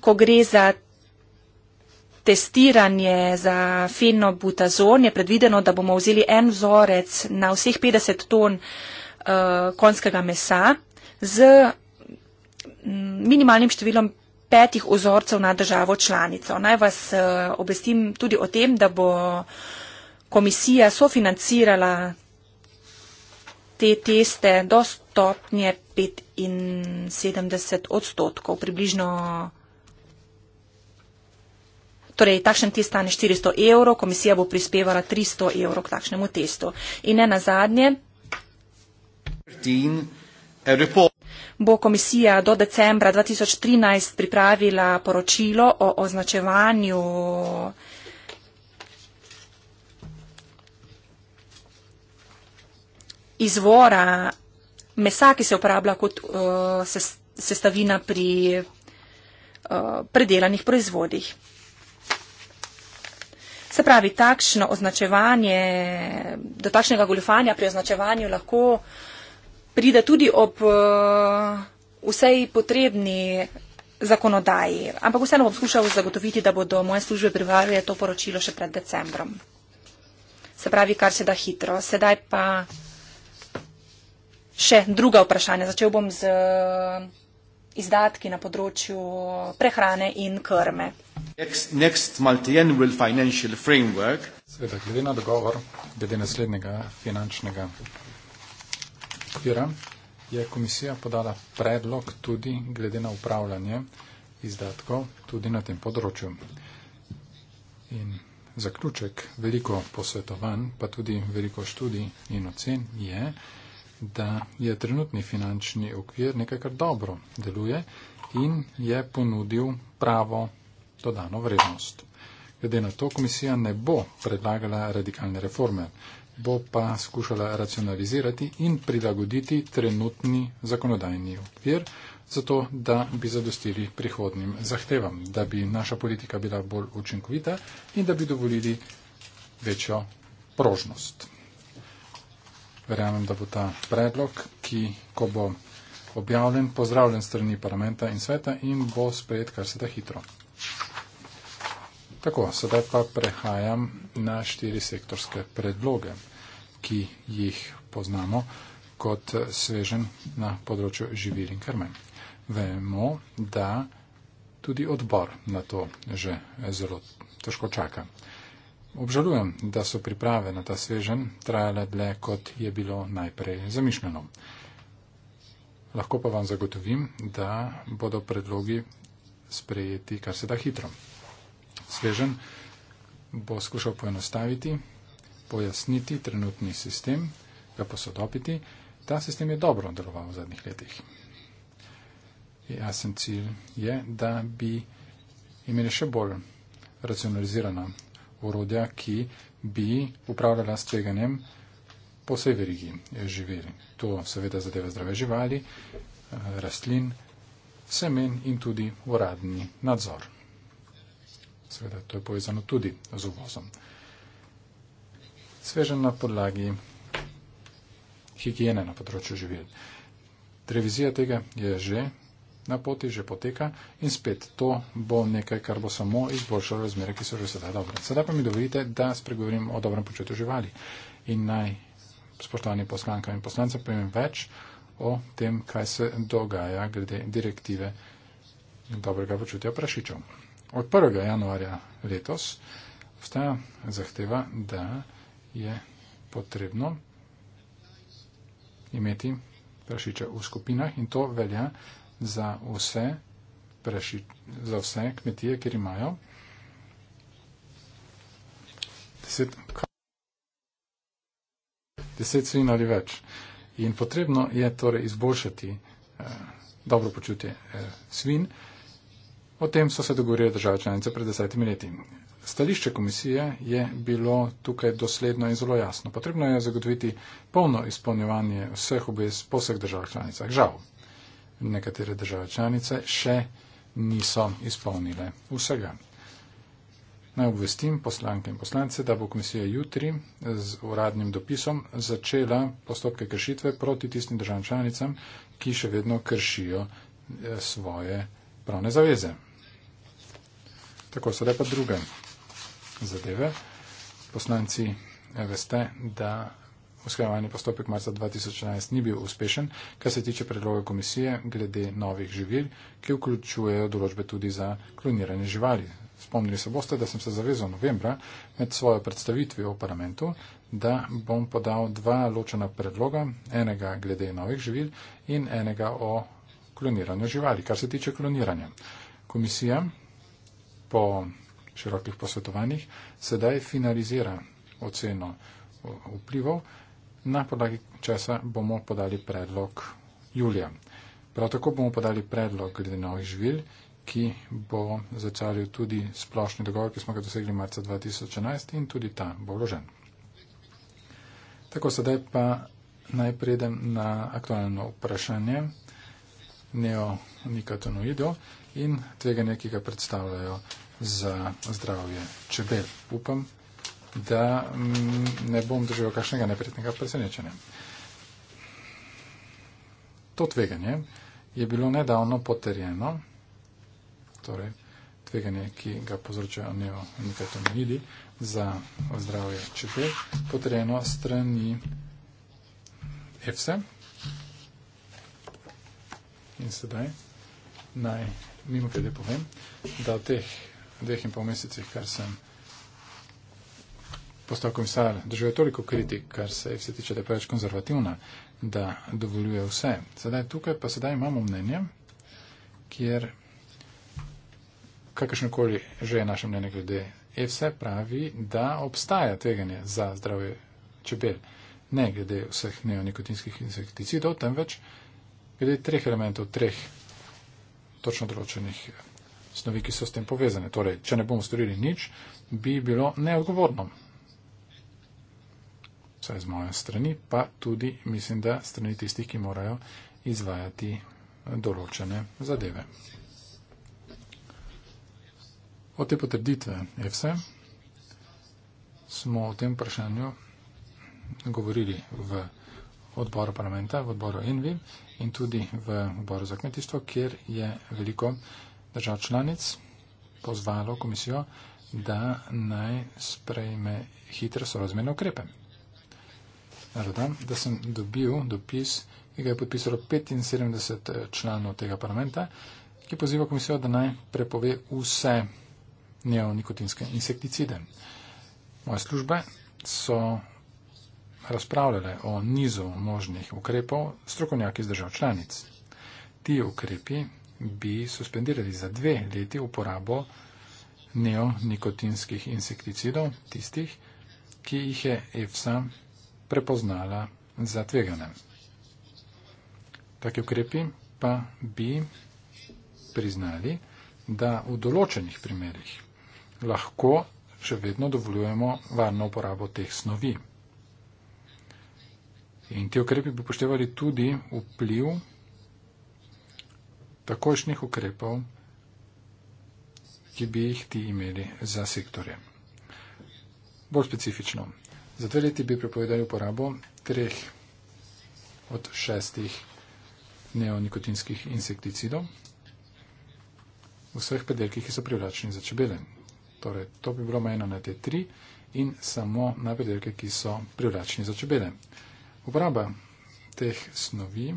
Ko gre za testiranje za fenobutazon, je predvideno, da bomo vzeli en vzorec na vseh 50 ton uh, konjskega mesa z mm, minimalnim številom petih ozorcev na državo članico. Naj vas uh, obvestim tudi o tem, da bo komisija sofinancirala te teste do stopnje 75 odstotkov, približno. Torej, takšen test stane 400 evrov, komisija bo prispevala 300 evrov k takšnemu testu. In ne na zadnje, 2015 a eh, report. Bo komisija do decembra 2013 pripravila poročilo o označevanju izvora mesa, ki se uporablja kot uh, sestavina pri uh, predelanih proizvodih. Se pravi, takšno označevanje, do takšnega goljufanja pri označevanju lahko uh, pride tudi ob uh, vsej potrebni zakonodaji. Ampak vseeno bom skušal zagotoviti, da bodo moje službe pripravile to poročilo še pred decembrom. Se pravi, kar se da hitro. Sedaj pa še druga vprašanja. Začel bom z eh, izdatki na področju prehrane in krme. Sveda, glede na dogovor, glede naslednjega finančnega podpira, je komisija podala predlog tudi glede na upravljanje izdatkov tudi na tem področju. In zaključek veliko posvetovanj, pa tudi veliko študij in ocen je, da je trenutni finančni okvir nekaj, kar dobro deluje in je ponudil pravo dodano vrednost. Glede na to komisija ne bo predlagala radikalne reforme bo pa skušala racionalizirati in prilagoditi trenutni zakonodajni okvir, zato da bi zadostili prihodnim zahtevam, da bi naša politika bila bolj učinkovita in da bi dovolili večjo prožnost. Verjamem, da bo ta predlog, ki ko bo objavljen, pozdravljen strani parlamenta in sveta in bo sprejet kar se da hitro. Tako, sedaj pa prehajam na štiri sektorske predloge, ki jih poznamo kot svežen na področju živil in krme. Vemo, da tudi odbor na to že zelo težko čaka. Obžalujem, da so priprave na ta svežen trajale dlje, kot je bilo najprej zamišljeno. Lahko pa vam zagotovim, da bodo predlogi sprejeti kar se da hitro svežen, bo skušal poenostaviti, pojasniti trenutni sistem, ga posodobiti. Ta sistem je dobro deloval v zadnjih letih. Jasen cilj je, da bi imeli še bolj racionalizirana orodja, ki bi upravljala s tveganjem po vsej verigi živeli. To seveda zadeva zdrave živali, eh, rastlin, semen in tudi uradni nadzor. Seveda, to je povezano tudi z uvozom. Sveže na podlagi higiene na področju živil. Revizija tega je že na poti, že poteka in spet to bo nekaj, kar bo samo izboljšalo razmere, ki so že sedaj dobre. Sedaj pa mi dovolite, da spregovorim o dobrem početju živali in naj spoštovani poslankam in poslancem povem več o tem, kaj se dogaja glede direktive dobrega počutja prašičev od 1. januarja letos obstaja zahteva, da je potrebno imeti prašiče v skupinah in to velja za vse, praši, za vse kmetije, kjer imajo 10, 10 svin ali več. In potrebno je torej izboljšati eh, dobro počutje eh, svin. O tem so se dogovorile države članice pred desetimi leti. Stališče komisije je bilo tukaj dosledno in zelo jasno. Potrebno je zagotoviti polno izpolnjevanje vseh obvez po vseh državah članicah. Žal, nekatere države članice še niso izpolnile vsega. Naj obvestim poslanke in poslance, da bo komisija jutri z uradnim dopisom začela postopke kršitve proti tistim državam članicam, ki še vedno kršijo eh, svoje pravne zaveze. Tako so lepa druge zadeve. Poslanci eh, veste, da usklajevanje postopek marca 2011 ni bil uspešen, kar se tiče predloga komisije glede novih živil, ki vključujejo določbe tudi za kloniranje živali. Spomnili se boste, da sem se zavezal novembra med svojo predstavitvijo v parlamentu, da bom podal dva ločena predloga, enega glede novih živil in enega o kloniranju živali. Kar se tiče kloniranja, komisija po širokih posvetovanjih sedaj finalizira oceno vplivov, na podlagi česa bomo podali predlog julija. Prav tako bomo podali predlog glede novih živil, ki bo začaril tudi splošni dogovor, ki smo ga dosegli marca 2011 in tudi ta bo vložen. Tako sedaj pa naj predem na aktualno vprašanje, neonikotinoidov in tveganje, ki ga predstavljajo za zdravje čebel. Upam, da mm, ne bom držal kakšnega neprijetnega presenečenja. To tveganje je bilo nedavno potrjeno, torej tveganje, ki ga povzročajo neonikotinoidi za zdravje čebel, potrjeno strani EFSA, In sedaj naj mimo kaj povem, da v teh dveh in pol mesecih, kar sem postal komisar, držijo toliko kritik, kar se vse tiče, da je preveč konzervativna, da dovoljuje vse. Sedaj tukaj pa sedaj imamo mnenje, kjer kakršnokoli že je naše mnenje glede EFSE pravi, da obstaja tveganje za zdravje čebel. Ne glede vseh neonikotinskih insekticidov, temveč glede treh elementov, treh točno določenih snovi, ki so s tem povezane. Torej, če ne bomo storili nič, bi bilo neodgovorno. Vsaj z moje strani, pa tudi mislim, da strani tistih, ki morajo izvajati določene zadeve. Od te potrditve EFSE smo o tem vprašanju govorili v odboru parlamenta, v odboru Envi in tudi v odboru za kmetijstvo, kjer je veliko držav članic pozvalo komisijo, da naj sprejme hitre sorazmene ukrepe. Dodam, da sem dobil dopis, ki ga je podpisalo 75 eh, članov tega parlamenta, ki poziva komisijo, da naj prepove vse neonikotinske insekticide. Moje službe so razpravljale o nizu možnih ukrepov strokovnjaki iz držav članic. Ti ukrepi bi suspendirali za dve leti uporabo neonikotinskih insekticidov, tistih, ki jih je EFSA prepoznala za tvegane. Taki ukrepi pa bi priznali, da v določenih primerjih lahko še vedno dovoljujemo varno uporabo teh snovi. In ti ukrepi bi upoštevali tudi vpliv takošnjih ukrepov, ki bi jih ti imeli za sektore. Bolj specifično. Za dve leti bi prepovedali uporabo treh od šestih neonikotinskih insekticidov v vseh predelkih, ki so privlačni za čebele. Torej, to bi bilo majeno na te tri in samo na predelke, ki so privlačni za čebele. Uporaba teh snovi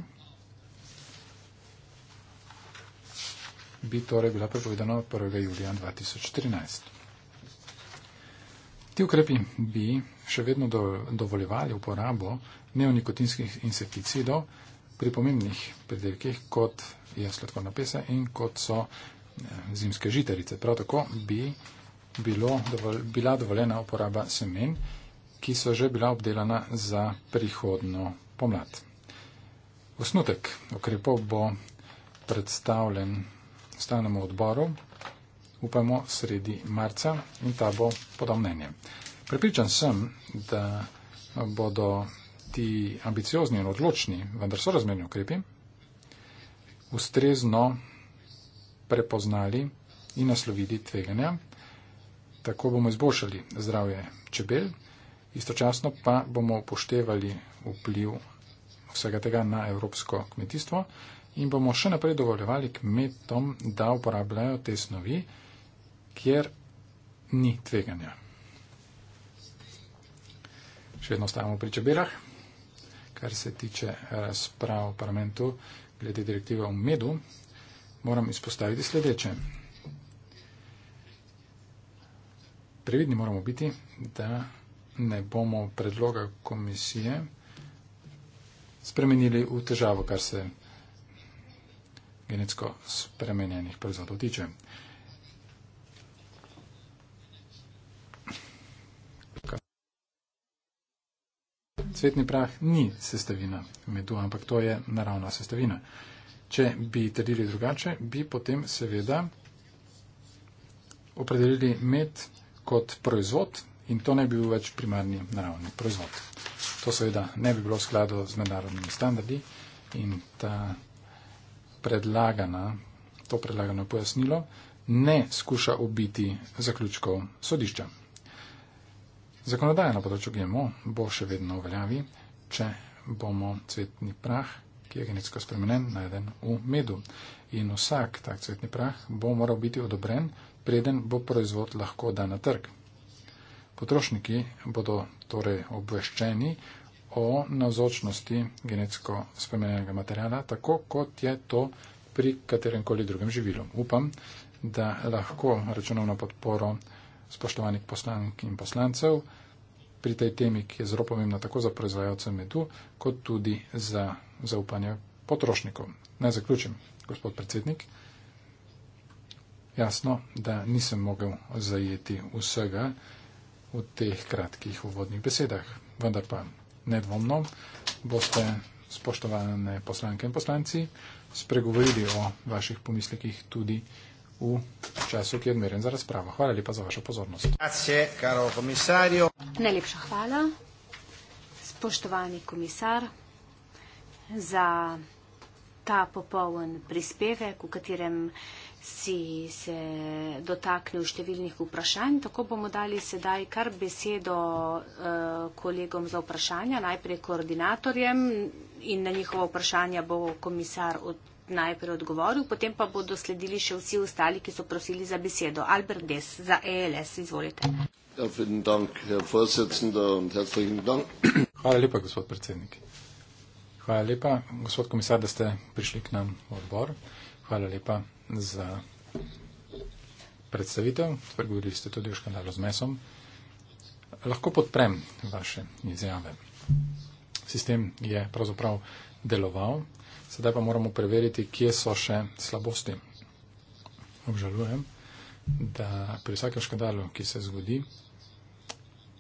bi torej bila prepovedana od 1. julija 2013. Ti ukrepi bi še vedno do, dovoljevali uporabo neonikotinskih insekticidov pri pomembnih predelkih, kot je sladkorna pesa in kot so eh, zimske žitarice. Prav tako bi bilo, dovol, bila dovoljena uporaba semen ki so že bila obdelana za prihodno pomlad. Osnutek okrepov bo predstavljen stanemu odboru, upamo, sredi marca in ta bo podal mnenje. Pripričan sem, da bodo ti ambiciozni in odločni, vendar so razmerni ukrepi, ustrezno prepoznali in naslovili tveganja. Tako bomo izboljšali zdravje čebel, Istočasno pa bomo upoštevali vpliv vsega tega na evropsko kmetijstvo in bomo še naprej dovoljevali kmetom, da uporabljajo te snovi, kjer ni tveganja. Še vedno ostajamo pri čebelah, kar se tiče razprav v parlamentu glede direktive o medu, moram izpostaviti sledeče. Previdni moramo biti, da ne bomo predloga komisije spremenili v težavo, kar se genetsko spremenjenih proizvodov tiče. Cvetni prah ni sestavina medu, ampak to je naravna sestavina. Če bi trdili drugače, bi potem seveda opredelili med kot proizvod in to ne bi bil več primarni naravni proizvod. To seveda ne bi bilo v skladu z mednarodnimi standardi in ta predlagana, to predlagano pojasnilo ne skuša obiti zaključkov sodišča. Zakonodaja na področju GMO bo še vedno v veljavi, če bomo cvetni prah, ki je genetsko spremenjen, najden v medu. In vsak tak cvetni prah bo moral biti odobren, preden bo proizvod lahko dan na trg. Potrošniki bodo torej obveščeni o navzočnosti genetsko spremenjenega materijala, tako kot je to pri katerem koli drugem živilu. Upam, da lahko računam na podporo spoštovanih poslank in poslancev pri tej temi, ki je zelo pomembna tako za proizvajalce medu, kot tudi za zaupanje potrošnikov. Naj zaključim, gospod predsednik. Jasno, da nisem mogel zajeti vsega, v teh kratkih uvodnih besedah. Vendar pa nedvomno boste, spoštovane poslanke in poslanci, spregovorili o vaših pomislekih tudi v času, ki je odmeren za razpravo. Hvala lepa za vašo pozornost. Najlepša hvala, spoštovani komisar, za ta popoln prispevek, v katerem si se dotaknil številnih vprašanj, tako bomo dali sedaj kar besedo uh, kolegom za vprašanja, najprej koordinatorjem in na njihova vprašanja bo komisar od, najprej odgovoril, potem pa bodo sledili še vsi ostali, ki so prosili za besedo. Albert Des za ELS, izvolite. Ja, Hvala lepa, gospod predsednik. Hvala lepa, gospod komisar, da ste prišli k nam v odbor. Hvala lepa za predstavitev. Spregovorili ste tudi o škandalu z mesom. Lahko podprem vaše izjave. Sistem je pravzaprav deloval, sedaj pa moramo preveriti, kje so še slabosti. Obžalujem, da pri vsakem škandalu, ki se zgodi,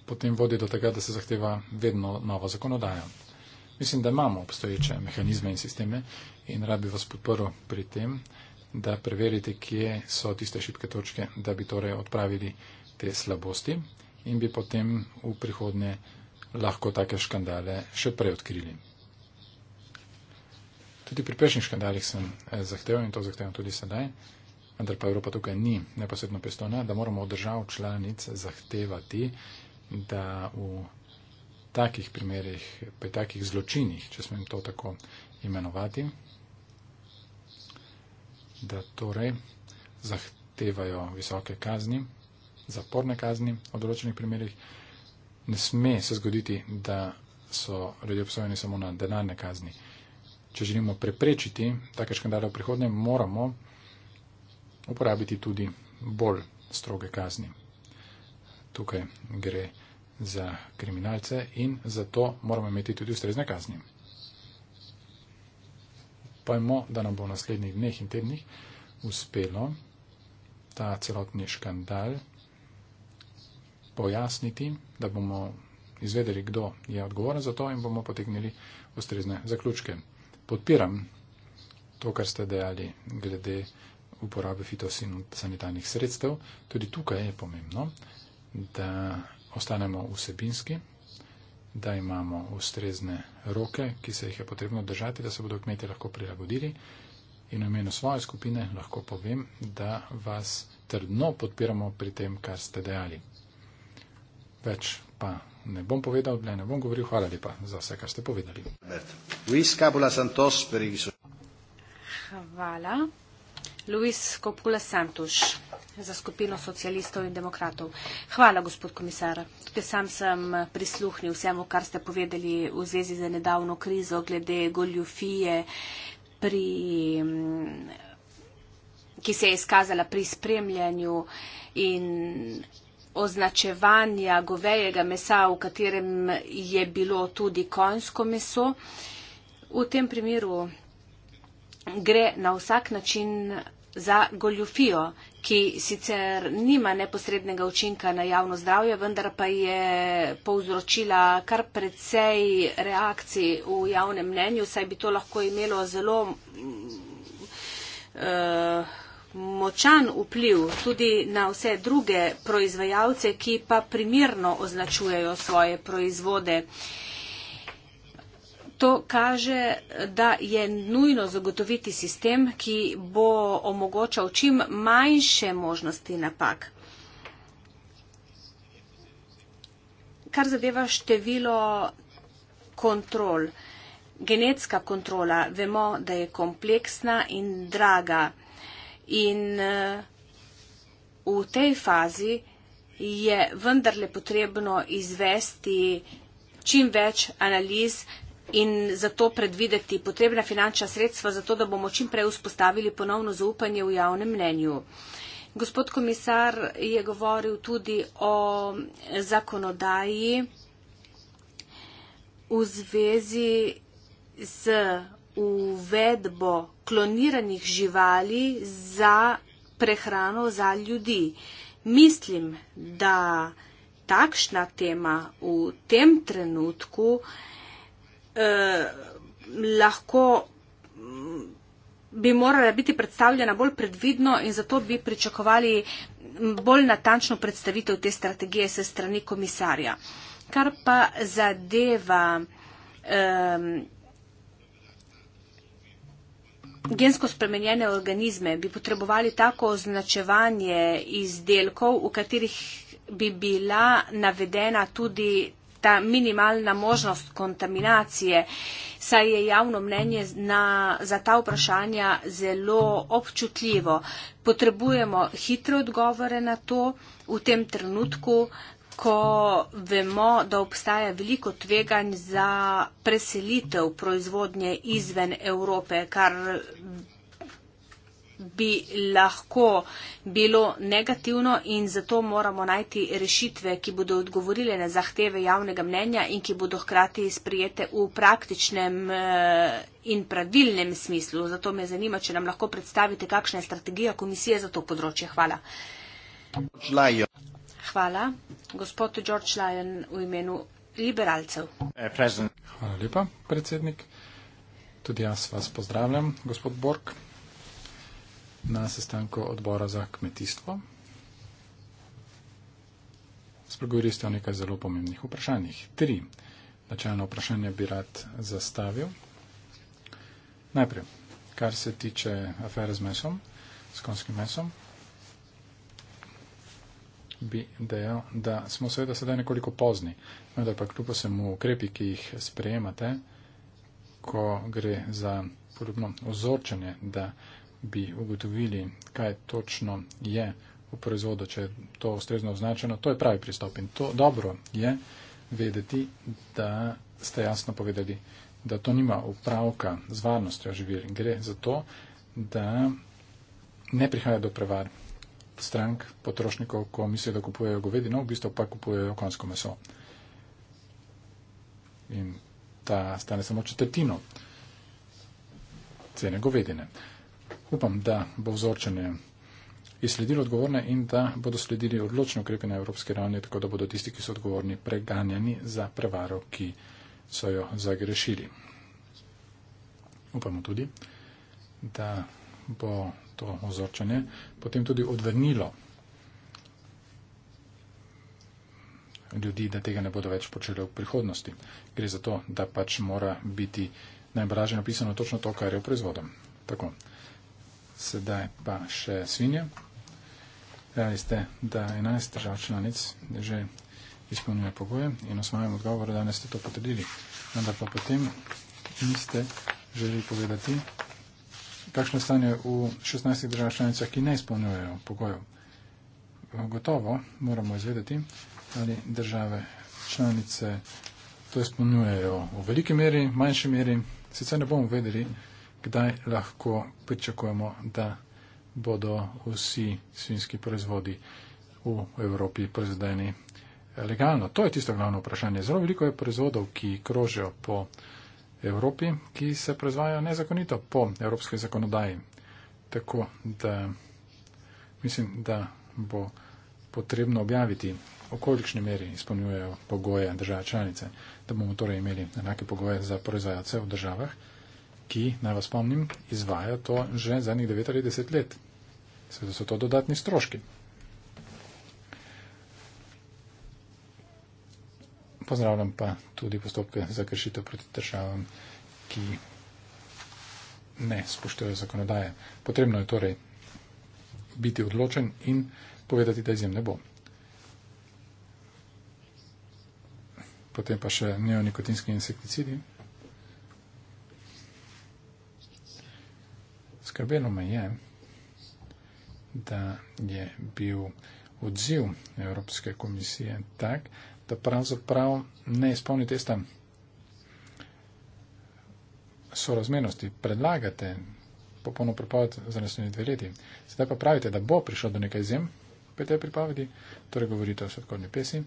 potem vodi do tega, da se zahteva vedno nova zakonodaja. Mislim, da imamo obstoječe mehanizme in sisteme in rad bi vas podporil pri tem da preverite, kje so tiste šibke točke, da bi torej odpravili te slabosti in bi potem v prihodnje lahko take škandale še prej odkrili. Tudi pri prejšnjih škandalih sem eh, zahteval in to zahtevam tudi sedaj, vendar pa Evropa tukaj ni neposredno pristojna, da moramo od držav članic zahtevati, da v takih primerih, pri takih zločinih, če smem to tako imenovati, da torej zahtevajo visoke kazni, zaporne kazni v določenih primerjih. Ne sme se zgoditi, da so ljudje obsojeni samo na denarne kazni. Če želimo preprečiti take škandale v prihodnje, moramo uporabiti tudi bolj stroge kazni. Tukaj gre za kriminalce in zato moramo imeti tudi ustrezne kazni upajmo, da nam bo v naslednjih dneh in tednih uspelo ta celotni škandal pojasniti, da bomo izvedeli, kdo je odgovoren za to in bomo potegnili ustrezne zaključke. Podpiram to, kar ste dejali glede uporabe fitosanitarnih sredstev. Tudi tukaj je pomembno, da ostanemo vsebinski, da imamo ustrezne roke, ki se jih je potrebno držati, da se bodo kmetje lahko prilagodili. In v imenu svoje skupine lahko povem, da vas trdno podpiramo pri tem, kar ste dejali. Več pa ne bom povedal, da ne bom govoril. Hvala lepa za vse, kar ste povedali. Hvala. Luis Kopula Santuš za skupino socialistov in demokratov. Hvala, gospod komisar začetku sam sem prisluhnil vsemu, kar ste povedali v zvezi z nedavno krizo glede goljufije, pri, ki se je izkazala pri spremljanju in označevanja govejega mesa, v katerem je bilo tudi konjsko meso. V tem primeru gre na vsak način za goljufijo, ki sicer nima neposrednega učinka na javno zdravje, vendar pa je povzročila kar precej reakcij v javnem mnenju, saj bi to lahko imelo zelo eh, močan vpliv tudi na vse druge proizvajalce, ki pa primirno označujejo svoje proizvode. To kaže, da je nujno zagotoviti sistem, ki bo omogočal čim manjše možnosti napak. Kar zadeva število kontrol, genetska kontrola, vemo, da je kompleksna in draga. In eh, v tej fazi je vendarle potrebno izvesti čim več analiz, in za to predvideti potrebna finančna sredstva, zato da bomo čim prej vzpostavili ponovno zaupanje v javnem mnenju. Gospod komisar je govoril tudi o zakonodaji v zvezi z uvedbo kloniranih živali za prehrano za ljudi. Mislim, da takšna tema v tem trenutku eh, lahko mm, bi morala biti predstavljena bolj predvidno in zato bi pričakovali bolj natančno predstavitev te strategije se strani komisarja. Kar pa zadeva eh, gensko spremenjene organizme, bi potrebovali tako označevanje izdelkov, v katerih bi bila navedena tudi ta minimalna možnost kontaminacije, saj je javno mnenje na, za ta vprašanja zelo občutljivo. Potrebujemo hitre odgovore na to v tem trenutku, ko vemo, da obstaja veliko tveganj za preselitev proizvodnje izven Evrope, kar bi lahko bilo negativno in zato moramo najti rešitve, ki bodo odgovorile na zahteve javnega mnenja in ki bodo hkrati sprijete v praktičnem eh, in pravilnem smislu. Zato me zanima, če nam lahko predstavite, kakšna je strategija komisije za to področje. Hvala. Hvala. Gospod George Lyon v imenu liberalcev. Eh, Hvala lepa, predsednik. Tudi jaz vas pozdravljam, gospod Bork na sestanku odbora za kmetijstvo. Spregovorili ste o nekaj zelo pomembnih vprašanjih. Tri načelno vprašanje bi rad zastavil. Najprej, kar se tiče afere z mesom, s konskim mesom, bi dejal, da smo seveda sedaj nekoliko pozni, vendar pa kljub vsemu ukrepi, ki jih sprejemate, ko gre za podobno ozorčenje, da bi ugotovili, kaj točno je v proizvodu, če je to ustrezno označeno, to je pravi pristop. In to dobro je vedeti, da ste jasno povedali, da to nima upravka z varnostjo živil. Gre za to, da ne prihaja do prevar strank potrošnikov, ko mislijo, da kupujejo govedi, no v bistvu pa kupujejo konjsko meso. In ta stane samo četrtino cene govedine. Upam, da bo vzorčenje izsledilo odgovorne in da bodo sledili odločno ukrepe na evropske ravni, tako da bodo tisti, ki so odgovorni, preganjani za prevaro, ki so jo zagrešili. Upamo tudi, da bo to ozorčanje potem tudi odvrnilo ljudi, da tega ne bodo več počeli v prihodnosti. Gre za to, da pač mora biti najbražje napisano točno to, kar je v proizvodu. Tako sedaj pa še svinje. Dejali ste, da 11 držav članic že izpolnjuje pogoje in v svojem odgovoru danes ste to potrdili. Vendar pa potem niste želeli povedati, kakšno stanje v 16 držav članicah, ki ne izpolnjujejo pogojev. Gotovo moramo izvedeti, ali države članice to izpolnjujejo v veliki meri, manjši meri. Sicer ne bomo vedeli, kdaj lahko pričakujemo, da bodo vsi svinski proizvodi v Evropi proizvedeni legalno. To je tisto glavno vprašanje. Zelo veliko je proizvodov, ki krožijo po Evropi, ki se proizvajajo nezakonito po evropski zakonodaji. Tako da mislim, da bo potrebno objaviti, v kolikšni meri izpolnjujejo pogoje države članice, da bomo torej imeli enake pogoje za proizvajalce v državah ki, naj vas spomnim, izvaja to že zadnjih 9 ali 10 let. Seveda so to dodatni stroški. Pozdravljam pa tudi postopke za kršitev proti državam, ki ne spoštujejo zakonodaje. Potrebno je torej biti odločen in povedati, da izjem ne bo. Potem pa še neonikotinski insekticidi. Skrbelo me je, da je bil odziv Evropske komisije tak, da pravzaprav ne izpolni testa sorazmernosti. Predlagate popolno prepoved za naslednje dve leti. Sedaj pa pravite, da bo prišlo do nekaj izjem pri tej pripovedi, torej govorite o sladkorni pesmi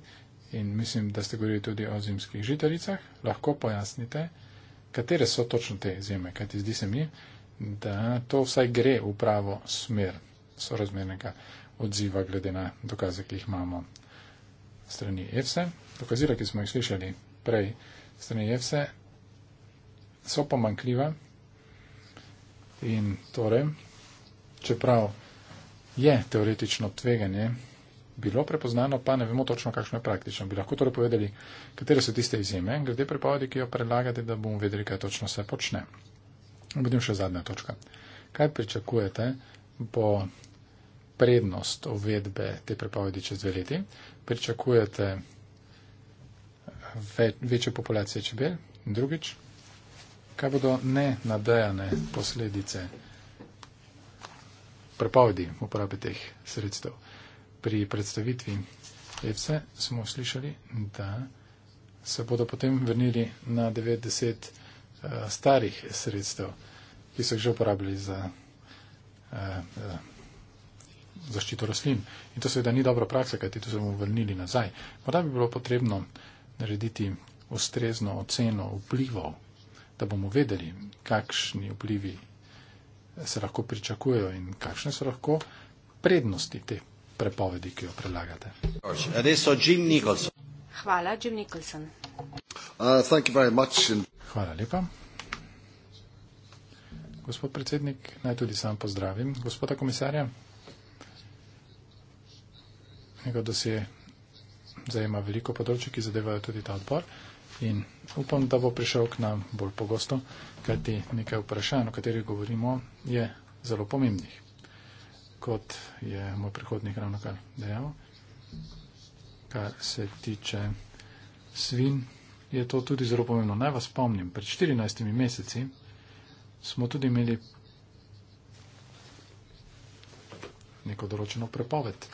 in mislim, da ste govorili tudi o zimskih žitaricah. Lahko pojasnite, katere so točno te izjeme, kajti zdi se mi, da to vsaj gre v pravo smer sorazmernega odziva glede na dokaze, ki jih imamo strani EFSE. Dokazila, ki smo jih slišali prej strani EFSE, so pomankljiva in torej, čeprav je teoretično tveganje bilo prepoznano, pa ne vemo točno, kakšno je praktično. Bi lahko torej povedali, katere so tiste izjeme, glede prepovedi, ki jo predlagate, da bomo vedeli, kaj točno se počne. Potem še zadnja točka. Kaj pričakujete po prednost uvedbe te prepovedi čez dve leti? Pričakujete ve, večjo populacijo čebel? Drugič, kaj bodo nenadejane posledice prepovedi uporabe teh sredstev? Pri predstavitvi EFSE smo slišali, da se bodo potem vrnili na 90 let uh, starih sredstev, ki so jih že uporabljali za uh, uh, zaščito rastlin. In to seveda ni dobra praksa, kajti to se bomo vrnili nazaj. Morda bi bilo potrebno narediti ustrezno oceno vplivov, da bomo vedeli, kakšni vplivi se lahko pričakujejo in kakšne so lahko prednosti te prepovedi, ki jo predlagate. Hvala, Jim Nicholson. Uh, thank you very much. And Hvala lepa. Gospod predsednik, naj tudi sam pozdravim. Gospoda komisarja, njegov dosje zajema veliko področje, ki zadevajo tudi ta odbor in upam, da bo prišel k nam bolj pogosto, kajti nekaj vprašanj, o katerih govorimo, je zelo pomembnih, kot je moj prihodnik ravno kar dejal, kar se tiče svin je to tudi zelo pomembno. Naj vas spomnim, pred 14 meseci smo tudi imeli neko določeno prepoved,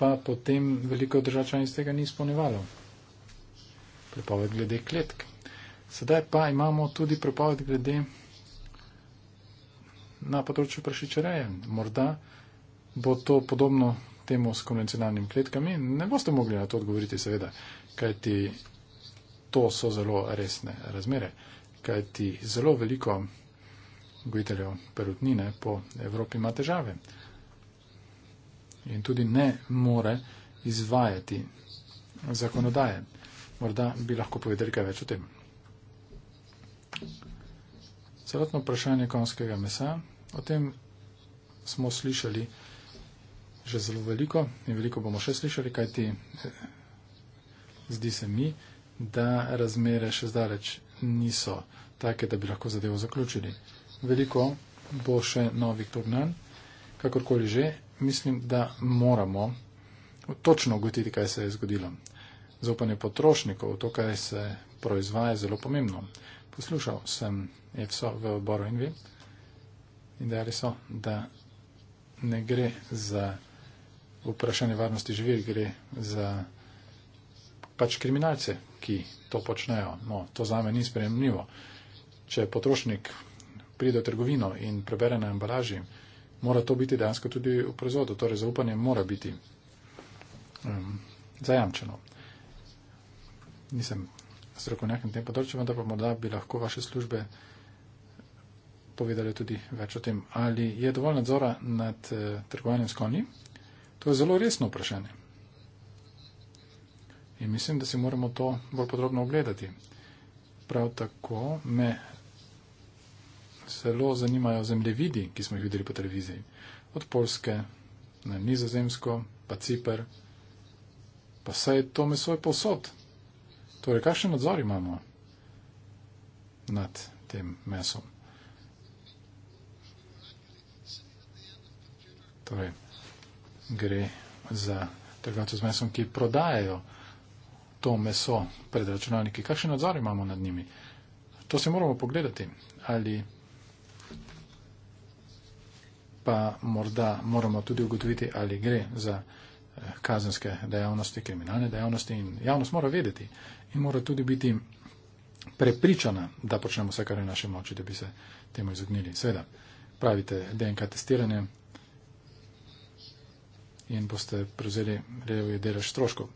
pa potem veliko državčanic tega ni izpolnjevalo. Prepoved glede kletk. Sedaj pa imamo tudi prepoved glede na področju prašičereje. Morda bo to podobno temu s konvencionalnim kletkami. Ne boste mogli na to odgovoriti, seveda, kajti to so zelo resne razmere, kajti zelo veliko gojiteljev perutnine po Evropi ima težave in tudi ne more izvajati zakonodaje. Morda bi lahko povedali kaj več o tem. Celotno vprašanje konskega mesa, o tem smo slišali že zelo veliko in veliko bomo še slišali, kajti eh, zdi se mi, da razmere še zdaleč niso take, da bi lahko zadevo zaključili. Veliko bo še novih turnanj, kakorkoli že, mislim, da moramo točno ugotiti, kaj se je zgodilo. Zaupanje potrošnikov, to, kaj se proizvaja, je zelo pomembno. Poslušal sem EFSO v odboru Envi in dejali so, da ne gre za vprašanje varnosti živil, gre za pač kriminalce, ki to počnejo. No, to za me ni sprejemljivo. Če potrošnik pride v trgovino in prebere na embalaži, mora to biti dejansko tudi v proizvodu, torej zaupanje mora biti um, zajamčeno. Nisem strokovnjak na tem področju, vendar pa morda bi lahko vaše službe povedali tudi več o tem, ali je dovolj nadzora nad eh, trgovanjem s konji. To je zelo resno vprašanje. In mislim, da si moramo to bolj podrobno ogledati. Prav tako me zelo zanimajo zemljevidi, ki smo jih videli po televiziji. Od Polske, na Nizozemsko, pa Cipr. Pa saj to meso je posod. Torej, kakšen nadzor imamo nad tem mesom? Torej, gre za trgovce z mesom, ki prodajajo to meso pred računalniki, kakšen nadzor imamo nad njimi. To se moramo pogledati. Ali pa morda moramo tudi ugotoviti, ali gre za eh, kazenske dejavnosti, kriminalne dejavnosti in javnost mora vedeti in mora tudi biti prepričana, da počnemo vse, kar je naše moči, da bi se temu izognili. Seveda, pravite DNK testiranje in boste prevzeli revje delež stroškov.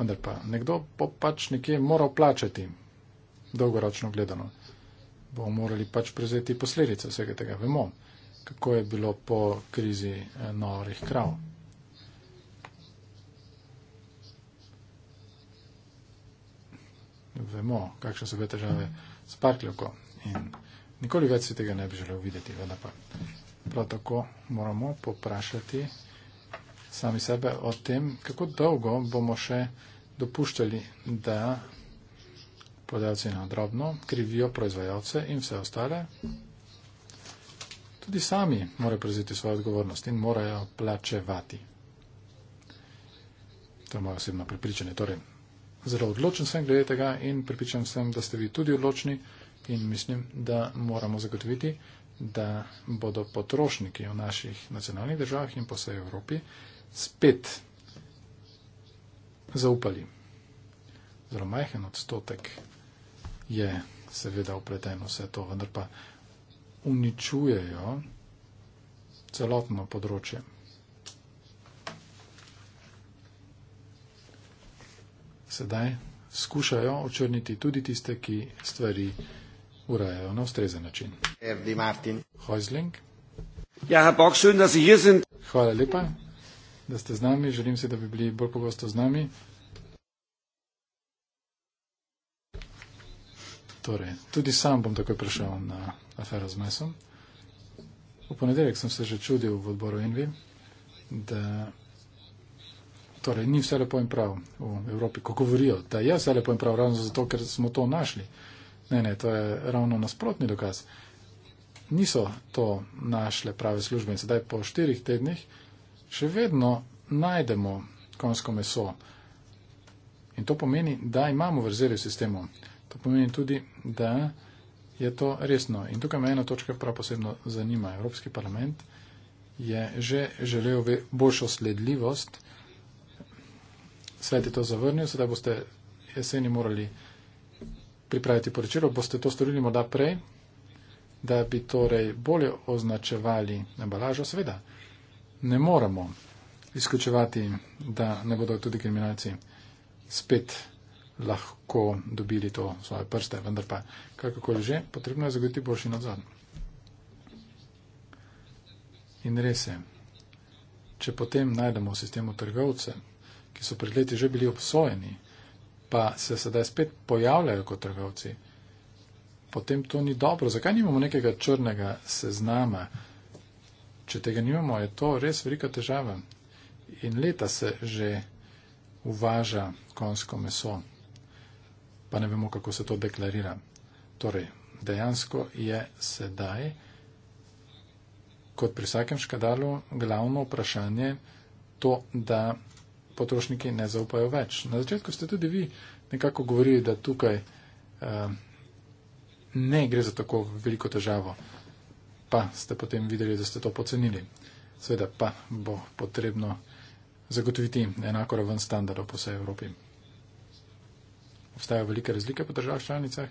Vendar pa nekdo bo pač nekje moral plačati, dolgoročno gledano. Bo morali pač prezeti posledice vsega tega. Vemo, kako je bilo po krizi eh, norih krav. Vemo, kakšne so bile težave s parkljoko in nikoli več si tega ne bi želel videti, vendar pa prav tako moramo poprašati sami sebe o tem, kako dolgo bomo še dopuščali, da podajalci na drobno krivijo proizvajalce in vse ostale. Tudi sami morajo prevzeti svojo odgovornost in morajo plačevati. To je moje osebno prepričanje. Torej, zelo odločen sem glede tega in prepričan sem, da ste vi tudi odločni in mislim, da moramo zagotoviti, da bodo potrošniki v naših nacionalnih državah in po vsej Evropi spet zaupali. Zelo majhen odstotek je seveda upleten vse to, vendar pa uničujejo celotno področje. Sedaj skušajo očrniti tudi tiste, ki stvari urejajo na ustrezen način. Hojzling. Ja, Herr Bock, schön, dass Sie hier sind. Hvala lepa, da ste z nami. Želim si, da bi bili bolj pogosto z nami. Torej, tudi sam bom takoj prišel na afero z mesom. V ponedeljek sem se že čudil v odboru Envi, da torej, ni vse lepo in prav v Evropi, ko govorijo, da je vse lepo in prav ravno zato, ker smo to našli. Ne, ne, to je ravno nasprotni dokaz. Niso to našle prave službe in sedaj po štirih tednih še vedno najdemo konjsko meso. In to pomeni, da imamo vrzeli v sistemu. To pomeni tudi, da je to resno. In tukaj me ena točka prav posebno zanima. Evropski parlament je že želel boljšo sledljivost. Svet je to zavrnil, sedaj boste jeseni morali pripraviti poročilo. Boste to storili morda prej, da bi torej bolje označevali embalažo, seveda ne moremo izključevati, da ne bodo tudi kriminalci spet lahko dobili to svoje prste, vendar pa kakorkoli že, potrebno je zagotoviti boljši nadzor. In res je, če potem najdemo v sistemu trgovce, ki so pred leti že bili obsojeni, pa se sedaj spet pojavljajo kot trgovci, potem to ni dobro. Zakaj nimamo nekega črnega seznama? če tega nimamo, je to res velika težava. In leta se že uvaža konsko meso, pa ne vemo, kako se to deklarira. Torej, dejansko je sedaj, kot pri vsakem škadalu, glavno vprašanje to, da potrošniki ne zaupajo več. Na začetku ste tudi vi nekako govorili, da tukaj uh, ne gre za tako veliko težavo pa ste potem videli, da ste to pocenili. Sveda pa bo potrebno zagotoviti enako raven standardov po vsej Evropi. Obstajajo velike razlike po državah članicah,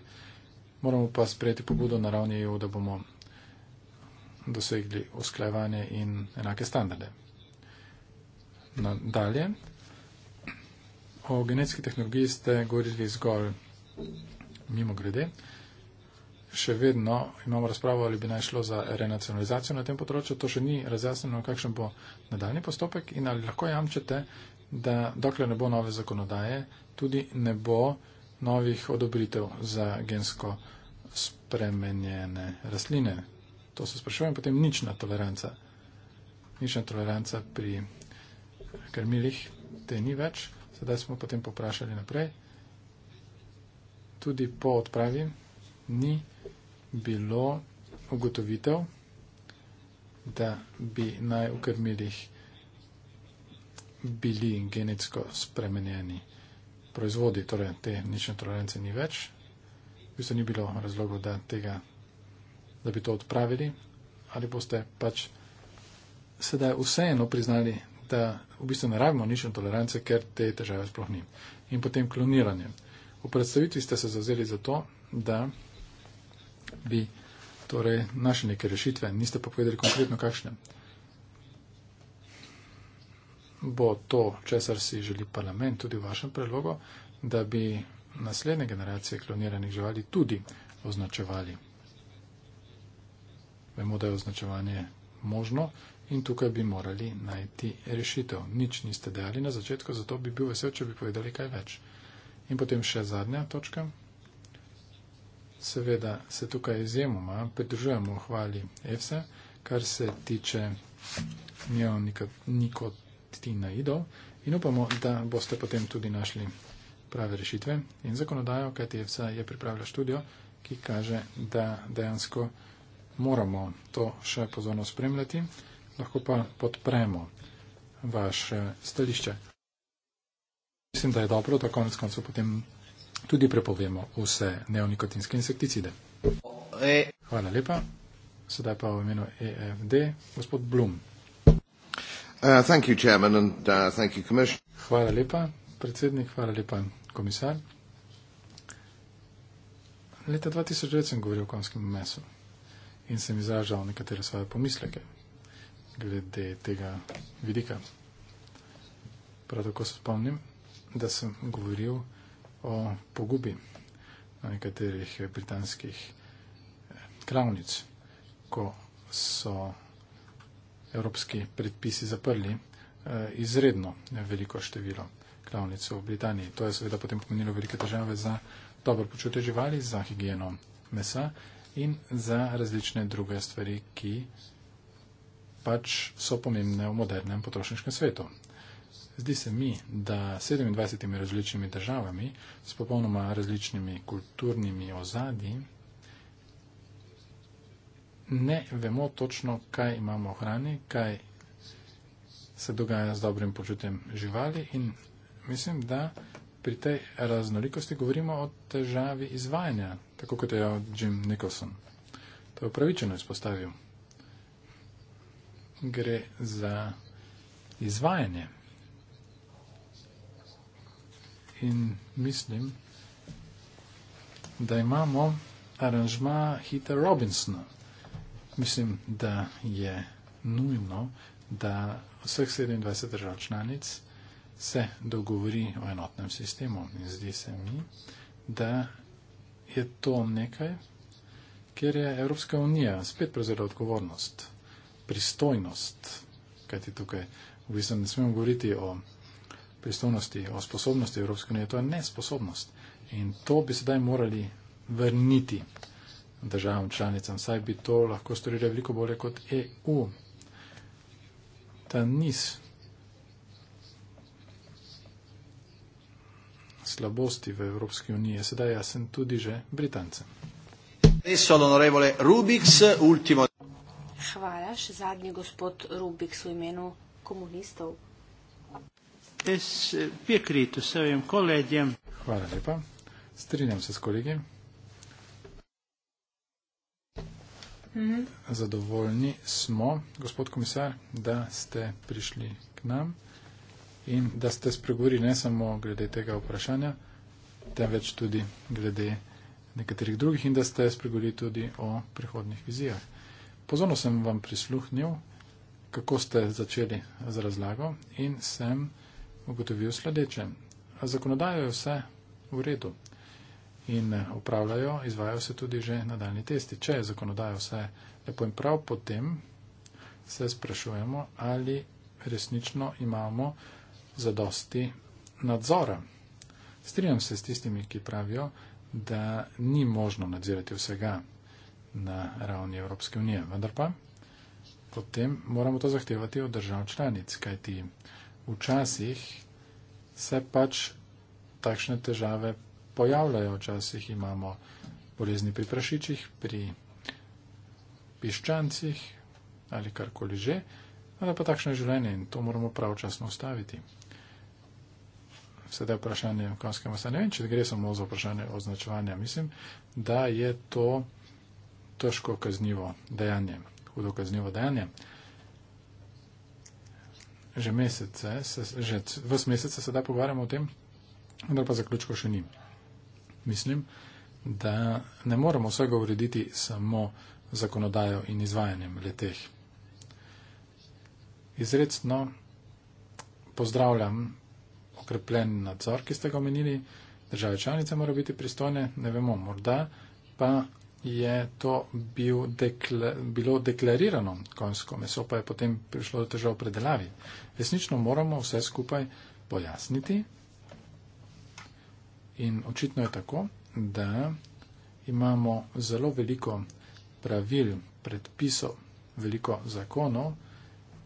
moramo pa sprejeti pobudo na ravni EU, da bomo dosegli usklajevanje in enake standarde. Nadalje, o genetski tehnologiji ste govorili zgolj mimo grede še vedno imamo razpravo, ali bi naj šlo za renacionalizacijo na tem področju. To še ni razjasneno, kakšen bo nadaljni postopek in ali lahko jamčete, da dokler ne bo nove zakonodaje, tudi ne bo novih odobritev za gensko spremenjene rastline. To se sprašujem, potem nična toleranca. Nična toleranca pri krmilih, te ni več. Sedaj smo potem poprašali naprej. Tudi po odpravi ni bilo ugotovitev, da bi naj v krmilih bili genetsko spremenjeni proizvodi, torej te nične tolerance ni več. V bistvu ni bilo razlogov, da, tega, da bi to odpravili. Ali boste pač sedaj vseeno priznali, da v bistvu ne rabimo nične tolerance, ker te težave sploh ni. In potem kloniranje. V predstavitvi ste se zazeli za to, da bi torej našli neke rešitve, niste pa povedali konkretno kakšne. Bo to, česar si želi parlament tudi v vašem predlogu, da bi naslednje generacije kloniranih živali tudi označevali. Vemo, da je označevanje možno in tukaj bi morali najti rešitev. Nič niste dejali na začetku, zato bi bil vesel, če bi povedali kaj več. In potem še zadnja točka seveda se tukaj izjemoma pridružujemo hvali EFSA, kar se tiče neonikotinaidov in upamo, da boste potem tudi našli prave rešitve in zakonodajo, kajti EFSA je pripravila študijo, ki kaže, da dejansko moramo to še pozorno spremljati, lahko pa podpremo vaše stališče. Mislim, da je dobro, da konec koncev potem tudi prepovemo vse neonikotinske insekticide. E. Hvala lepa. Sedaj pa v imenu EFD, gospod Blum. Uh, uh, hvala lepa, predsednik, hvala lepa, komisar. Leta 2009 sem govoril o konskem mesu in sem izražal nekatere svoje pomisleke glede tega vidika. Prav tako se spomnim, da sem govoril o o pogubi nekaterih britanskih eh, kravnic, ko so evropski predpisi zaprli eh, izredno veliko število kravnic v Britaniji. To je seveda potem pomenilo velike težave za dobro počutje živali, za higieno mesa in za različne druge stvari, ki pač so pomembne v modernem potrošniškem svetu. Zdi se mi, da s 27 različnimi državami, s popolnoma različnimi kulturnimi ozadji, ne vemo točno, kaj imamo v hrani, kaj se dogaja z dobrim počutjem živali in mislim, da pri tej raznolikosti govorimo o težavi izvajanja, tako kot je Jim Nicholson. To je upravičeno izpostavil. Gre za izvajanje in mislim, da imamo aranžma Hita Robinsona. Mislim, da je nujno, da vseh 27 držav članic se dogovori o enotnem sistemu. In zdi se mi, da je to nekaj, kjer je Evropska unija spet prevzela odgovornost, pristojnost, kajti tukaj v bistvu ne smemo govoriti o pristojnosti, o sposobnosti Evropske unije, to je nesposobnost. In to bi sedaj morali vrniti državam članicam, saj bi to lahko storili veliko bolje kot EU. Ta niz slabosti v Evropski uniji je sedaj jasen tudi že Britancem. Rubiks, Hvala, še zadnji gospod Rubiks v imenu komunistov. Jaz eh, pikrito s ovim kolegijem. Hvala lepa. Strinjam se s kolegijem. Mhm. Zadovoljni smo, gospod komisar, da ste prišli k nam in da ste spregovorili ne samo glede tega vprašanja, temveč tudi glede nekaterih drugih in da ste spregovorili tudi o prihodnih vizijah. Pozorno sem vam prisluhnil, kako ste začeli z razlago in sem ugotovijo sledeče. Zakonodajo je vse v redu in upravljajo, izvajajo se tudi že nadaljni testi. Če je zakonodajo vse lepo in prav, potem se sprašujemo, ali resnično imamo zadosti nadzora. Strinjam se s tistimi, ki pravijo, da ni možno nadzirati vsega na ravni Evropske unije, vendar pa potem moramo to zahtevati od držav članic, kajti včasih se pač takšne težave pojavljajo. Včasih imamo bolezni pri prašičih, pri piščancih ali karkoli že, ali pa takšno življenje in to moramo pravčasno ustaviti. Sedaj vprašanje o konjskem masa. Ne vem, če gre samo za vprašanje označevanja. Mislim, da je to težko kaznivo dejanje, hudo kaznivo dejanje. Uh, že mesece, se, že vse mesece se da pogovarjamo o tem, vendar pa zaključko še ni. Mislim, da ne moramo vsega urediti samo zakonodajo in izvajanjem leteh. Izredno pozdravljam okrepljen nadzor, ki ste ga omenili, države članice morajo biti pristojne, ne vemo, morda pa je to bil dekla, bilo deklarirano konjsko meso, pa je potem prišlo do težav predelavi. Resnično moramo vse skupaj pojasniti in očitno je tako, da imamo zelo veliko pravil, predpisov, veliko zakonov,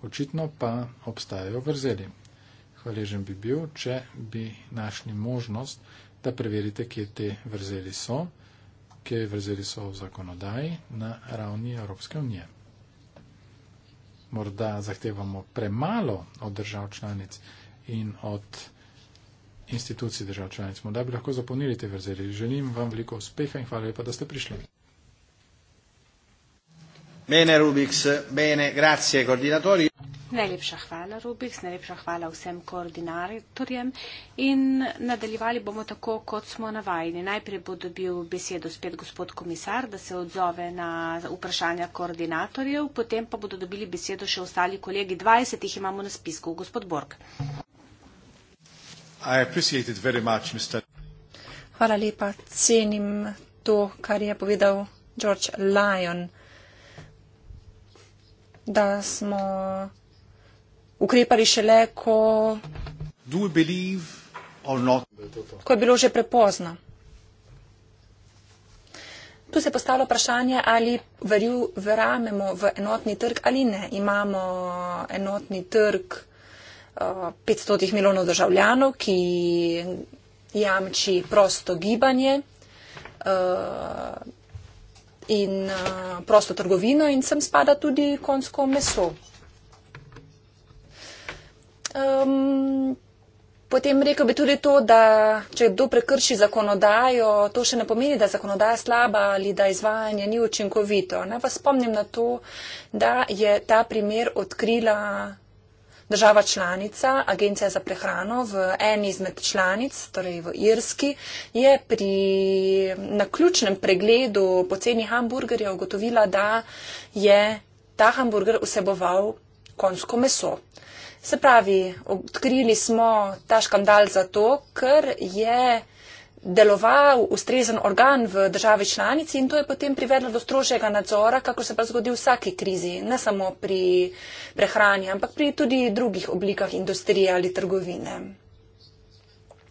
očitno pa obstajajo vrzeli. Hvaležen bi bil, če bi našli možnost, da preverite, kje te vrzeli so ki je vrzeli so v zakonodaji na ravni Evropske unije. Morda zahtevamo premalo od držav članic in od institucij držav članic. Morda bi lahko zapolnili te vrzeli. Želim vam veliko uspeha in hvala lepa, da ste prišli. Bene, Rubiks, bene, grazie, koordinatori. Najlepša hvala, Rubik, najlepša hvala vsem koordinatorjem in nadaljevali bomo tako, kot smo navajeni. Najprej bo dobil besedo spet gospod komisar, da se odzove na vprašanja koordinatorjev, potem pa bodo dobili besedo še ostali kolegi. 20 jih imamo na spisku. Gospod Borg. Hvala lepa, cenim to, kar je povedal George Lyon, da smo ukrepali šele, ko, ko je bilo že prepozno. Tu se je postalo vprašanje, ali verju, verjamemo v enotni trg ali ne. Imamo enotni trg uh, eh, 500 milijonov državljanov, ki jamči prosto gibanje uh, in uh, prosto trgovino in sem spada tudi konsko meso. Um, potem rekel bi tudi to, da če kdo prekrši zakonodajo, to še ne pomeni, da zakonodaja je slaba ali da izvajanje ni učinkovito. Naj vas spomnim na to, da je ta primer odkrila država članica, Agencija za prehrano v eni izmed članic, torej v Irski, je pri naključnem pregledu poceni hamburgerja ugotovila, da je ta hamburger vseboval konsko meso. Se pravi, odkrili smo ta škandal zato, ker je deloval ustrezen organ v državi članici in to je potem privedlo do strožjega nadzora, kako se pa zgodi v vsaki krizi, ne samo pri prehrani, ampak pri tudi drugih oblikah industrije ali trgovine.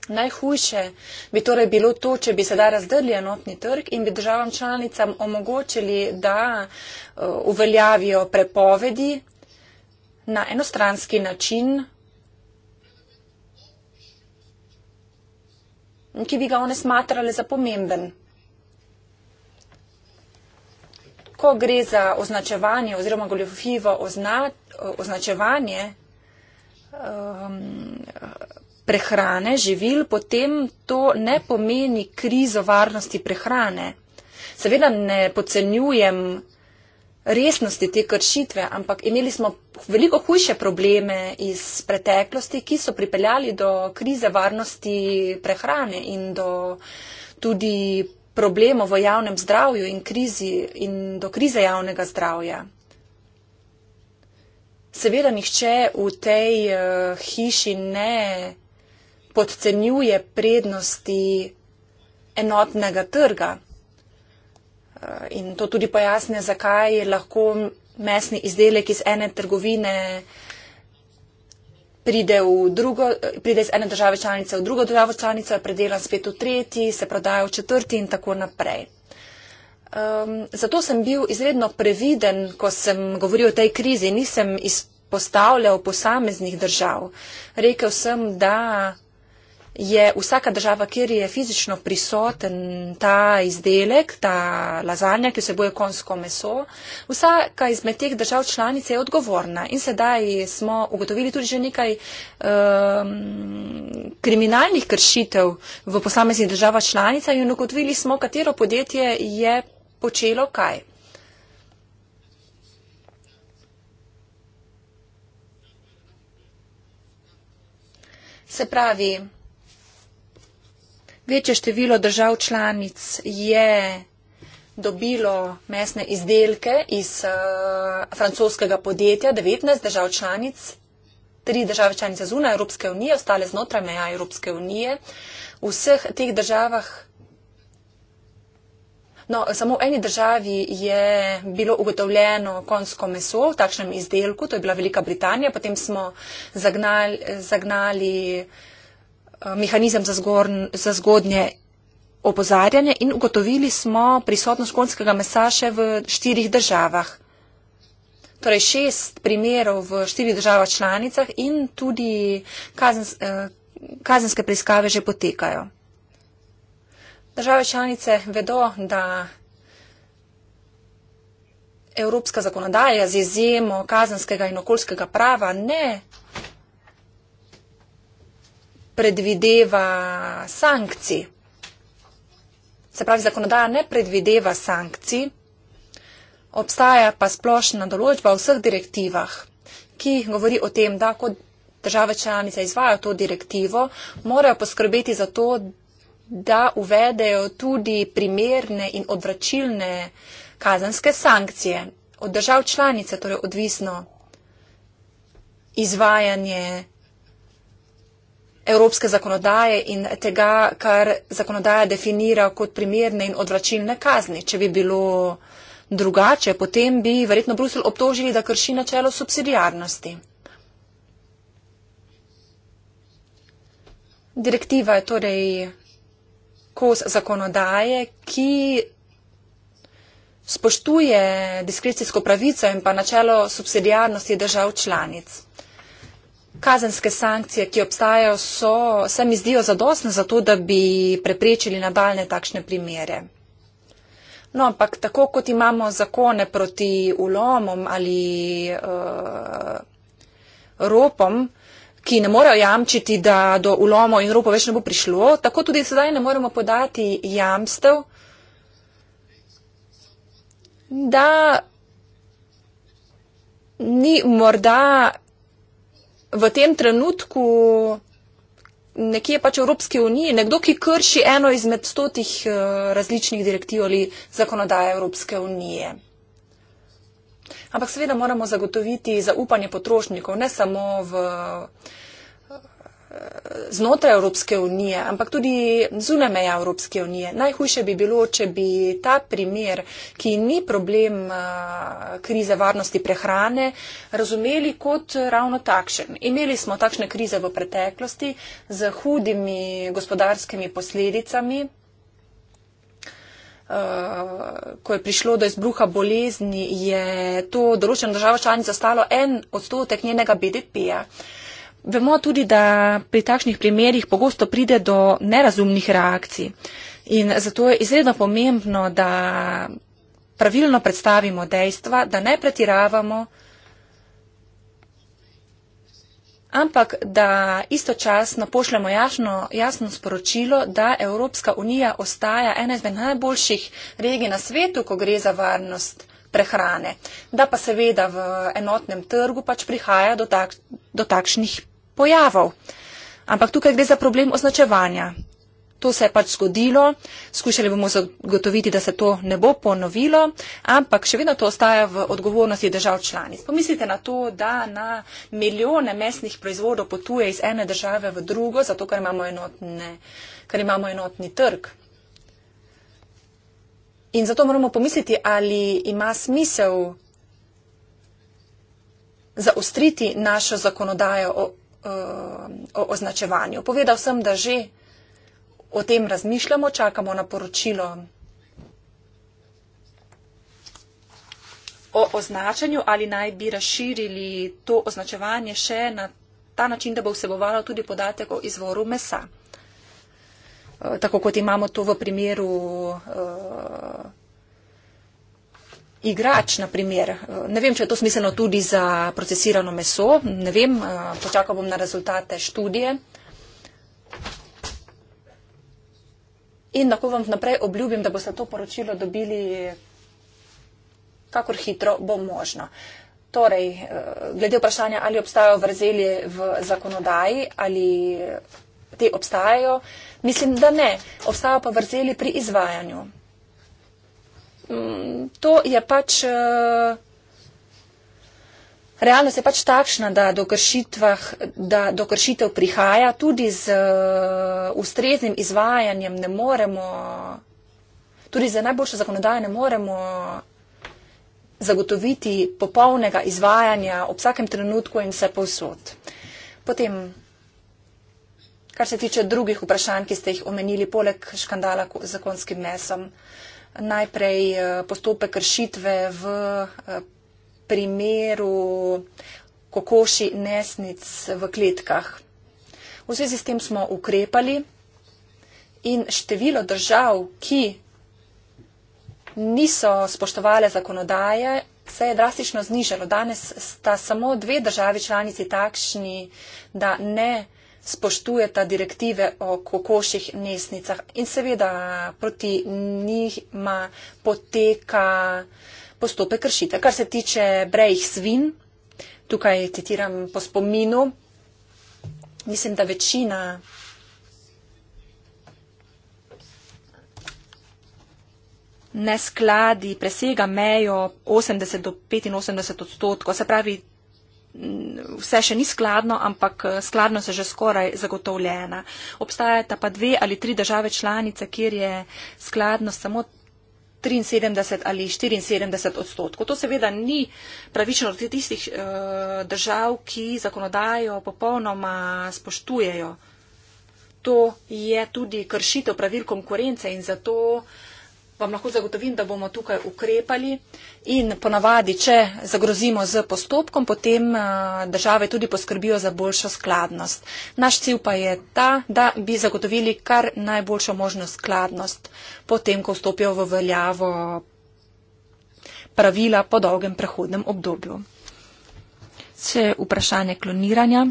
Najhujše bi torej bilo to, če bi sedaj razdrli enotni trg in bi državam članicam omogočili, da uh, uveljavijo prepovedi na enostranski način, ki bi ga one smatrali za pomemben. Ko gre za označevanje oziroma goljofivo ozna, označevanje um, prehrane, živil, potem to ne pomeni krizo varnosti prehrane. Seveda ne podcenjujem resnosti te kršitve, ampak imeli smo veliko hujše probleme iz preteklosti, ki so pripeljali do krize varnosti prehrane in do tudi problemov v javnem zdravju in, krizi, in do krize javnega zdravja. Seveda nihče v tej eh, hiši ne podcenjuje prednosti enotnega trga. Eh, in to tudi pojasne, zakaj lahko mesni izdelek iz ene trgovine pride, drugo, pride iz ene države članice v drugo državo članico, predela spet v tretji, se prodaja v četrti in tako naprej. Um, zato sem bil izredno previden, ko sem govoril o tej krizi. Nisem izpostavljal posameznih držav. Rekel sem, da je vsaka država, kjer je fizično prisoten ta izdelek, ta lazanja, ki vsebuje konsko meso, vsaka izmed teh držav članic je odgovorna. In sedaj smo ugotovili tudi že nekaj um, kriminalnih kršitev v posameznih državah članicah in ugotovili smo, katero podjetje je počelo kaj. Se pravi, Večje število držav članic je dobilo mesne izdelke iz uh, francoskega podjetja, 19 držav članic, 3 države članice zunaj Evropske unije, ostale znotraj meja Evropske unije. V vseh teh državah, no, samo v eni državi je bilo ugotovljeno konsko meso v takšnem izdelku, to je bila Velika Britanija, potem smo zagnali. zagnali Eh, mehanizem za, zgor, za zgodnje opozarjanje in ugotovili smo prisotnost konjskega mesa še v štirih državah. Torej šest primerov v štirih državah članicah in tudi kazens, eh, kazenske preiskave že potekajo. Države članice vedo, da evropska zakonodaja z izjemo kazenskega in okoljskega prava ne predvideva sankcij. Se pravi, zakonodaja ne predvideva sankcij, obstaja pa splošna določba v vseh direktivah, ki govori o tem, da kot države članice izvajo to direktivo, morajo poskrbeti za to, da uvedejo tudi primerne in odvračilne kazanske sankcije. Od držav članice torej odvisno izvajanje evropske zakonodaje in tega, kar zakonodaja definira kot primerne in odvračilne kazni. Če bi bilo drugače, potem bi verjetno Bruselj obtožili, da krši načelo subsidijarnosti. Direktiva je torej kos zakonodaje, ki spoštuje diskrecijsko pravico in pa načelo subsidijarnosti držav članic kazenske sankcije, ki obstajajo, so, se mi zdijo zadostne za to, da bi preprečili nadaljne takšne primere. No, ampak tako kot imamo zakone proti ulomom ali uh, ropom, ki ne morejo jamčiti, da do ulomov in ropo več ne bo prišlo, tako tudi sedaj ne moremo podati jamstev, da ni morda v tem trenutku nekje pač v Evropski uniji, nekdo, ki krši eno izmed stotih eh, različnih direktiv ali zakonodaje Evropske unije. Ampak seveda moramo zagotoviti zaupanje potrošnikov, ne samo v znotraj Evropske unije, ampak tudi zunaj meja Evropske unije. Najhujše bi bilo, če bi ta primer, ki ni problem krize varnosti prehrane, razumeli kot ravno takšen. Imeli smo takšne krize v preteklosti z hudimi gospodarskimi posledicami. Uh, ko je prišlo do izbruha bolezni, je to določeno državo članico stalo en odstotek njenega BDP-ja. Uh, Vemo tudi, da pri takšnih primerjih pogosto pride do nerazumnih reakcij. In zato je izredno pomembno, da pravilno predstavimo dejstva, da ne pretiravamo, ampak da istočasno pošljemo jasno, jasno sporočilo, da Evropska unija ostaja ena izmed najboljših regij na svetu, ko gre za varnost prehrane. Da pa seveda v enotnem trgu pač prihaja do, tak, do takšnih pojavov. Ampak tukaj gre za problem označevanja. To se je pač zgodilo, skušali bomo zagotoviti, da se to ne bo ponovilo, ampak še vedno to ostaja v odgovornosti držav članic. Pomislite na to, da na milijone mesnih proizvodov potuje iz ene države v drugo, zato ker imamo, enotne, ker imamo enotni trg. In zato moramo pomisliti, ali ima smisel zaustriti našo zakonodajo o Eh, o označevanju. Povedal sem, da že o tem razmišljamo, čakamo na poročilo o označenju, ali naj bi razširili to označevanje še na ta način, da bo vsebovalo tudi podatek o izvoru mesa. Eh, tako kot imamo to v primeru eh, igrač, na primer. Eh, ne vem, če je to smiselno tudi za procesirano meso, ne vem, eh, počakal bom na rezultate študije. In lahko vam naprej obljubim, da boste to poročilo dobili, kakor hitro bo možno. Torej, eh, glede vprašanja, ali obstajajo vrzeli v zakonodaji, ali te obstajajo, mislim, da ne. Obstajajo pa vrzeli pri izvajanju to je pač. Eh, realnost je pač takšna, da do, da do kršitev prihaja, tudi z eh, ustreznim izvajanjem ne moremo, tudi z najboljšo zakonodajo ne moremo zagotoviti popolnega izvajanja ob vsakem trenutku in vse povsod. Potem, kar se tiče drugih vprašanj, ki ste jih omenili, poleg škandala z zakonskim mesom. Uh, najprej eh, postopek kršitve v eh, primeru kokoši nesnic v kletkah. V zvezi s tem smo ukrepali in število držav, ki niso spoštovale zakonodaje, se je drastično znižalo. Danes sta samo dve državi članici takšni, da ne spoštujeta direktive o kokoših nesnicah in seveda proti njima poteka postopek kršite. Kar se tiče brejih svin, tukaj citiram po spominu, mislim, da večina. Neskladi presega mejo 80 do 85 odstotkov, se pravi, vse še ni skladno, ampak eh, skladno se že skoraj zagotovljena. Obstajata pa dve ali tri države članice, kjer je skladno samo 73 ali 74 odstotkov. To seveda ni pravično od tistih uh, držav, ki zakonodajo popolnoma spoštujejo. To je tudi kršitev pravil konkurence in zato uh, vam lahko zagotovim, da bomo tukaj ukrepali in ponavadi, če zagrozimo z postopkom, potem eh, države tudi poskrbijo za boljšo skladnost. Naš cilj pa je ta, da bi zagotovili kar najboljšo možno skladnost, potem, ko vstopijo v veljavo pravila po dolgem prehodnem obdobju. Če vprašanje kloniranja.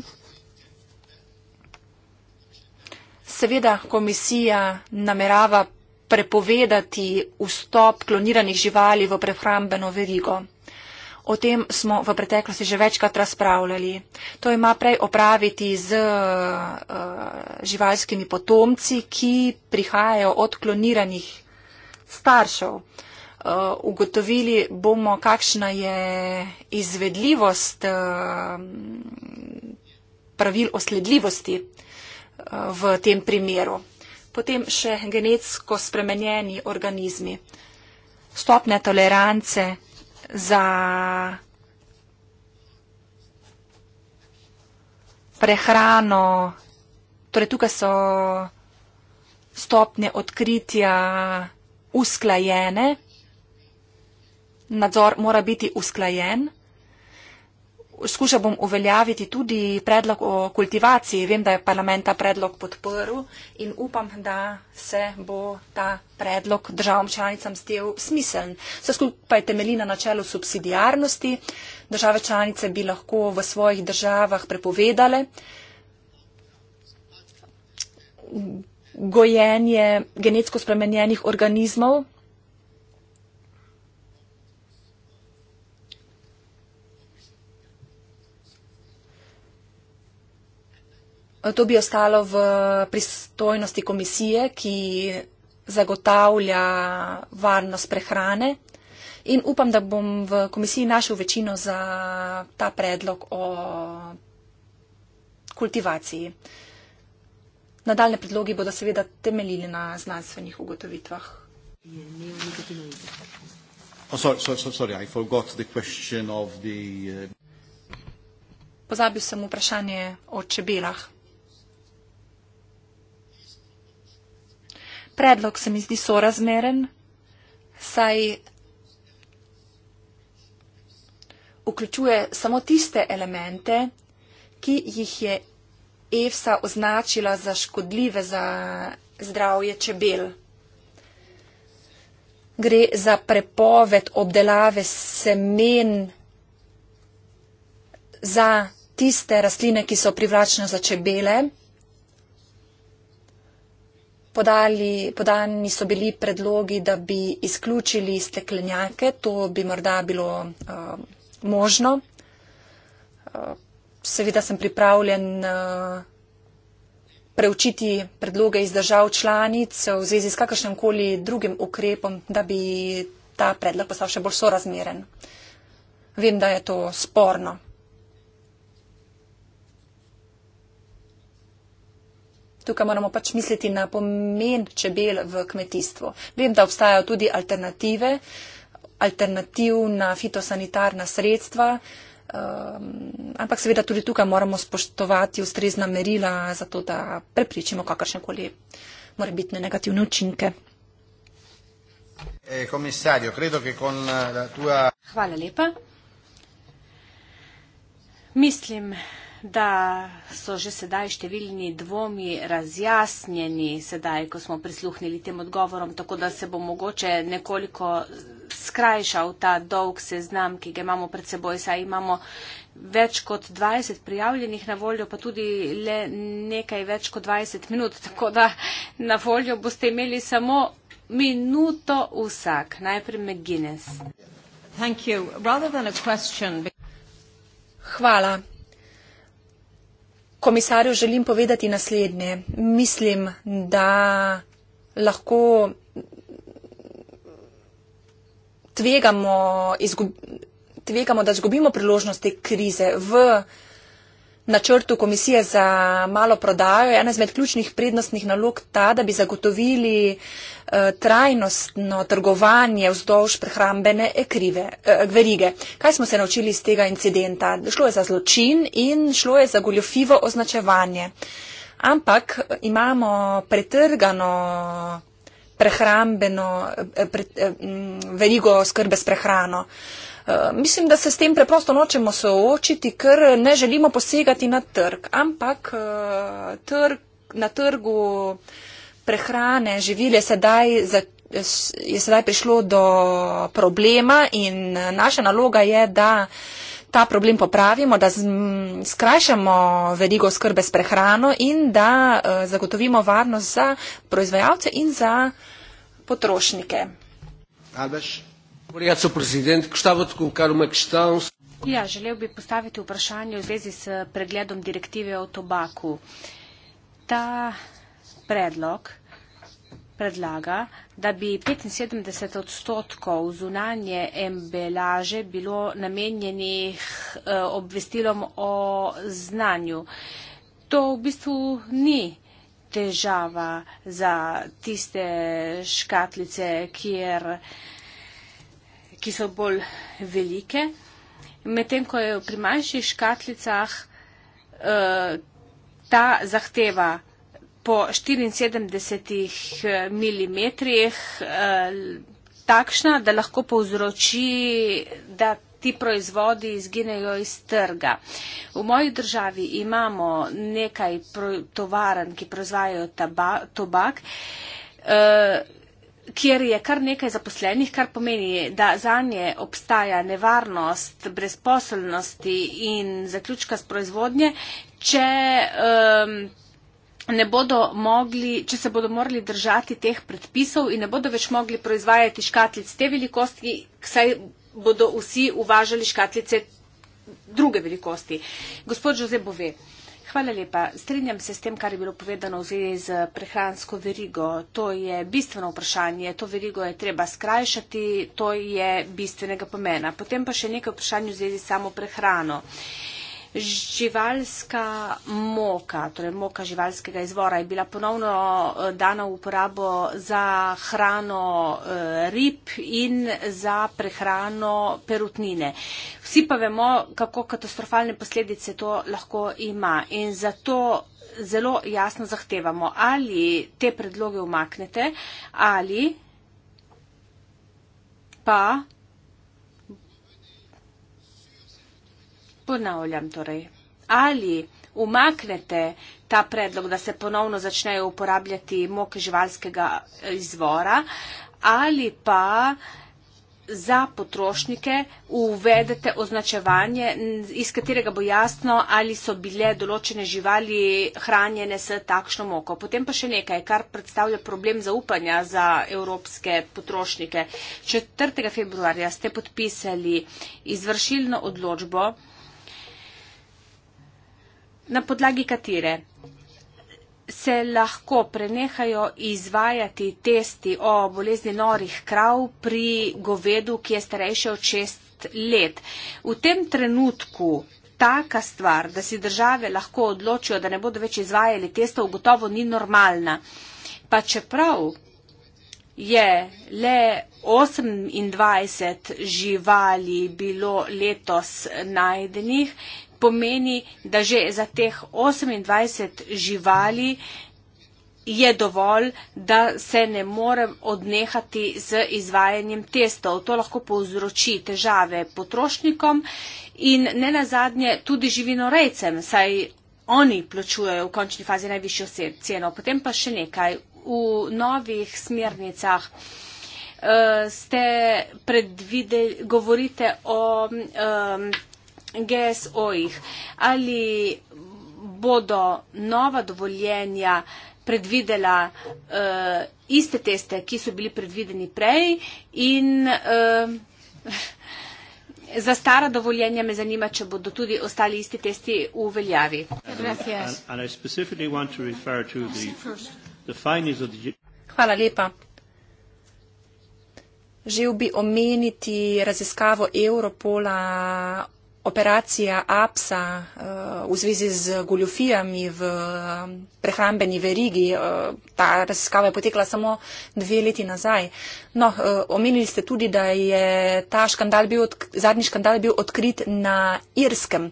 Seveda komisija namerava prepovedati vstop kloniranih živali v prehrambeno verigo. O tem smo v preteklosti že večkrat razpravljali. To ima prej opraviti z uh, živalskimi potomci, ki prihajajo od kloniranih staršev. Uh, ugotovili bomo, kakšna je izvedljivost uh, pravil osledljivosti uh, v tem primeru potem še genetsko spremenjeni organizmi. Stopne tolerance za prehrano, torej tukaj so stopne odkritja usklajene, nadzor mora biti usklajen skušal bom uveljaviti tudi predlog o kultivaciji. Vem, da je parlament ta predlog podporil in upam, da se bo ta predlog državam članicam stel smiseln. Vse skupaj je temeli na načelu subsidijarnosti. Države članice bi lahko v svojih državah prepovedale gojenje genetsko spremenjenih organizmov To bi ostalo v pristojnosti komisije, ki zagotavlja varnost prehrane. In upam, da bom v komisiji našel večino za ta predlog o kultivaciji. Nadaljne predlogi bodo seveda temeljili na znanstvenih ugotovitvah. Oh, uh, Pozabil sem vprašanje o čebelah. predlog se mi zdi sorazmeren, saj vključuje samo tiste elemente, ki jih je EFSA označila za škodljive za zdravje čebel. Gre za prepoved obdelave semen za tiste rastline, ki so privlačne za čebele. Podali, podani so bili predlogi, da bi izključili steklenjake, to bi morda bilo uh, možno. Uh, seveda sem pripravljen uh, preučiti predloge iz držav članic v zvezi s kakršnim koli drugim ukrepom, da bi ta predlog postal še bolj sorazmeren. Vem, da je to sporno. tukaj moramo pač misliti na pomen čebel v kmetijstvu. Vem, da obstajajo tudi alternative, alternativna fitosanitarna sredstva, um, ampak seveda tudi tukaj moramo spoštovati ustrezna merila, zato da prepričimo kakršnekoli more biti negativne učinke. Eh, Hvala lepa. Mislim, da so že sedaj številni dvomi razjasnjeni, sedaj, ko smo prisluhnili tem odgovorom, tako da se bo mogoče nekoliko skrajšal ta dolg seznam, ki ga imamo pred seboj, saj imamo več kot 20 prijavljenih na voljo, pa tudi le nekaj več kot 20 minut, tako da na voljo boste imeli samo minuto vsak, najprej med Guinness. Hvala komisarju želim povedati naslednje. Mislim, da lahko tvegamo, izgub, tvegamo da izgubimo priložnosti krize v načrtu Komisije za malo prodajo je ena izmed ključnih prednostnih nalog ta, da bi zagotovili eh, trajnostno trgovanje vzdolž prehrambene ekrive, eh, verige. Kaj smo se naučili iz tega incidenta? Šlo je za zločin in šlo je za goljofivo označevanje. Ampak eh, imamo pretrgano prehrambeno eh, pre, eh, verigo skrbe s prehrano. Eh, Eh, mislim, da se s tem preprosto nočemo soočiti, ker ne želimo posegati na trg. Ampak uh, trg, na trgu prehrane, živile sedaj za. Je sedaj prišlo do problema in naša naloga je, da ta problem popravimo, da skrajšamo verigo skrbe s prehrano in da eh, zagotovimo varnost za proizvajalce in za potrošnike. Albeš. Obrigado, Sr. Presidente. Gostava de colocar uma questão. Ja, želel bi postaviti vprašanje v zvezi s pregledom direktive o tobaku. Ta predlog predlaga, da bi 75 odstotkov zunanje embelaže bilo namenjenih eh, obvestilom o znanju. To v bistvu ni težava za tiste škatlice, kjer ki so bolj velike, medtem ko je pri manjših škatlicah eh, ta zahteva po 74 eh, mm eh, takšna, da lahko povzroči, da ti proizvodi izginejo iz trga. V moji državi imamo nekaj tovaran, ki proizvajajo tobak kjer je kar nekaj zaposlenih, kar pomeni, da za nje obstaja nevarnost brezposelnosti in zaključka s proizvodnje, če, um, ne bodo mogli, če se bodo morali držati teh predpisov in ne bodo več mogli proizvajati škatlic te velikosti, saj bodo vsi uvažali škatlice druge velikosti. Gospod Žozebove, Hvala lepa. Strenjam se s tem, kar je bilo povedano v zvezi z prehransko verigo. To je bistveno vprašanje. To verigo je treba skrajšati. To je bistvenega pomena. Potem pa še nekaj vprašanje v zvezi samo prehrano. Uh, Živalska moka, torej moka živalskega izvora, je bila ponovno eh, dana v uporabo za hrano eh, rib in za prehrano perutnine. Vsi pa vemo, kako katastrofalne posledice to lahko ima in zato zelo jasno zahtevamo, ali te predloge umaknete ali pa ponavljam torej, ali umaknete ta predlog, da se ponovno začnejo uporabljati moke živalskega izvora, ali pa za potrošnike uvedete označevanje, iz katerega bo jasno, ali so bile določene živali hranjene s takšno moko. Potem pa še nekaj, kar predstavlja problem zaupanja za evropske potrošnike. 4. februarja ste podpisali izvršilno odločbo, na podlagi katere se lahko prenehajo izvajati testi o bolezni norih krav pri govedu, ki je starejše od šest let. V tem trenutku taka stvar, da si države lahko odločijo, da ne bodo več izvajali testov, gotovo ni normalna. Pa čeprav je le 28 živali bilo letos najdenih, pomeni, da že za teh 28 živali je dovolj, da se ne morem odnehati z izvajanjem testov. To lahko povzroči težave potrošnikom in ne nazadnje tudi živinorejcem, saj oni plačujejo v končni fazi najvišjo ceno. Potem pa še nekaj. V novih smernicah eh, ste predvideli, govorite o. Um, GSO-jih, ali bodo nova dovoljenja predvidela uh, iste teste, ki so bili predvideni prej in uh, za stara dovoljenja me zanima, če bodo tudi ostali isti testi v veljavi. Hvala lepa. Želel bi omeniti raziskavo Europola operacija APSA eh, v zvezi z goljofijami v eh, prehrambeni verigi. Eh, ta raziskava je potekla samo dve leti nazaj. No, omenili ste tudi, da je ta škandal bil, zadnji škandal bil odkrit na Irskem.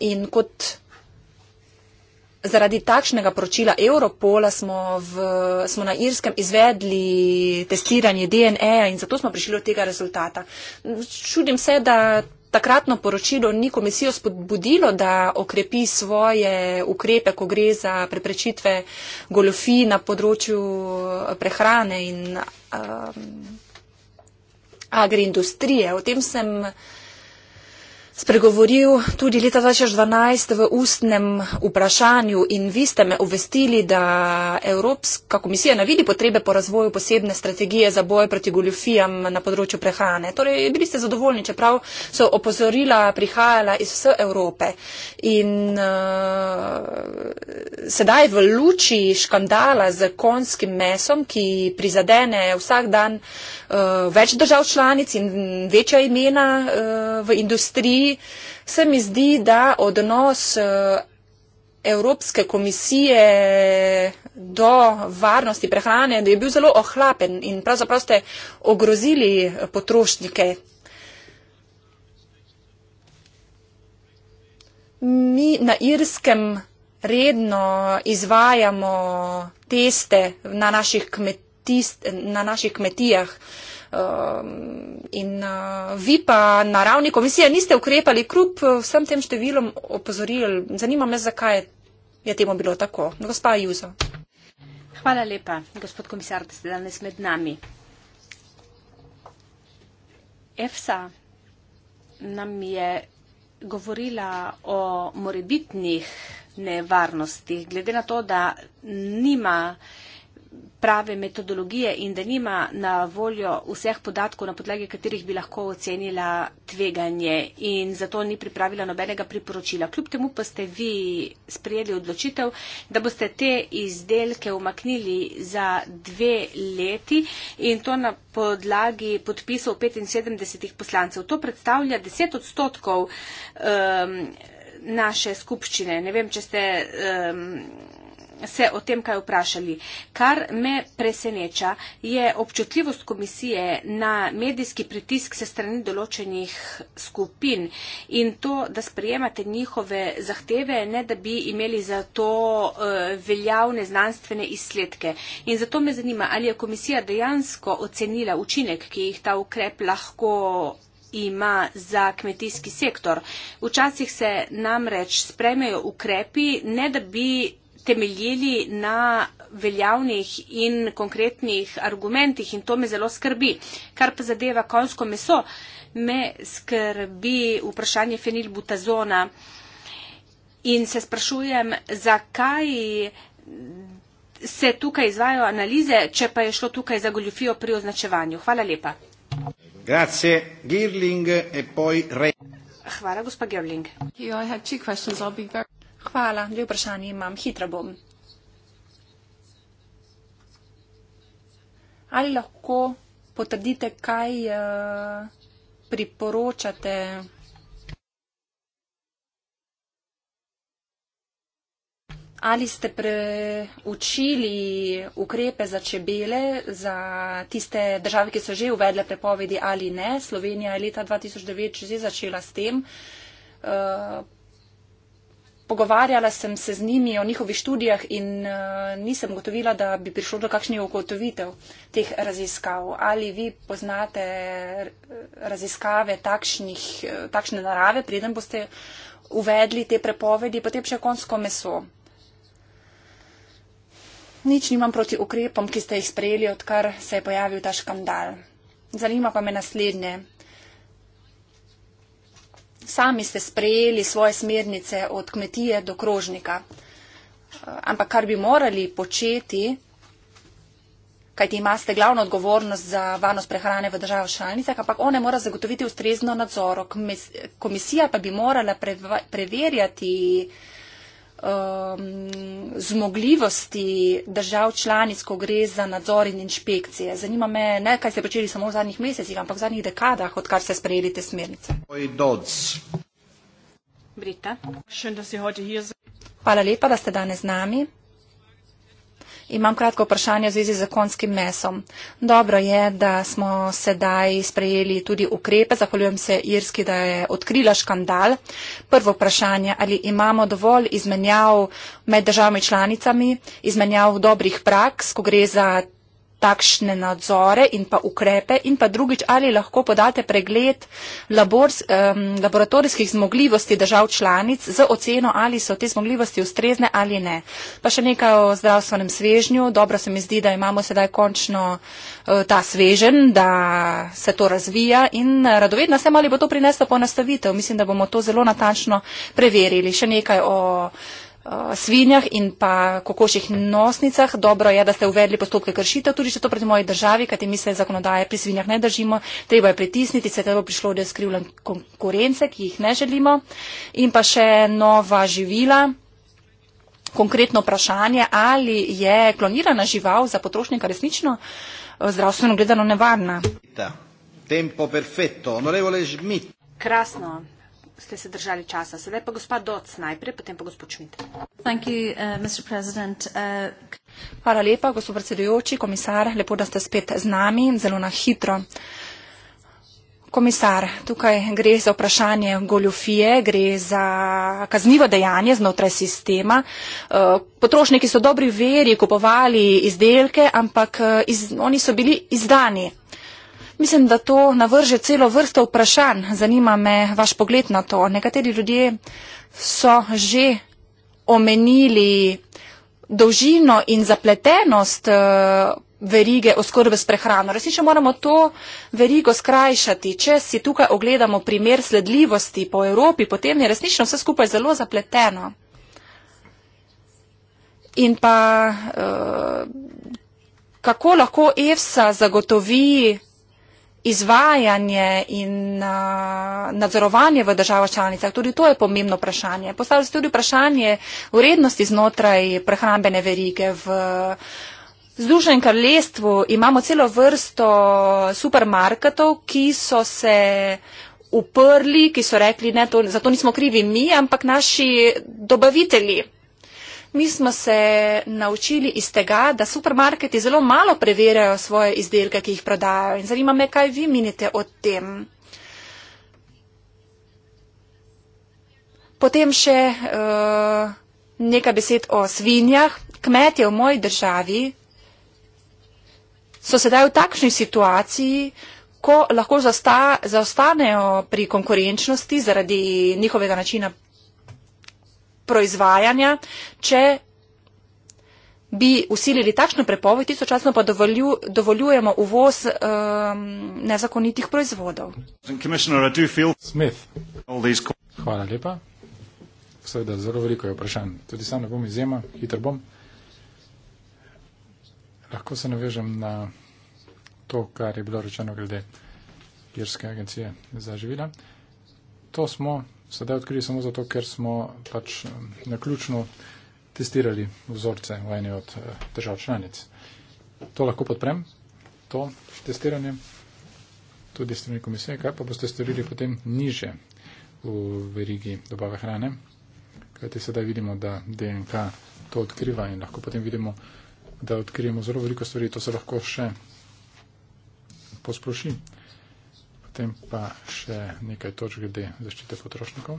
In kot zaradi takšnega poročila Europola smo, v, smo na Irskem izvedli testiranje DNA in zato smo prišli do tega rezultata. Čudim se, da takratno poročilo ni komisijo spodbudilo, da okrepi svoje ukrepe, ko gre za preprečitve golofi na področju eh, prehrane in um, agriindustrije. O tem sem spregovoril tudi leta 2012 v ustnem vprašanju in vi ste me uvestili, da Evropska komisija ne vidi potrebe po razvoju posebne strategije za boj proti goljofijam na področju prehrane. Torej, bili ste zadovoljni, čeprav so opozorila prihajala iz vse Evrope. In uh, sedaj v luči škandala z konjskim mesom, ki prizadene vsak dan uh, več držav članic in večja imena uh, v industriji, se mi zdi, da odnos eh, Evropske komisije do varnosti prehrane je bil zelo ohlapen in pravzaprav ste ogrozili potrošnike. Mi na Irskem redno izvajamo teste na naših, kmetist, na naših kmetijah. Um, in uh, vi pa na ravni komisije niste ukrepali kljub uh, vsem tem številom opozoril. Zanima me, zakaj je temu bilo tako. Gospa Juzo. Hvala lepa, gospod komisar, da ste danes med nami. EFSA nam je govorila o morebitnih nevarnostih, glede na to, da nima uh, prave metodologije in da nima na voljo vseh podatkov, na podlagi katerih bi lahko ocenila tveganje in zato ni pripravila nobenega priporočila. Kljub temu pa ste vi sprejeli odločitev, da boste te izdelke umaknili za dve leti in to na podlagi podpisov 75 poslancev. To predstavlja 10 odstotkov um, naše skupščine. Ne vem, če ste. Um, se o tem kaj vprašali. Kar me preseneča je občutljivost komisije na medijski pritisk se strani določenih skupin in to, da sprejemate njihove zahteve, ne da bi imeli za to uh, veljavne znanstvene izsledke. In zato me zanima, ali je komisija dejansko ocenila učinek, ki jih ta ukrep lahko ima za kmetijski sektor. Včasih se namreč spremejo ukrepi, ne da bi temeljili na veljavnih in konkretnih argumentih in to me zelo skrbi. Kar pa zadeva konsko meso, me skrbi vprašanje fenilbutazona in se sprašujem, zakaj se tukaj izvajo analize, če pa je šlo tukaj za goljufijo pri označevanju. Hvala lepa. Grazie, Girling, e poi Hvala, gospa Girling. You, Hvala, dve vprašanje imam, hitra bom. Ali lahko potrdite, kaj uh, priporočate? Ali ste preučili ukrepe za čebele, za tiste države, ki so že uvedle prepovedi ali ne? Slovenija je leta 2009 že začela s tem. Uh, pogovarjala sem se z njimi o njihovih študijah in uh, nisem gotovila, da bi prišlo do kakšnih ugotovitev teh raziskav. Ali vi poznate raziskave takšnih, eh, takšne narave, preden boste uvedli te prepovedi, potem še konsko meso? Nič nimam proti ukrepom, ki ste jih sprejeli, odkar se je pojavil ta škandal. Zanima pa me naslednje sami ste sprejeli svoje smernice od kmetije do krožnika. Ampak kar bi morali početi, kajti imate glavno odgovornost za varnost prehrane v državah članicah, ampak one mora zagotoviti ustrezno nadzor. Komisija pa bi morala preverjati, um, zmogljivosti držav članic, ko gre za nadzor in inšpekcije. Zanima me, ne kaj ste počeli samo v zadnjih mesecih, ampak v zadnjih dekadah, odkar ste sprejeli te smernice. Brita. Hvala lepa, da ste danes z nami. Imam kratko vprašanje v zvezi z konskim mesom. Dobro je, da smo sedaj sprejeli tudi ukrepe. Zahvaljujem se Irski, da je odkrila škandal. Prvo vprašanje, ali imamo dovolj izmenjav med državami članicami, izmenjav dobrih praks, ko gre za takšne nadzore in pa ukrepe in pa drugič, ali lahko podate pregled labors, um, laboratorijskih zmogljivosti držav članic z oceno, ali so te zmogljivosti ustrezne ali ne. Pa še nekaj o zdravstvenem svežnju. Dobro se mi zdi, da imamo sedaj končno uh, ta svežen, da se to razvija in e, radovedna sem, ali bo to prineslo ponastavitev. Mislim, da bomo to zelo natančno preverili. Še nekaj o Eh, svinjah in pa kokoših nosnicah. Dobro je, da ste uvedli postopke kršitev, tudi če to proti moji državi, kajti mi se zakonodaje pri svinjah ne držimo, treba je pritisniti, se je treba prišlo do skrivljen konkurence, ki jih ne želimo. In pa še nova živila. Konkretno vprašanje, ali je klonirana žival za potrošnika resnično eh, zdravstveno gledano nevarna. Tempo perfetto, onorevole Schmidt. Krasno ste se držali časa. Sedaj pa gospod Doc najprej, potem pa gospod Šmit. Thank you, uh, Mr. President. Uh, Hvala lepa, gospod predsedujoči, komisar, lepo, da ste spet z nami, zelo na hitro. Komisar, tukaj gre za vprašanje goljofije, gre za kaznivo dejanje znotraj sistema. Uh, potrošniki so dobri veri kupovali izdelke, ampak uh, iz, oni so bili izdani Mislim, da to navrže celo vrsto vprašanj. Zanima me vaš pogled na to. Nekateri ljudje so že omenili dolžino in zapletenost eh, verige oskrbe s prehrano. Resnično moramo to verigo skrajšati. Če si tukaj ogledamo primer sledljivosti po Evropi, potem je resnično vse skupaj zelo zapleteno. In pa eh, kako lahko EFSA zagotovi izvajanje in nadzorovanje v državah članicah. Tudi to je pomembno vprašanje. Postavlja se tudi vprašanje urednosti znotraj prehrambene verige. V Združenem kraljestvu imamo celo vrsto supermarketov, ki so se uprli, ki so rekli, ne, to, za to nismo krivi mi, ampak naši dobavitelji mi smo se naučili iz tega, da supermarketi zelo malo preverjajo svoje izdelke, ki jih prodajo. In zanima me, kaj vi menite o tem. Potem še uh, nekaj besed o svinjah. Kmetje v moji državi so sedaj v takšni situaciji, ko lahko zaostanejo pri konkurenčnosti zaradi njihovega načina proizvajanja, če bi usilili takšno prepoved, istočasno pa dovolju, dovoljujemo uvoz um, nezakonitih proizvodov. Hvala lepa. Seveda, zelo veliko je vprašanj. Tudi sam ne bom izjema, hitro bom. Lahko se navežem na to, kar je bilo rečeno glede Irske agencije za živila. To smo sedaj odkrili samo zato, ker smo pač na ključno testirali vzorce v eni od eh, držav članic. To lahko podprem, to testiranje, tudi strani komisije, kaj pa boste storili potem niže v verigi dobave hrane, kajti sedaj vidimo, da DNK to odkriva in lahko potem vidimo, da odkrijemo zelo veliko stvari, to se lahko še posploši potem pa še nekaj točk glede zaščite potrošnikov,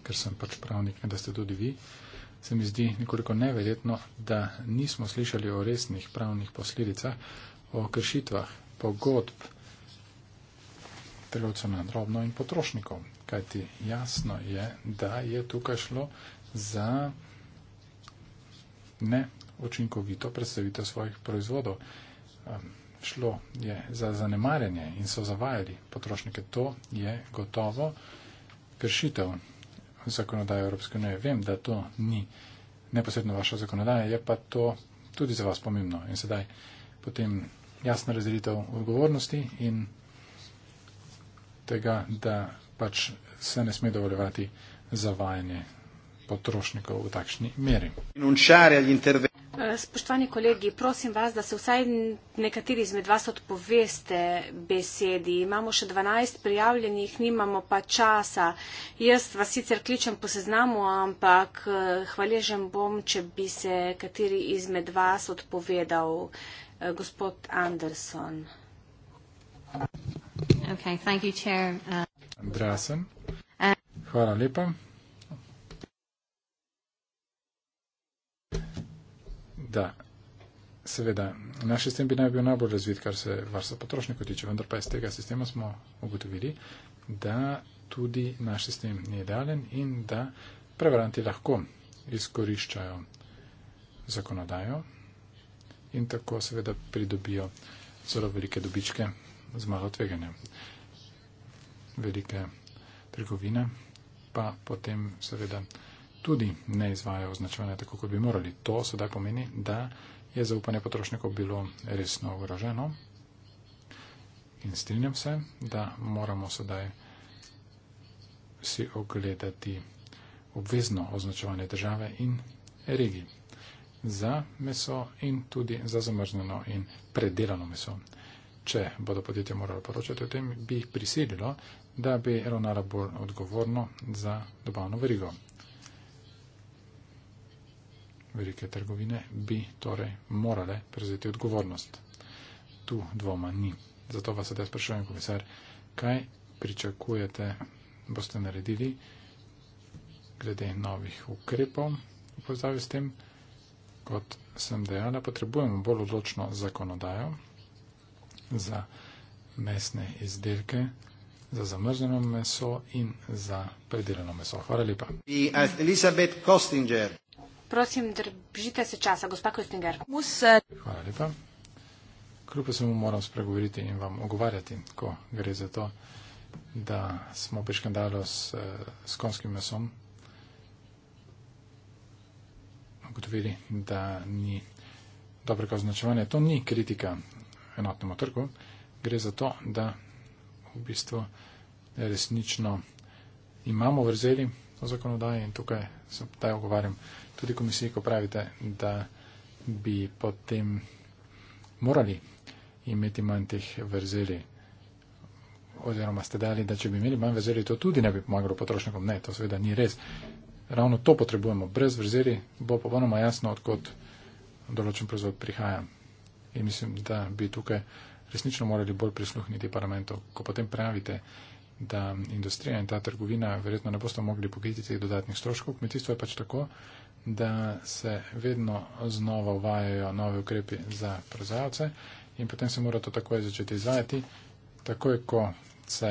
ker sem pač pravnik, da ste tudi vi. Se mi zdi nekoliko neverjetno, da nismo slišali o resnih pravnih posledicah, o kršitvah pogodb trgovcev na drobno in potrošnikov. Kajti jasno je, da je tukaj šlo za neučinkovito predstavitev svojih proizvodov šlo je za zanemarjanje in so zavajali potrošnike. To je gotovo kršitev zakonodaje Evropske unije. Vem, da to ni neposredno vaša zakonodaja, je pa to tudi za vas pomembno. In sedaj potem jasna razdelitev odgovornosti in tega, da pač se ne sme dovoljevati zavajanje potrošnikov v takšni meri. Eh, spoštovani kolegi, prosim vas, da se vsaj nekateri izmed vas odpoveste besedi. Imamo še 12 prijavljenih, nimamo pa časa. Jaz vas sicer kličem po seznamu, ampak eh, hvaležen bom, če bi se kateri izmed vas odpovedal. Eh, gospod Anderson. Okay, thank you, chair. Uh, Andreasen. Uh, Hvala lepa. da seveda naš sistem bi naj bil najbolj razvit, kar se varstva potrošnikov tiče, vendar pa iz tega sistema smo ugotovili, da tudi naš sistem ni idealen in da prevaranti lahko izkoriščajo zakonodajo in tako seveda pridobijo zelo velike dobičke z malo tveganja. Velike trgovine pa potem seveda tudi ne izvajajo označevanja tako, kot bi morali. To sedaj pomeni, da je zaupanje potrošnikov bilo resno ogroženo. In strinjam se, da moramo sedaj si ogledati obvezno označevanje države in regij za meso in tudi za zamrznjeno in predelano meso. Če bodo podjetja morali poročati o tem, bi jih prisililo, da bi ravnala bolj odgovorno za dobavno verigo velike trgovine bi torej morale prevzeti odgovornost. Tu dvoma ni. Zato vas sedaj sprašujem, komisar, kaj pričakujete, boste naredili glede novih ukrepov v povezavi s tem, kot sem dejala, potrebujemo bolj odločno zakonodajo za mesne izdelke, za zamrzneno meso in za predeljeno meso. Hvala lepa. Prosim, držite se časa, gospa Kostinger. Muse. Hvala lepa. Kljub pa se mu moram spregovoriti in vam ogovarjati, ko gre za to, da smo pri škandalu s, s konskim mesom ugotovili, da ni dobrega označevanja. To ni kritika enotnemu trgu. Gre za to, da v bistvu resnično imamo vrzeli o zakonodaji in tukaj se potem ogovarjam tudi komisiji, ko pravite, da bi potem morali imeti manj teh verzeli. Oziroma ste dali, da če bi imeli manj verzeli, to tudi ne bi pomagalo potrošnikom. Ne, to seveda ni res. Ravno to potrebujemo. Brez verzeli bo popolnoma jasno, odkot določen proizvod prihaja. In mislim, da bi tukaj resnično morali bolj prisluhniti parlamentu, ko potem pravite, da industrija in ta trgovina verjetno ne boste mogli pokriti teh dodatnih stroškov. Kmetijstvo je pač tako, da se vedno znova uvajajo nove ukrepe za proizvajalce in potem se mora to takoj začeti izvajati. Takoj, ko se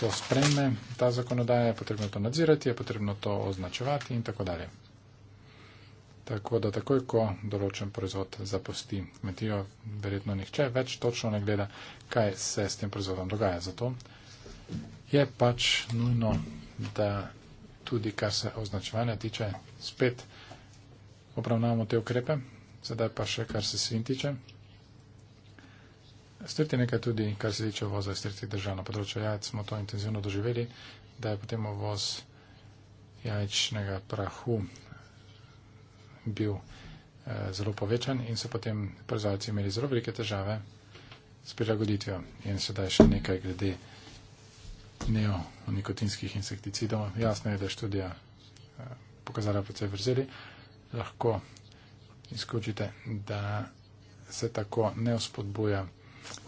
to spreme, ta zakonodaja, je potrebno to nadzirati, je potrebno to označevati in tako dalje. Tako da takoj, ko določen proizvod zapusti kmetijo, verjetno nihče več točno ne gleda, kaj se s tem proizvodom dogaja. Zato je pač nujno, da tudi kar se označevanja tiče, spet obravnavamo te ukrepe, sedaj pa še kar se svin tiče. Strti nekaj tudi, kar se tiče uvoza iz tretjih držav na področju jajc, smo to intenzivno doživeli, da je potem uvoz jajčnega prahu bil eh, zelo povečan in so potem proizvajalci imeli zelo velike težave s prilagoditvijo. In sedaj še nekaj glede dnev o nikotinskih insekticidov. Jasno je, da je študija eh, pokazala precej vrzeli. Lahko izključite, da se tako ne uspodbuja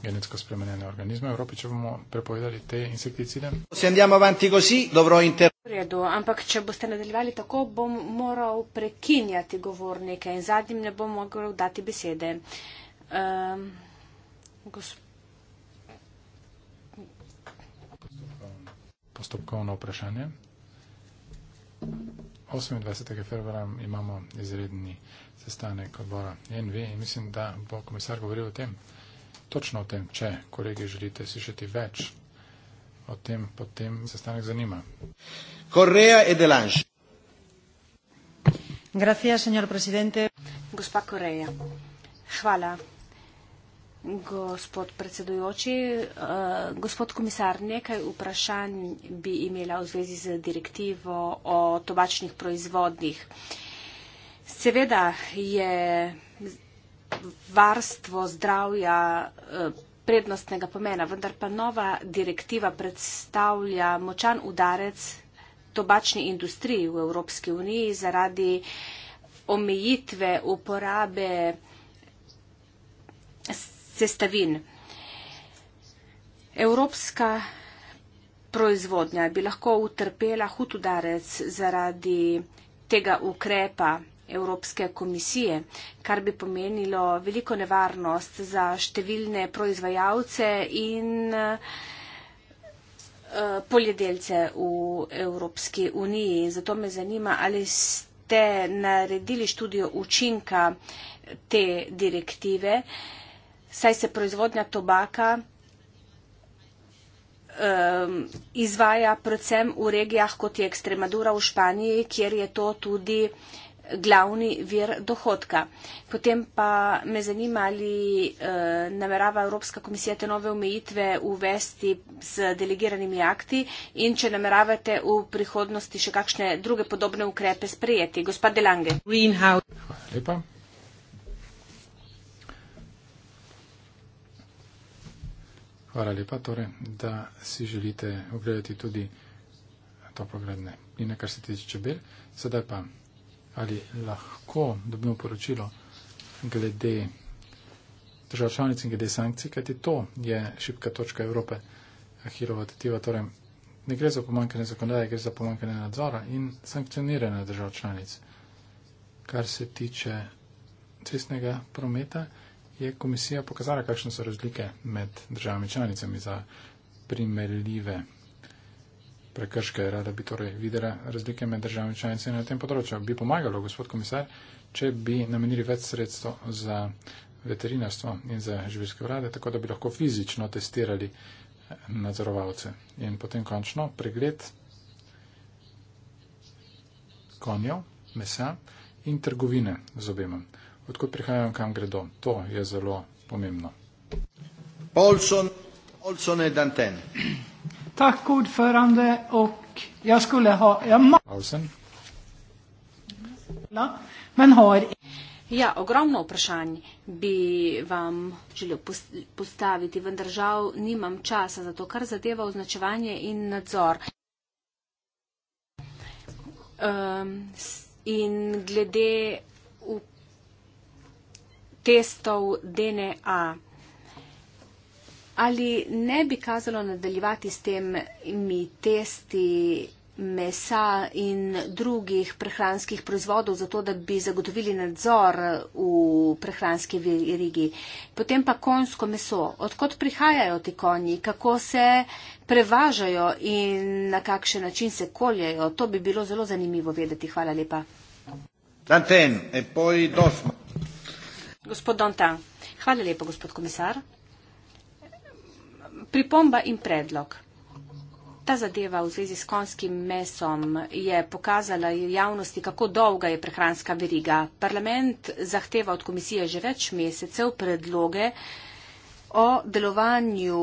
genetsko spremenjene organizme. Evropi, če bomo prepovedali te insekticide. V redu, ampak če boste nadaljevali tako, bom moral prekinjati govornike in zadnjim ne bom mogel dati besede. Um, ehm, gospod... postopkovno vprašanje. 28. februarja imamo izredni sestanek odbora NV in mislim, da bo komisar govoril o tem, točno o tem, če kolegi želite slišati več o tem, potem sestanek zanima. Koreja je delanž. Gracias, señor presidente. Gospa Koreja. Hvala. Gospod predsedujoči, eh, gospod komisar, nekaj vprašanj bi imela v zvezi z direktivo o tobačnih proizvodnih. Seveda je varstvo zdravja eh, prednostnega pomena, vendar pa nova direktiva predstavlja močan udarec tobačni industriji v Evropski uniji zaradi omejitve uporabe cestavin. Evropska proizvodnja bi lahko utrpela hud udarec zaradi tega ukrepa Evropske komisije, kar bi pomenilo veliko nevarnost za številne proizvajalce in eh, poljedelce v Evropski uniji. Zato me zanima, ali ste naredili študijo učinka te direktive saj se proizvodnja tobaka um, izvaja predvsem v regijah, kot je Ekstremadura v Španiji, kjer je to tudi glavni vir dohodka. Potem pa me zanima, ali eh, namerava Evropska komisija te nove omejitve uvesti z delegiranimi akti in če nameravate v prihodnosti še kakšne druge podobne ukrepe sprejeti. Gospod Delange. Hvala lepa. Hvala lepa, torej, da si želite ogledati tudi toplogradne pline, kar se tiče čebel. Sedaj pa, ali lahko dobimo poročilo glede držav članic in glede sankcij, kajti to je šipka točka Evrope, Hirova tetiva. Torej, ne gre za pomankanje zakonodaje, gre za pomankanje nadzora in sankcioniranje držav članic. Kar se tiče cestnega prometa je komisija pokazala, kakšne so razlike med državami članicami za primerljive prekrške. Rada bi torej videla razlike med državami članicami na tem področju. Bi pomagalo, gospod komisar, če bi namenili več sredstvo za veterinarstvo in za živilske urade, tako da bi lahko fizično testirali nadzorovalce. In potem končno pregled konjev, mesa in trgovine z obema odkud prihajajo in kam gredo. To je zelo pomembno. Olson, Olson je Danten. Tak, odförande, ok, jaz skulle ha Emma. Ja, Olson. Men har... Ja, ogromno vprašanj bi vam želel postaviti, vendar žal nimam časa za to, kar zadeva označevanje in nadzor. Um, in glede testov DNA. Ali ne bi kazalo nadaljevati s temi testi mesa in drugih prehranskih proizvodov, zato da bi zagotovili nadzor v prehranski verigi? Potem pa konjsko meso. Odkot prihajajo ti konji, kako se prevažajo in na kakšen način se koljejo? To bi bilo zelo zanimivo vedeti. Hvala lepa. Danten, e poi dosma. Gospod Dontan, hvala lepa, gospod komisar. Pripomba in predlog. Ta zadeva v zvezi s konskim mesom je pokazala javnosti, kako dolga je prehranska veriga. Parlament zahteva od komisije že več mesecev predloge o delovanju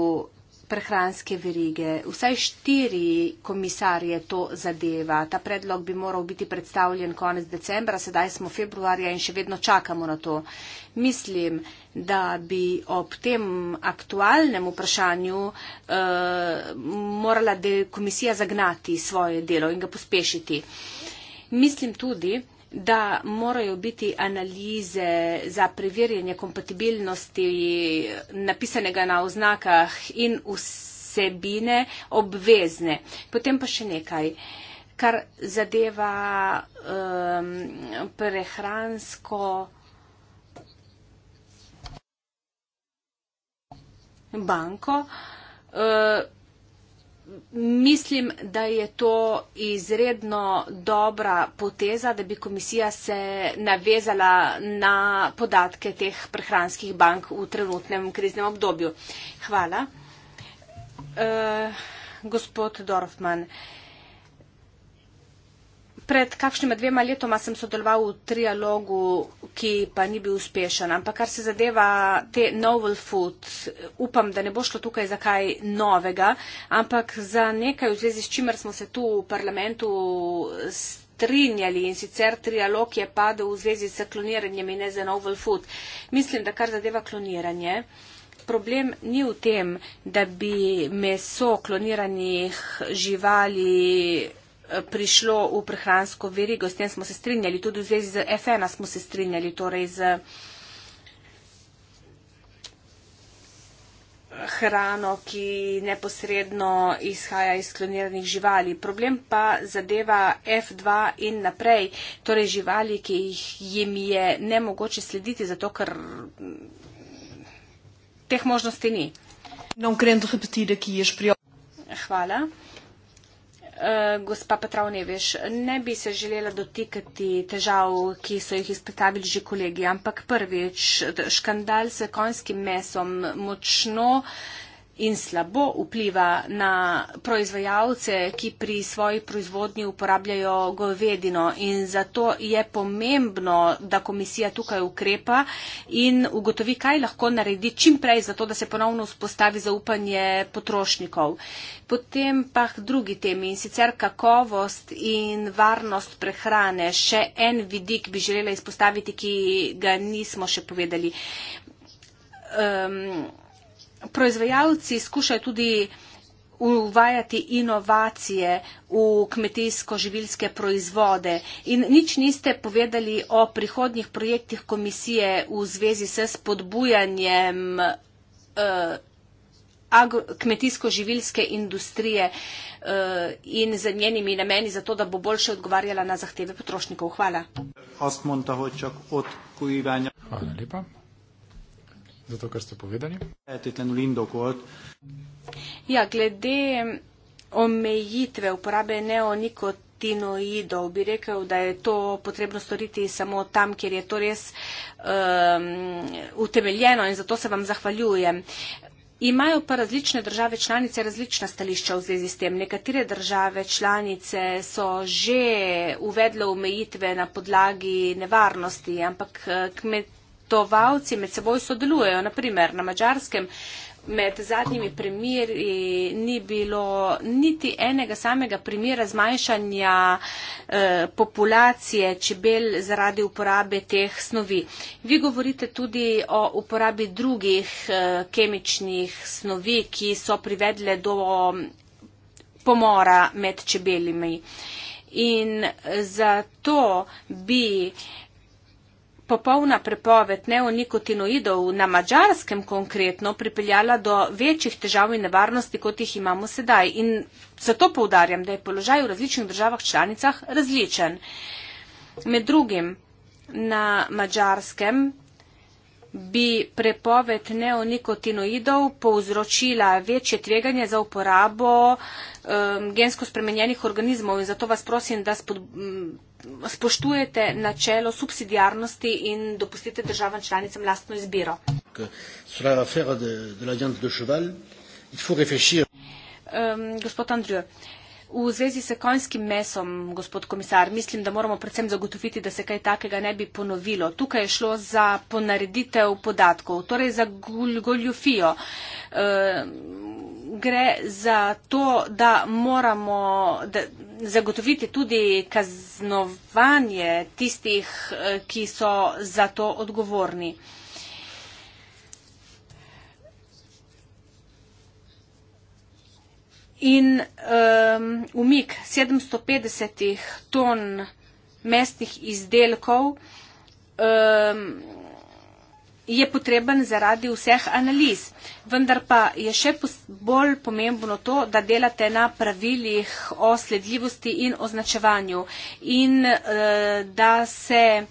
prehranske verige. Vsaj štiri komisarje to zadeva. Ta predlog bi moral biti predstavljen konec decembra, sedaj smo februarja in še vedno čakamo na to. Mislim, da bi ob tem aktualnem vprašanju uh, morala de komisija zagnati svoje delo in ga pospešiti. Mislim tudi, da morajo biti analize za preverjanje kompatibilnosti napisanega na oznakah in vsebine obvezne. Potem pa še nekaj, kar zadeva um, prehransko. Banko. Uh, mislim, da je to izredno dobra poteza, da bi komisija se navezala na podatke teh prehranskih bank v trenutnem kriznem obdobju. Hvala. Uh, gospod Dorfman, uh, pred kakšnima dvema letoma sem sodeloval v trialogu, ki pa ni bil uspešen. Ampak kar se zadeva te novel food, upam, da ne bo šlo tukaj za kaj novega, ampak za nekaj v zvezi s čimer smo se tu v parlamentu strinjali in sicer trialog je padel v zvezi s kloniranjem in ne za novel food. Mislim, da kar zadeva kloniranje. Problem ni v tem, da bi meso kloniranih živali prišlo v prehransko verigo. S tem smo se strinjali, tudi v zvezi z FN-a smo se strinjali, torej z hrano, ki neposredno izhaja iz kloniranih živali. Problem pa zadeva F2 in naprej, torej živali, ki jih jim je nemogoče slediti, zato ker teh možnosti ni. Hvala. Eh, gospa Petrov Neveš, ne bi se želela dotikati težav, ki so jih izpostavili že kolegi, ampak prvič, škandal s konjskim mesom močno in slabo vpliva na proizvajalce, ki pri svoji proizvodnji uporabljajo govedino. In zato je pomembno, da komisija tukaj ukrepa in ugotovi, kaj lahko naredi čim prej, zato da se ponovno vzpostavi zaupanje potrošnikov. Potem pa drugi temi in sicer kakovost in varnost prehrane. Še en vidik bi želela izpostaviti, ki ga nismo še povedali. Um, proizvajalci skušajo tudi uvajati inovacije v kmetijsko-živilske proizvode. In nič niste povedali o prihodnjih projektih komisije v zvezi s spodbujanjem uh, agro, kmetijsko-živilske industrije uh, in z njenimi nameni za to, da bo boljše odgovarjala na zahteve potrošnikov. Hvala. Hvala lepa za to, kar ste povedali. Ja, glede omejitve uporabe neonikotinoidov, bi rekel, da je to potrebno storiti samo tam, kjer je to res um, utemeljeno in zato se vam zahvaljujem. Imajo pa različne države članice različna stališča v zvezi s tem. Nekatere države članice so že uvedle omejitve na podlagi nevarnosti, ampak eh, kmet svetovalci med seboj sodelujejo. Naprimer, na mačarskem med zadnjimi primeri ni bilo niti enega samega primera zmanjšanja eh, populacije čebel zaradi uporabe teh snovi. Vi govorite tudi o uporabi drugih eh, kemičnih snovi, ki so privedle do pomora med čebelimi. In zato bi popolna prepoved neonikotinoidov na mačarskem konkretno pripeljala do večjih težav in nevarnosti, kot jih imamo sedaj. In zato poudarjam, da je položaj v različnih državah članicah različen. Med drugim na mačarskem bi prepoved neonikotinoidov povzročila večje tveganje za uporabo um, gensko spremenjenih organizmov in zato vas prosim, da spod, um, spoštujete načelo subsidijarnosti in dopustite državam članicam lastno izbiro. Um, gospod Andrej, V zvezi s konjskim mesom, gospod komisar, mislim, da moramo predvsem zagotoviti, da se kaj takega ne bi ponovilo. Tukaj je šlo za ponareditev podatkov, torej za goljofijo. E, gre za to, da moramo da zagotoviti tudi kaznovanje tistih, e, ki so za to odgovorni. in um, umik 750 ton mestnih izdelkov um, je potreben zaradi vseh analiz. Vendar pa je še bolj pomembno to, da delate na pravilih o sledljivosti in označevanju in uh, da se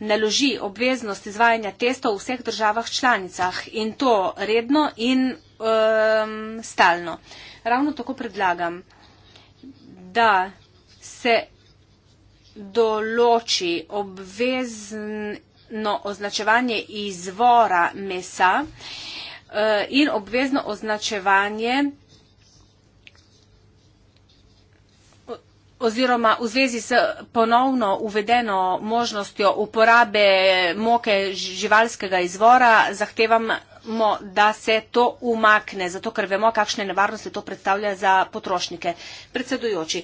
naloži obveznost izvajanja testov v vseh državah članicah in to redno in um, stalno. Uh, ravno tako predlagam, da se določi obvezno označevanje izvora mesa eh, in obvezno označevanje oziroma v zvezi s ponovno uvedeno možnostjo uporabe moke živalskega izvora zahtevam pričakujemo, da se to umakne, zato ker vemo, kakšne nevarnosti to predstavlja za potrošnike. Predsedujoči,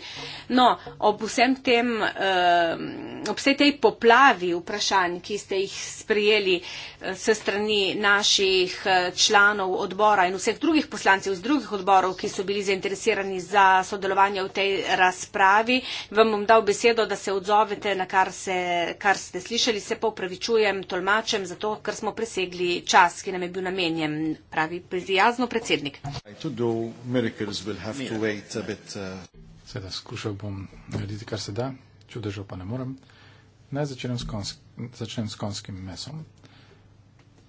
no, ob vsem tem, ehm, ob vsej tej poplavi vprašanj, ki ste jih sprijeli eh, se strani naših eh, članov odbora in vseh drugih poslancev z drugih odborov, ki so bili zainteresirani za sodelovanje v tej razpravi, vam bom dal besedo, da se odzovete na kar, se, kar ste slišali, se pa upravičujem tolmačem, zato ker smo presegli čas, ki nam je bil na namenjen, pravi prijazno predsednik. Uh, Seveda skušal bom narediti, kar se da, čudežo pa ne morem. Naj začnem s, konski, začnem s konskim mesom.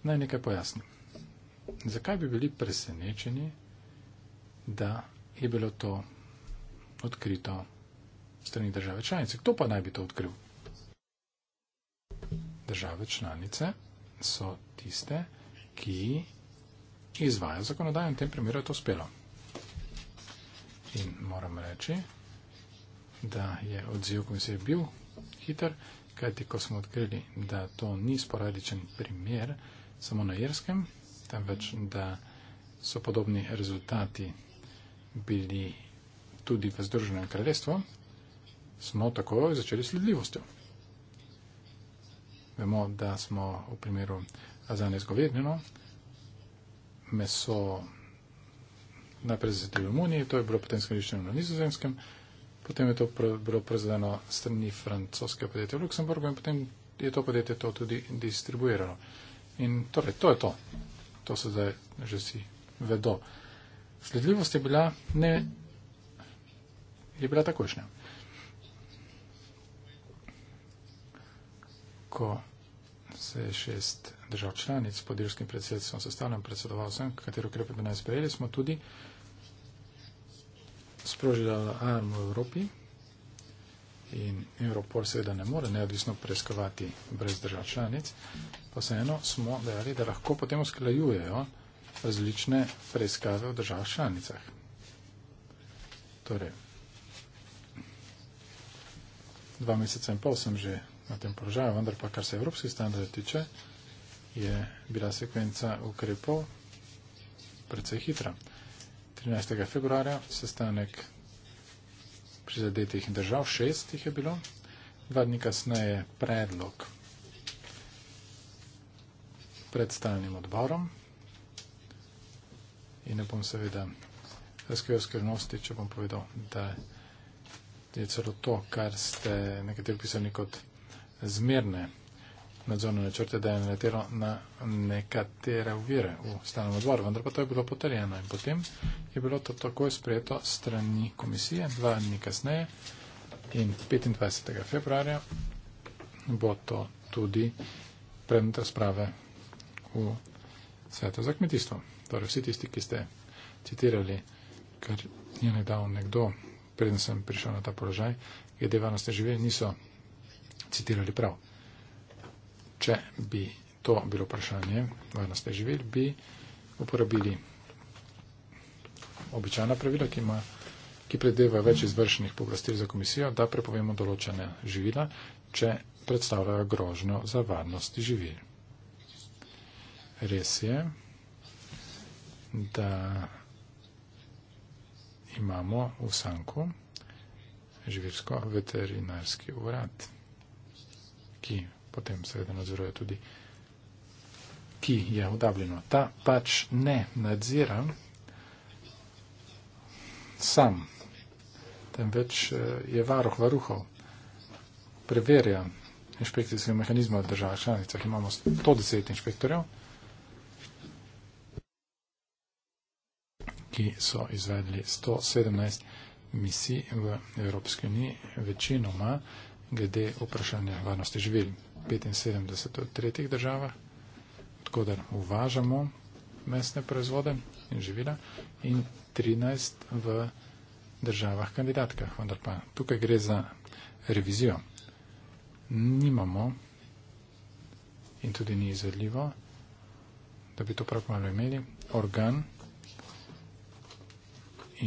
Naj nekaj pojasnim. Zakaj bi bili presenečeni, da je bilo to odkrito strani države članice? Kdo pa naj bi to odkril? Države članice so tiste, ki izvaja zakonodajo in v tem primeru je to uspelo. In moram reči, da je odziv komisije bil hiter, kajti ko smo odkrili, da to ni sporadičen primer samo na Irskem, temveč da so podobni rezultati bili tudi v Združenem kraljestvu, smo tako začeli sledljivostjo. Vemo, da smo v primeru Azan je zgovednjeno, meso najprej zazetili v Romuniji, to je bilo potem skriščeno na nizozemskem, potem je to pr bilo prezadeno strani francoskega podjetja v Luksemburgu in potem je to podjetje to tudi distribuiralo. In torej, to je to. To se zdaj že si vedo. Sledljivost je bila, ne, je bila takošnja. Ko vse šest držav članic pod irskim predsedstvom sestavljam predsedovalcem, katero ukrepe bi naj sprejeli, smo tudi sprožili alarm v Evropi in Evropol seveda ne more neodvisno preiskovati brez držav članic, pa vseeno smo dejali, da lahko potem usklajujejo različne preiskave v držav članicah. Torej, dva meseca in pol sem že na tem položaju, vendar pa kar se evropski standard tiče, je bila sekvenca ukrepov precej hitra. 13. februarja sestanek prizadetih držav, šest jih je bilo, dva dni kasneje predlog pred stalnim odborom in ne bom seveda razkrival skrivnosti, če bom povedal, da je celo to, kar ste nekateri pisali kot zmerne nadzorne načrte, da je naletelo na nekatere uvire v stanovnem odboru, vendar pa to je bilo potrjeno in potem je bilo to takoj sprejeto strani komisije, dva dni kasneje in 25. februarja bo to tudi predmet razprave v svetu za kmetijstvo. Torej vsi tisti, ki ste citirali, kar je nedal nekdo, preden sem prišel na ta položaj, glede varnosti življenja niso citirali prav. Če bi to bilo vprašanje, varnost je živeti, bi uporabili običajna pravila, ki ima ki predeva več izvršenih pooblastil za komisijo, da prepovemo določene živila, če predstavljajo grožnjo za varnost živil. Res je, da imamo v Sanku živilsko veterinarski urad ki potem seveda nadzoruje tudi, ki je v Dublinu. Ta pač ne nadzira sam, temveč eh, je varuh varuhov, preverja inšpekcijske mehanizme v državah članicah. Imamo 110 inšpektorjev, ki so izvedli 117 misij v Evropski uniji, večinoma glede vprašanja varnosti živil. 75 od tretjih država, odkudar uvažamo mesne proizvode in živila in 13 v državah kandidatkah, vendar pa tukaj gre za revizijo. Nimamo in tudi ni izvedljivo, da bi to prav pomalo imeli, organ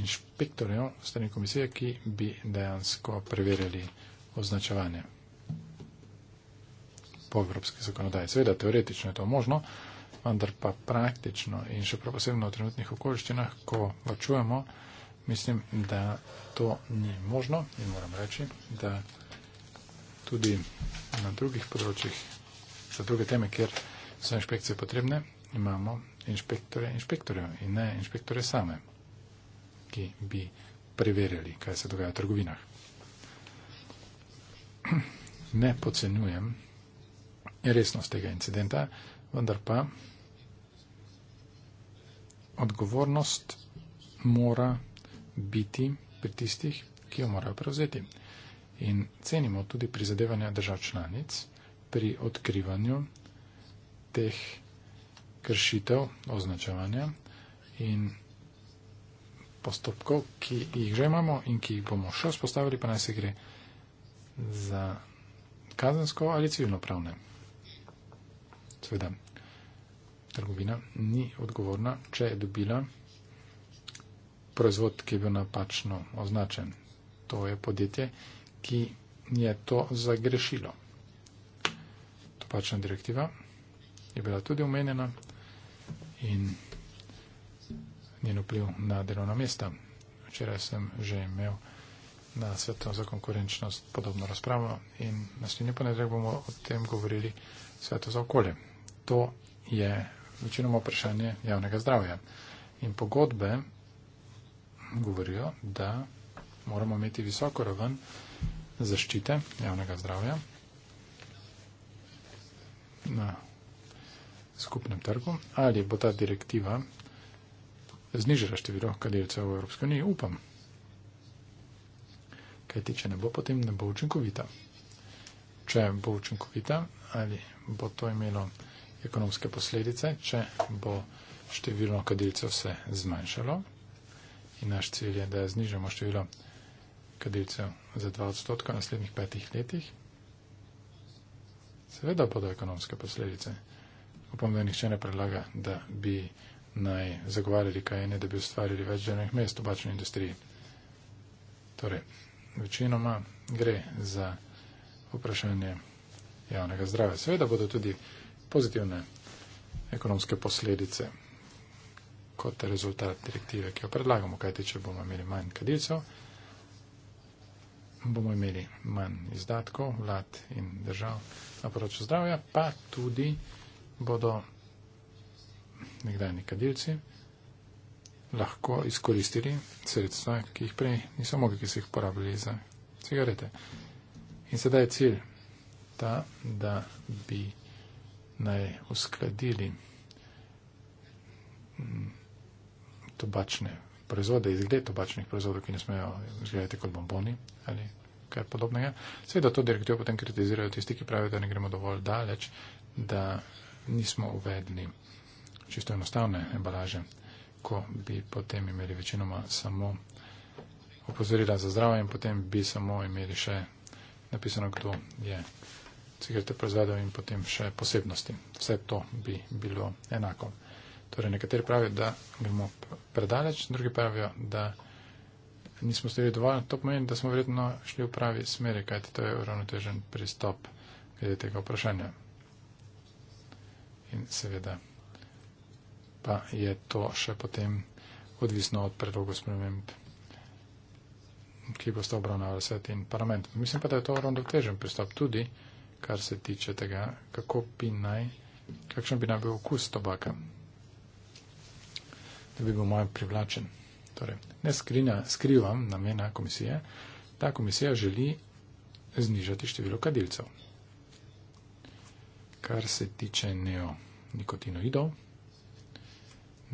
inšpektorjev strani komisije, ki bi dejansko preverjali vprašanje označevanje po evropski zakonodaji. Seveda, teoretično je to možno, vendar pa praktično in še posebno v trenutnih okoliščinah, ko vačujemo, mislim, da to ni možno in moram reči, da tudi na drugih področjih, za druge teme, kjer so inšpekcije potrebne, imamo inšpektore inšpektorjev in ne inšpektore same, ki bi preverjali, kaj se dogaja v trgovinah ne podcenjujem resnost tega incidenta, vendar pa odgovornost mora biti pri tistih, ki jo morajo prevzeti. In cenimo tudi prizadevanja držav članic pri odkrivanju teh kršitev označevanja in postopkov, ki jih že imamo in ki jih bomo še vzpostavili, pa naj se gre za kazensko ali civilno pravne. Seveda, trgovina ni odgovorna, če je dobila proizvod, ki je bil napačno označen. To je podjetje, ki je to zagrešilo. Topačna direktiva je bila tudi omenjena in njen vpliv na delovna mesta. Včeraj sem že imel na svetu za konkurenčnost podobno razpravo in naslednji ponedeljek bomo o tem govorili svetu za okolje. To je večinoma vprašanje javnega zdravja. In pogodbe govorijo, da moramo imeti visoko raven zaščite javnega zdravja na skupnem trgu. Ali bo ta direktiva znižala število kadilcev v Evropski uniji? Upam. Kaj ti, če ne bo potem, ne bo učinkovita. Če bo učinkovita, ali bo to imelo ekonomske posledice, če bo število kadilcev se zmanjšalo. In naš cilj je, da znižamo število kadilcev za 2 odstotka v naslednjih petih letih. Seveda bodo ekonomske posledice. Upam, da nihče ne predlaga, da bi naj zagovarjali kajene, da bi ustvarili več delovnih mest v bačni industriji. Torej, večinoma gre za vprašanje javnega zdravja. Seveda bodo tudi pozitivne ekonomske posledice kot rezultat direktive, ki jo predlagamo, kajti če bomo imeli manj kadilcev, bomo imeli manj izdatkov vlad in držav na področju zdravja, pa tudi bodo nekdajni kadilci lahko izkoristili sredstva, ki jih prej niso mogli, ki so jih porabili za cigarete. In sedaj je cilj ta, da bi naj uskladili mm, tobačne proizvode, izgled tobačnih proizvodov, ki ne smejo izgledati kot bomboni ali kaj podobnega. Seveda to direktivo potem kritizirajo tisti, ki pravijo, da ne gremo dovolj daleč, da nismo uvedli čisto enostavne embalaže ko bi potem imeli večinoma samo opozorila za zdravje in potem bi samo imeli še napisano, kdo je cigarete proizvedel in potem še posebnosti. Vse to bi bilo enako. Torej, nekateri pravijo, da gremo predaleč, drugi pravijo, da nismo storili dovolj. To pomeni, da smo verjetno šli v pravi smeri, kajti to je uravnotežen pristop glede tega vprašanja. In seveda pa je to še potem odvisno od predlogu sprememb, ki bo sta obravnavali svet in parlament. Mislim pa, da je to ravnotežen pristop tudi, kar se tiče tega, kako bi naj, kakšen bi naj bil okus tobaka, da bi bil manj privlačen. Torej, ne skrinja, skrivam namena komisije, ta komisija želi znižati število kadilcev. Kar se tiče neonikotinoidov,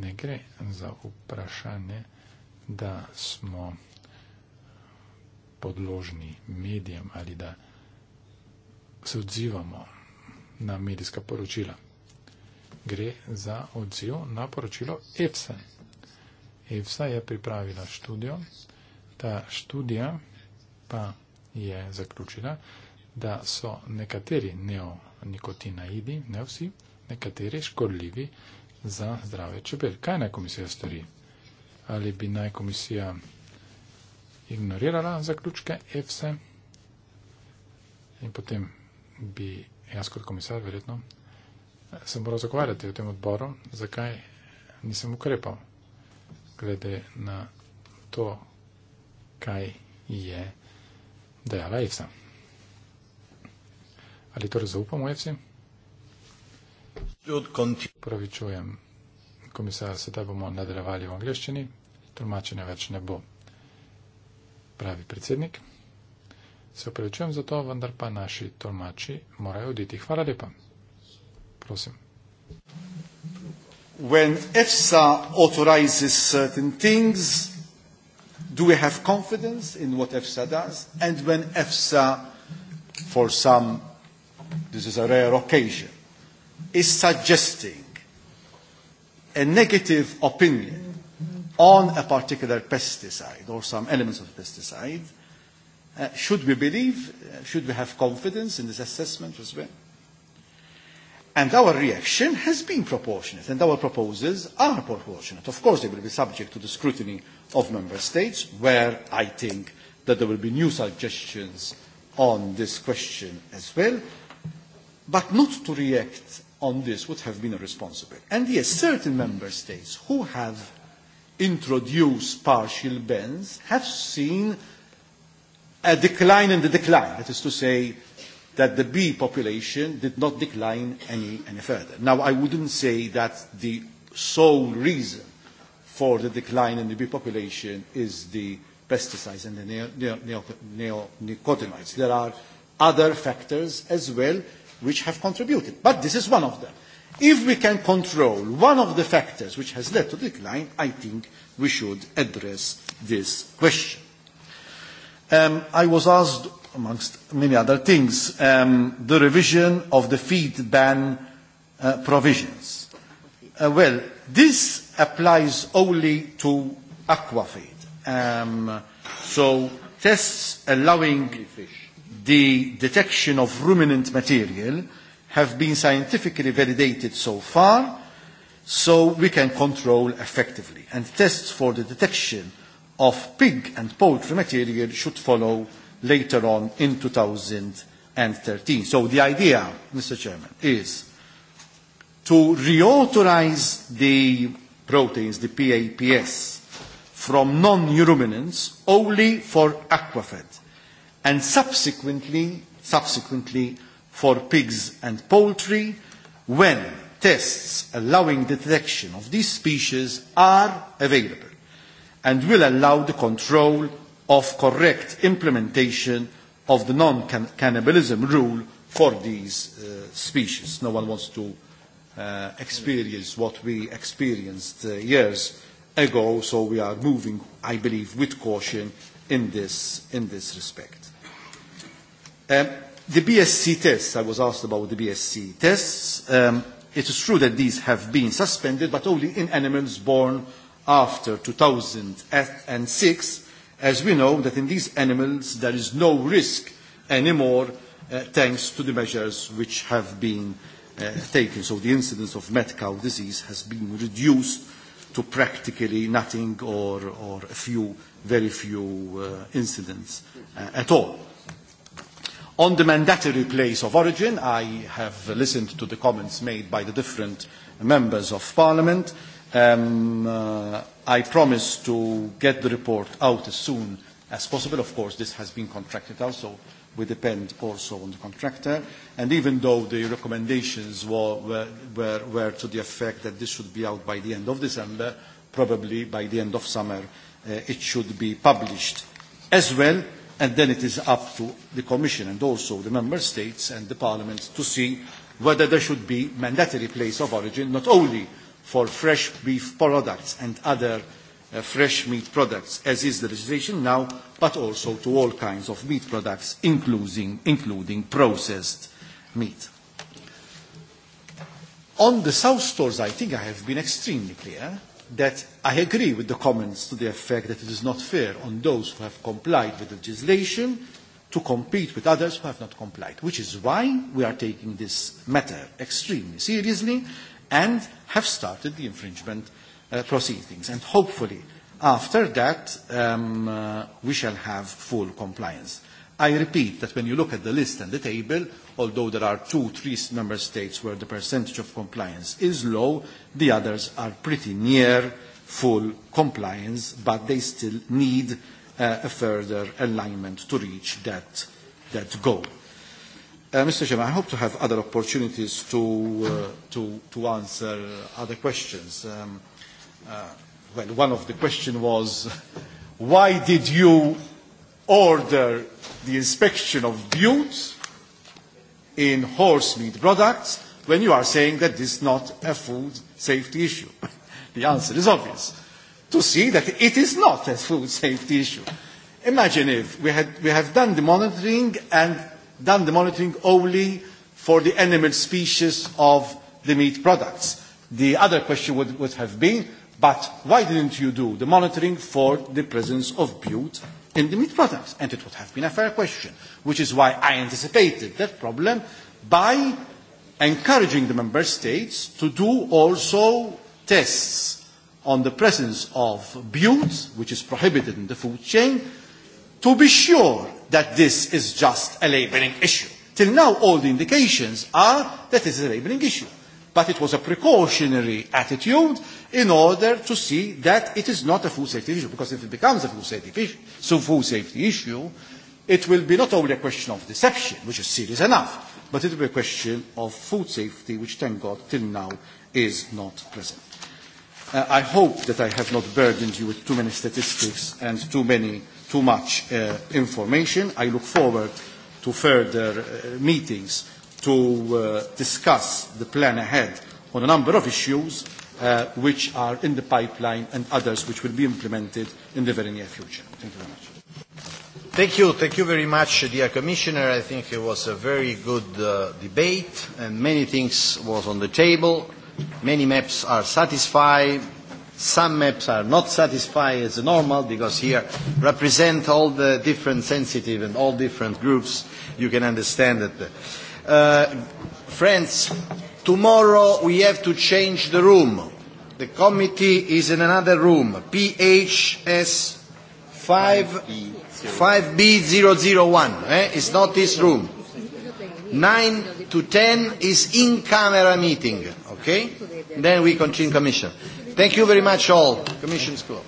ne gre za vprašanje, da smo podložni medijem ali da se odzivamo na medijska poročila. Gre za odziv na poročilo EFSA. EFSA je pripravila študijo, ta študija pa je zaključila, da so nekateri neonikotinaidi, ne vsi, nekateri škodljivi za zdravje čebel. Kaj naj komisija stori? Ali bi naj komisija ignorirala zaključke EFSE in potem bi jaz kot komisar verjetno se moral zakovarjati v tem odboru, zakaj nisem ukrepal glede na to, kaj je dejala EFSA. Ali torej zaupamo EFSE? Pravičujem, komisar, sedaj bomo nadaljevali v angliščini, tolmačenja več ne bo. Pravi predsednik, se upravičujem za to, vendar pa naši tolmači morajo oditi. Hvala lepa. Prosim. When EFSA authorizes certain things, do we have confidence in what EFSA does? And when EFSA, for some, this is a rare occasion, is suggesting a negative opinion on a particular pesticide or some elements of the pesticide, uh, should we believe, uh, should we have confidence in this assessment as well? And our reaction has been proportionate, and our proposals are proportionate. Of course, they will be subject to the scrutiny of member states, where I think that there will be new suggestions on this question as well, but not to react on this would have been responsible. And yes, certain member states who have introduced partial bans have seen a decline in the decline. That is to say, that the bee population did not decline any, any further. Now, I wouldn't say that the sole reason for the decline in the bee population is the pesticides and the neonicotinoids. Neo, neo, neo, neo, neo, neo, neo, there are other factors as well which have contributed. But this is one of them. If we can control one of the factors which has led to the decline, I think we should address this question. Um, I was asked, amongst many other things, um, the revision of the feed ban uh, provisions. Uh, well, this applies only to aquafeed. Um, so tests allowing... Fish the detection of ruminant material have been scientifically validated so far, so we can control effectively. And tests for the detection of pig and poultry material should follow later on in 2013. So the idea, Mr. Chairman, is to reauthorize the proteins, the PAPS, from non-ruminants only for aquafed and subsequently, subsequently for pigs and poultry when tests allowing detection of these species are available and will allow the control of correct implementation of the non-cannibalism rule for these uh, species. No one wants to uh, experience what we experienced uh, years ago, so we are moving, I believe, with caution in this, in this respect. Um, the BSC tests, I was asked about the BSC tests. Um, it is true that these have been suspended, but only in animals born after 2006, as we know that in these animals there is no risk anymore, uh, thanks to the measures which have been uh, taken. So the incidence of mad cow disease has been reduced to practically nothing or, or a few, very few uh, incidents uh, at all. On the mandatory place of origin, I have listened to the comments made by the different members of parliament. Um, uh, I promise to get the report out as soon as possible. Of course, this has been contracted out, so we depend also on the contractor. And even though the recommendations were, were, were, were to the effect that this should be out by the end of December, probably by the end of summer, uh, it should be published as well and then it is up to the Commission and also the Member States and the Parliament to see whether there should be mandatory place of origin, not only for fresh beef products and other uh, fresh meat products, as is the legislation now, but also to all kinds of meat products, including, including processed meat. On the South stores, I think I have been extremely clear that I agree with the comments to the effect that it is not fair on those who have complied with the legislation to compete with others who have not complied, which is why we are taking this matter extremely seriously and have started the infringement uh, proceedings. And hopefully, after that, um, uh, we shall have full compliance. I repeat that when you look at the list and the table, although there are two, three member states where the percentage of compliance is low, the others are pretty near full compliance, but they still need uh, a further alignment to reach that, that goal. Uh, Mr. Chairman, I hope to have other opportunities to, uh, to, to answer other questions. Um, uh, well, one of the questions was, why did you order the inspection of butte in horse meat products when you are saying that this is not a food safety issue? the answer is obvious. To see that it is not a food safety issue. Imagine if we, had, we have done the monitoring and done the monitoring only for the animal species of the meat products. The other question would, would have been, but why didn't you do the monitoring for the presence of butte in the meat products. And it would have been a fair question, which is why I anticipated that problem by encouraging the member states to do also tests on the presence of butte, which is prohibited in the food chain, to be sure that this is just a labeling issue. Till now, all the indications are that it's a labeling issue but it was a precautionary attitude in order to see that it is not a food safety issue, because if it becomes a food safety, so food safety issue, it will be not only a question of deception, which is serious enough, but it will be a question of food safety, which, thank God, till now is not present. Uh, I hope that I have not burdened you with too many statistics and too, many, too much uh, information. I look forward to further uh, meetings to uh, discuss the plan ahead on a number of issues uh, which are in the pipeline and others which will be implemented in the very near future. Thank you very much. Thank you. Thank you very much, dear Commissioner. I think it was a very good uh, debate and many things was on the table. Many maps are satisfied. Some maps are not satisfied as normal because here represent all the different sensitive and all different groups. You can understand that. The, Uh, friends, tomorrow we have to change the room. The committee is in another room, PHS 5B001. Eh? It's not this room. 9 to 10 is in camera meeting. Okay? Then we continue, Commission. Thank you very much, all. Commission School.